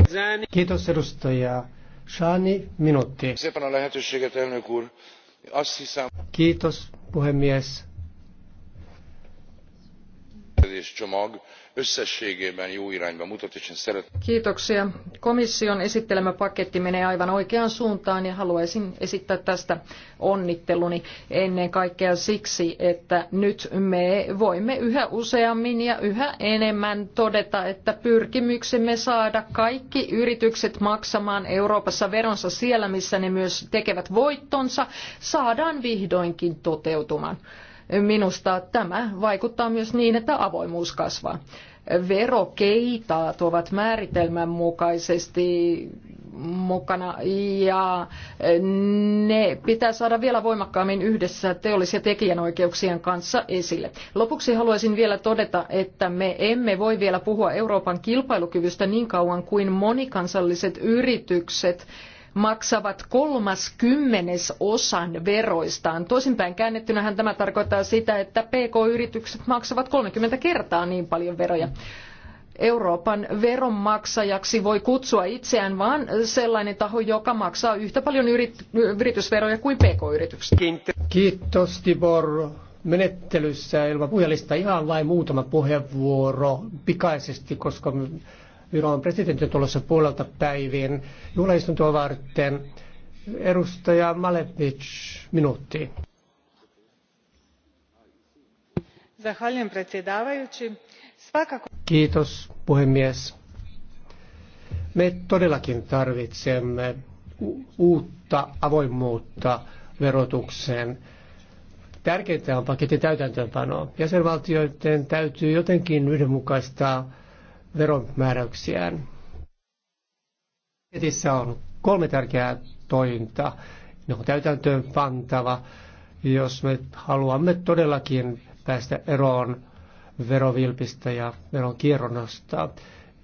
Kiitos edustaja. Shani, minuutti. Kiitos puhemies Kiitoksia. Komission esittelemä paketti menee aivan oikeaan suuntaan ja haluaisin esittää tästä onnitteluni ennen kaikkea siksi, että nyt me voimme yhä useammin ja yhä enemmän todeta, että pyrkimyksemme saada kaikki yritykset maksamaan Euroopassa veronsa siellä, missä ne myös tekevät voittonsa, saadaan vihdoinkin toteutumaan. Minusta tämä vaikuttaa myös niin, että avoimuus kasvaa. Verokeitaat ovat määritelmän mukaisesti mukana ja ne pitää saada vielä voimakkaammin yhdessä teollis- ja tekijänoikeuksien kanssa esille. Lopuksi haluaisin vielä todeta, että me emme voi vielä puhua Euroopan kilpailukyvystä niin kauan kuin monikansalliset yritykset maksavat kolmaskymmenes osan veroistaan. Toisinpäin käännettynähän tämä tarkoittaa sitä, että PK-yritykset maksavat 30 kertaa niin paljon veroja. Euroopan veronmaksajaksi voi kutsua itseään vaan sellainen taho, joka maksaa yhtä paljon yritysveroja kuin pk-yritykset. Kiitos Tibor. Menettelyssä ilman puhelista ihan vain muutama puheenvuoro pikaisesti, koska Viron presidentti tulossa puolelta päivin juhlaistuntoa varten. Edustaja Malevich minuutti. Kiitos puhemies. Me todellakin tarvitsemme uutta avoimuutta verotukseen. Tärkeintä on paketin täytäntöönpano. Jäsenvaltioiden täytyy jotenkin yhdenmukaistaa veromääräyksiään. Etissä on kolme tärkeää tointa. Ne on täytäntöön pantava, jos me haluamme todellakin päästä eroon verovilpistä ja veron kierronnosta.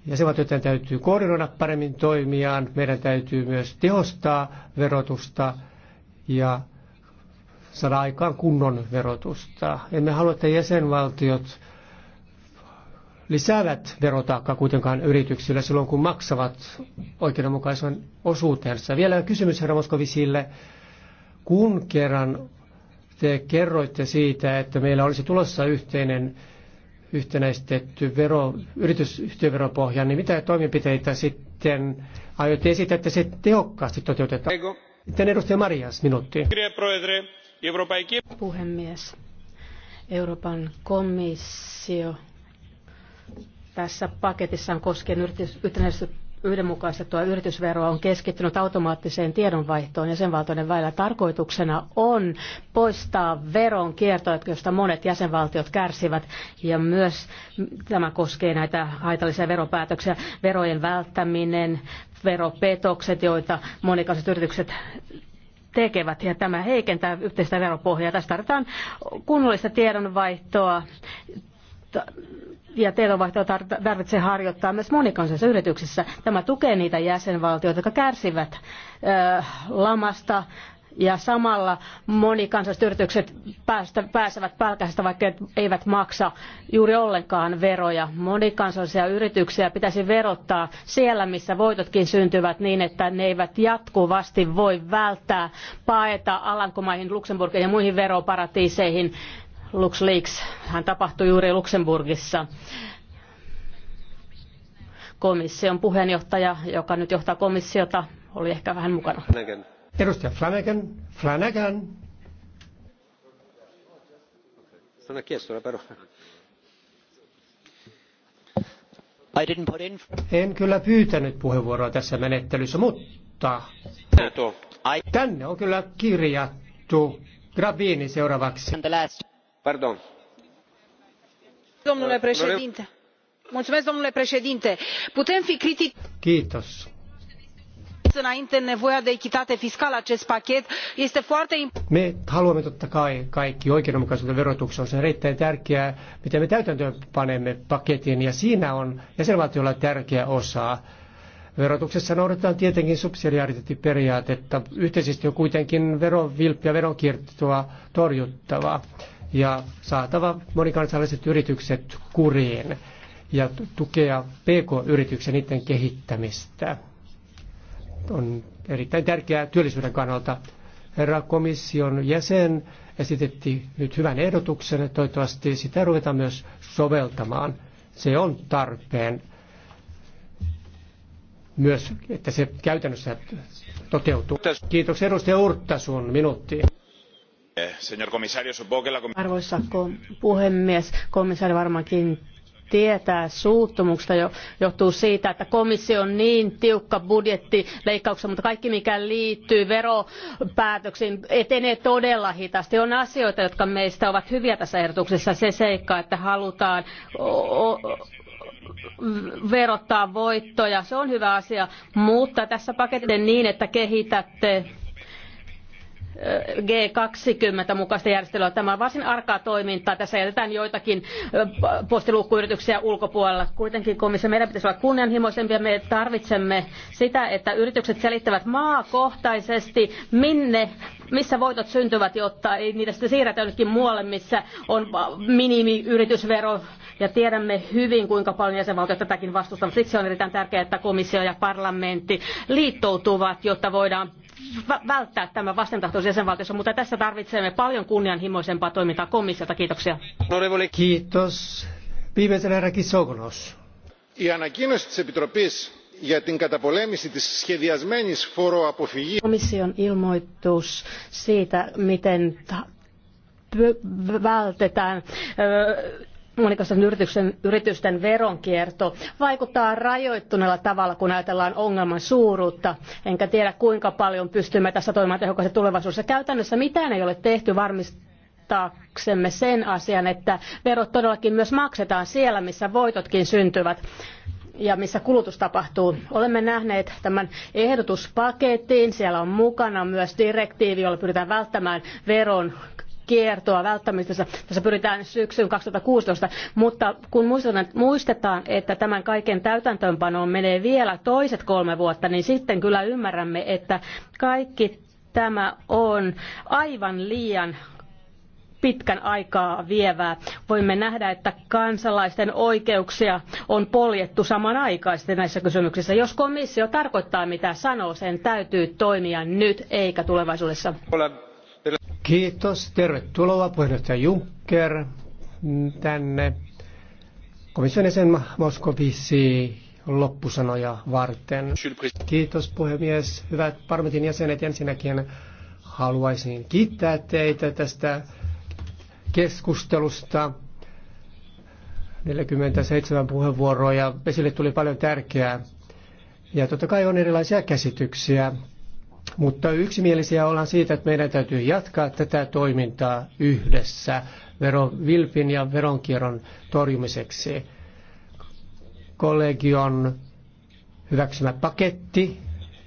Jäsenvaltioiden täytyy koordinoida paremmin toimiaan, meidän täytyy myös tehostaa verotusta ja saada aikaan kunnon verotusta. Emme halua, että jäsenvaltiot lisäävät verotaakkaa kuitenkaan yrityksillä silloin, kun maksavat oikeudenmukaisen osuutensa. Vielä kysymys herra Moskovisille. Kun kerran te kerroitte siitä, että meillä olisi tulossa yhteinen yhtenäistetty vero, yritysyhtiöveropohja, niin mitä toimenpiteitä sitten aiotte esittää, että se tehokkaasti toteutetaan? Sitten edustaja Marias, minuutti. Puhemies, Euroopan komissio tässä paketissaan koskien yhtenäistä yhdenmukaistettua yritysveroa on keskittynyt automaattiseen tiedonvaihtoon ja sen valtioiden välillä. Tarkoituksena on poistaa veron kiertoja, josta monet jäsenvaltiot kärsivät ja myös tämä koskee näitä haitallisia veropäätöksiä, verojen välttäminen, veropetokset, joita monikansalliset yritykset tekevät ja tämä heikentää yhteistä veropohjaa. Tässä tarvitaan kunnollista tiedonvaihtoa ja tiedonvaihtoa tarvitsee harjoittaa myös monikansallisissa yrityksissä. Tämä tukee niitä jäsenvaltioita, jotka kärsivät ö, lamasta ja samalla monikansalliset yritykset päästä, pääsevät pälkäisestä, vaikka eivät maksa juuri ollenkaan veroja. Monikansallisia yrityksiä pitäisi verottaa siellä, missä voitotkin syntyvät niin, että ne eivät jatkuvasti voi välttää paeta Alankomaihin, Luxemburgiin ja muihin veroparatiiseihin LuxLeaks. Hän tapahtui juuri Luxemburgissa. Komission puheenjohtaja, joka nyt johtaa komissiota, oli ehkä vähän mukana. Flanagan. Edustaja Flanagan. Flanagan. I didn't put in... En kyllä pyytänyt puheenvuoroa tässä menettelyssä, mutta tänne on kyllä kirjattu Grabini seuraavaksi domnule președinte putem fi critici înainte nevoia de echitate fiscală acest pachet este foarte Me haluamme totta kai kaikki oikeudenmukaisuuden verotuksessa on se erittäin tärkeää, miten me täytäntöön panemme paketin ja siinä on jäsenvaltiolla tärkeä osa. Verotuksessa noudatetaan tietenkin subsidiariteettiperiaatetta. Yhteisesti on kuitenkin verovilppiä, veronkiertoa torjuttava ja saatava monikansalliset yritykset kuriin ja tukea pk yrityksen niiden kehittämistä. On erittäin tärkeää työllisyyden kannalta. Herra komission jäsen esitettiin nyt hyvän ehdotuksen, että toivottavasti sitä ruvetaan myös soveltamaan. Se on tarpeen myös, että se käytännössä toteutuu. Kiitos edustaja Urttasun minuuttiin. Arvoisa puhemies, komissaari varmaankin tietää suuttumuksesta johtuu siitä, että komissio on niin tiukka budjetti mutta kaikki mikä liittyy veropäätöksiin etenee todella hitaasti. On asioita, jotka meistä ovat hyviä tässä ehdotuksessa. Se seikka, että halutaan verottaa voittoja, se on hyvä asia, mutta tässä paketille niin, että kehitätte G20 mukaista järjestelyä. Tämä on varsin arkaa toimintaa. Tässä jätetään joitakin postiluukkuyrityksiä ulkopuolella. Kuitenkin komissio meidän pitäisi olla kunnianhimoisempia. Me tarvitsemme sitä, että yritykset selittävät maakohtaisesti, minne, missä voitot syntyvät, jotta ei niitä sitten siirretä jonnekin muualle, missä on minimiyritysvero. Ja tiedämme hyvin, kuinka paljon jäsenvaltiot tätäkin vastustavat. Siksi on erittäin tärkeää, että komissio ja parlamentti liittoutuvat, jotta voidaan välttää tämä vastentahtoisuus jäsenvaltiossa, mutta tässä tarvitsemme paljon kunnianhimoisempaa toimintaa komissiota. Kiitoksia. Kiitos. Viimeisenä Räki Sogonos. Η ανακοίνωση της Επιτροπής για την καταπολέμηση της σχεδιασμένης φοροαποφυγής... Komission ilmoitus siitä, miten vältetään monikasten yritysten, yritysten veronkierto vaikuttaa rajoittuneella tavalla, kun ajatellaan ongelman suuruutta. Enkä tiedä, kuinka paljon pystymme tässä toimimaan tehokkaasti tulevaisuudessa. Käytännössä mitään ei ole tehty varmistaaksemme sen asian, että verot todellakin myös maksetaan siellä, missä voitotkin syntyvät ja missä kulutus tapahtuu. Olemme nähneet tämän ehdotuspaketin. Siellä on mukana myös direktiivi, jolla pyritään välttämään veron kiertoa välttämistä. Tässä pyritään syksyyn 2016, mutta kun muistetaan, että tämän kaiken täytäntöönpanoon menee vielä toiset kolme vuotta, niin sitten kyllä ymmärrämme, että kaikki tämä on aivan liian pitkän aikaa vievää. Voimme nähdä, että kansalaisten oikeuksia on poljettu samanaikaisesti näissä kysymyksissä. Jos komissio tarkoittaa mitä sanoo, sen täytyy toimia nyt eikä tulevaisuudessa. Olen Kiitos. Tervetuloa puheenjohtaja Juncker tänne komission jäsen Moskovisi loppusanoja varten. Kiitos puhemies. Hyvät parlamentin jäsenet, ensinnäkin haluaisin kiittää teitä tästä keskustelusta. 47 puheenvuoroa ja esille tuli paljon tärkeää. Ja totta kai on erilaisia käsityksiä mutta yksimielisiä ollaan siitä, että meidän täytyy jatkaa tätä toimintaa yhdessä verovilpin ja veronkierron torjumiseksi. Kollegion hyväksymä paketti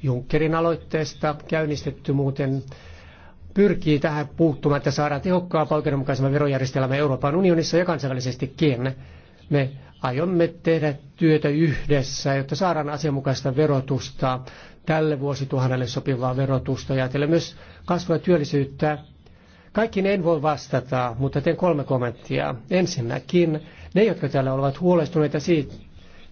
Junckerin aloitteesta käynnistetty muuten pyrkii tähän puuttumaan, että saadaan tehokkaampaa oikeudenmukaisemman verojärjestelmä Euroopan unionissa ja kansainvälisestikin. Me aiomme tehdä työtä yhdessä, jotta saadaan asianmukaista verotusta tälle vuosituhannelle sopivaa verotusta ja ajatellen myös kasvua ja työllisyyttä. Kaikkiin en voi vastata, mutta teen kolme kommenttia. Ensinnäkin, ne, jotka täällä ovat huolestuneita siitä,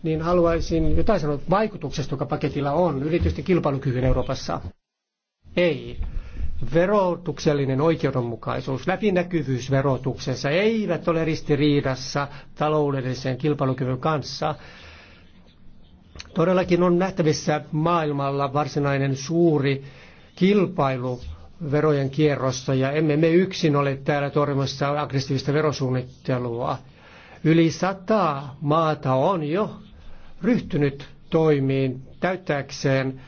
niin haluaisin jotain sanoa vaikutuksesta, joka paketilla on yritysten kilpailukyvyn Euroopassa. Ei. Verotuksellinen oikeudenmukaisuus, läpinäkyvyys verotuksessa eivät ole ristiriidassa taloudellisen kilpailukyvyn kanssa. Todellakin on nähtävissä maailmalla varsinainen suuri kilpailu verojen kierrossa ja emme me yksin ole täällä torjumassa aggressiivista verosuunnittelua. Yli sata maata on jo ryhtynyt toimiin täyttääkseen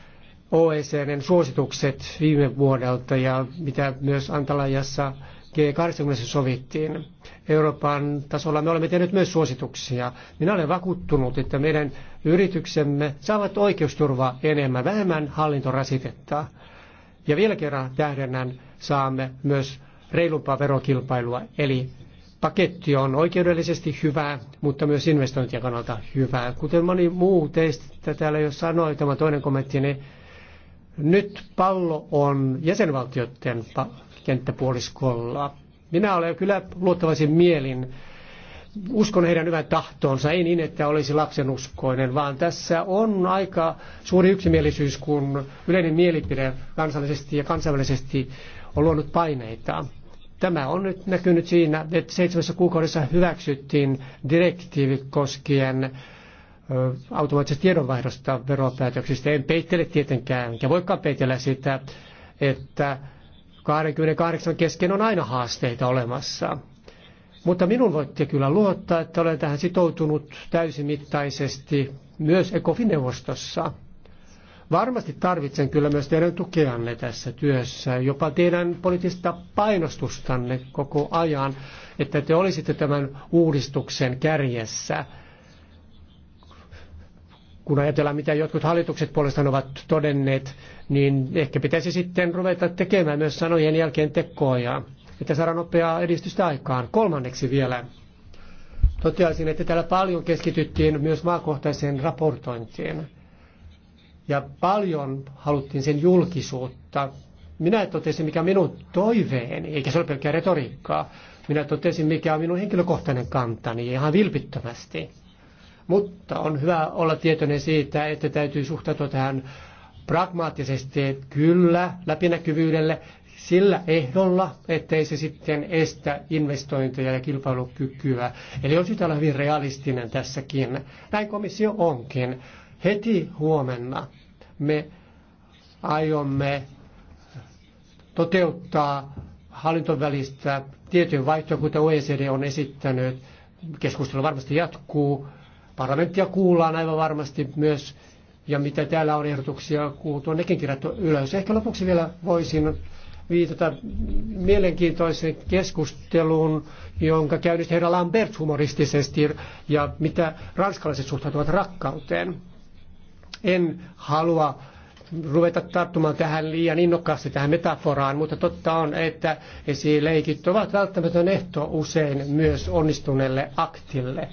OECDn suositukset viime vuodelta ja mitä myös Antalajassa G20 sovittiin. Euroopan tasolla me olemme tehneet myös suosituksia. Minä olen vakuuttunut, että meidän yrityksemme saavat oikeusturvaa enemmän, vähemmän hallintorasitetta. Ja vielä kerran tähdennän saamme myös reilumpaa verokilpailua, eli paketti on oikeudellisesti hyvää, mutta myös investointien kannalta hyvää. Kuten moni muu teistä täällä jo sanoi, tämä toinen kommentti, niin nyt pallo on jäsenvaltioiden kenttäpuoliskolla. Minä olen kyllä luottavaisin mielin. Uskon heidän hyvän tahtoonsa, ei niin, että olisi lapsenuskoinen, vaan tässä on aika suuri yksimielisyys, kun yleinen mielipide kansallisesti ja kansainvälisesti on luonut paineita. Tämä on nyt näkynyt siinä, että seitsemässä kuukaudessa hyväksyttiin direktiivi koskien automaattisesta tiedonvaihdosta veropäätöksistä. En peittele tietenkään, enkä voikaan peitellä sitä, että 28 kesken on aina haasteita olemassa. Mutta minun voitte kyllä luottaa, että olen tähän sitoutunut täysimittaisesti myös ecofi neuvostossa Varmasti tarvitsen kyllä myös teidän tukeanne tässä työssä, jopa teidän poliittista painostustanne koko ajan, että te olisitte tämän uudistuksen kärjessä – kun ajatellaan, mitä jotkut hallitukset puolestaan ovat todenneet, niin ehkä pitäisi sitten ruveta tekemään myös sanojen jälkeen tekoja, että saadaan nopeaa edistystä aikaan. Kolmanneksi vielä toteaisin, että täällä paljon keskityttiin myös maakohtaiseen raportointiin. Ja paljon haluttiin sen julkisuutta. Minä totesin, mikä on minun toiveeni, eikä se ole pelkkää retoriikkaa. Minä totesin, mikä on minun henkilökohtainen kantani ihan vilpittömästi. Mutta on hyvä olla tietoinen siitä, että täytyy suhtautua tähän pragmaattisesti kyllä läpinäkyvyydelle sillä ehdolla, ettei se sitten estä investointeja ja kilpailukykyä. Eli on syytä olla hyvin realistinen tässäkin. Näin komissio onkin. Heti huomenna me aiomme toteuttaa hallintovälistä tietyn vaihtoehtoja, kuten OECD on esittänyt. Keskustelu varmasti jatkuu Parlamenttia kuullaan aivan varmasti myös, ja mitä täällä on ehdotuksia kuultu, on nekin kirjattu ylös. Ehkä lopuksi vielä voisin viitata mielenkiintoiseen keskusteluun, jonka käynnisti herra Lambert humoristisesti, ja mitä ranskalaiset suhtautuvat rakkauteen. En halua ruveta tarttumaan tähän liian innokkaasti tähän metaforaan, mutta totta on, että esileikit ovat välttämätön ehto usein myös onnistuneelle aktille.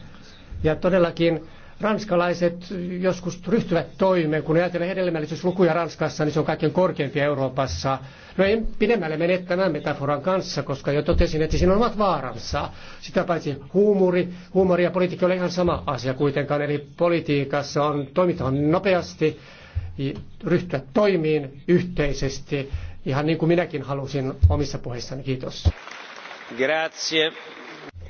Ja todellakin ranskalaiset joskus ryhtyvät toimeen. Kun ajatellaan hedelmällisyyslukuja Ranskassa, niin se on kaikkein korkeimpia Euroopassa. No en pidemmälle mene tämän metaforan kanssa, koska jo totesin, että siinä on omat vaaransa. Sitä paitsi huumori, huumori ja politiikka on ihan sama asia kuitenkaan. Eli politiikassa on toimittava nopeasti, ryhtyä toimiin yhteisesti, ihan niin kuin minäkin halusin omissa puheissani. Kiitos. Grazie.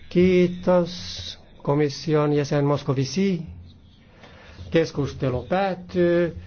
Kiitos komission jäsen Moskovisi. Keskustelu päättyy.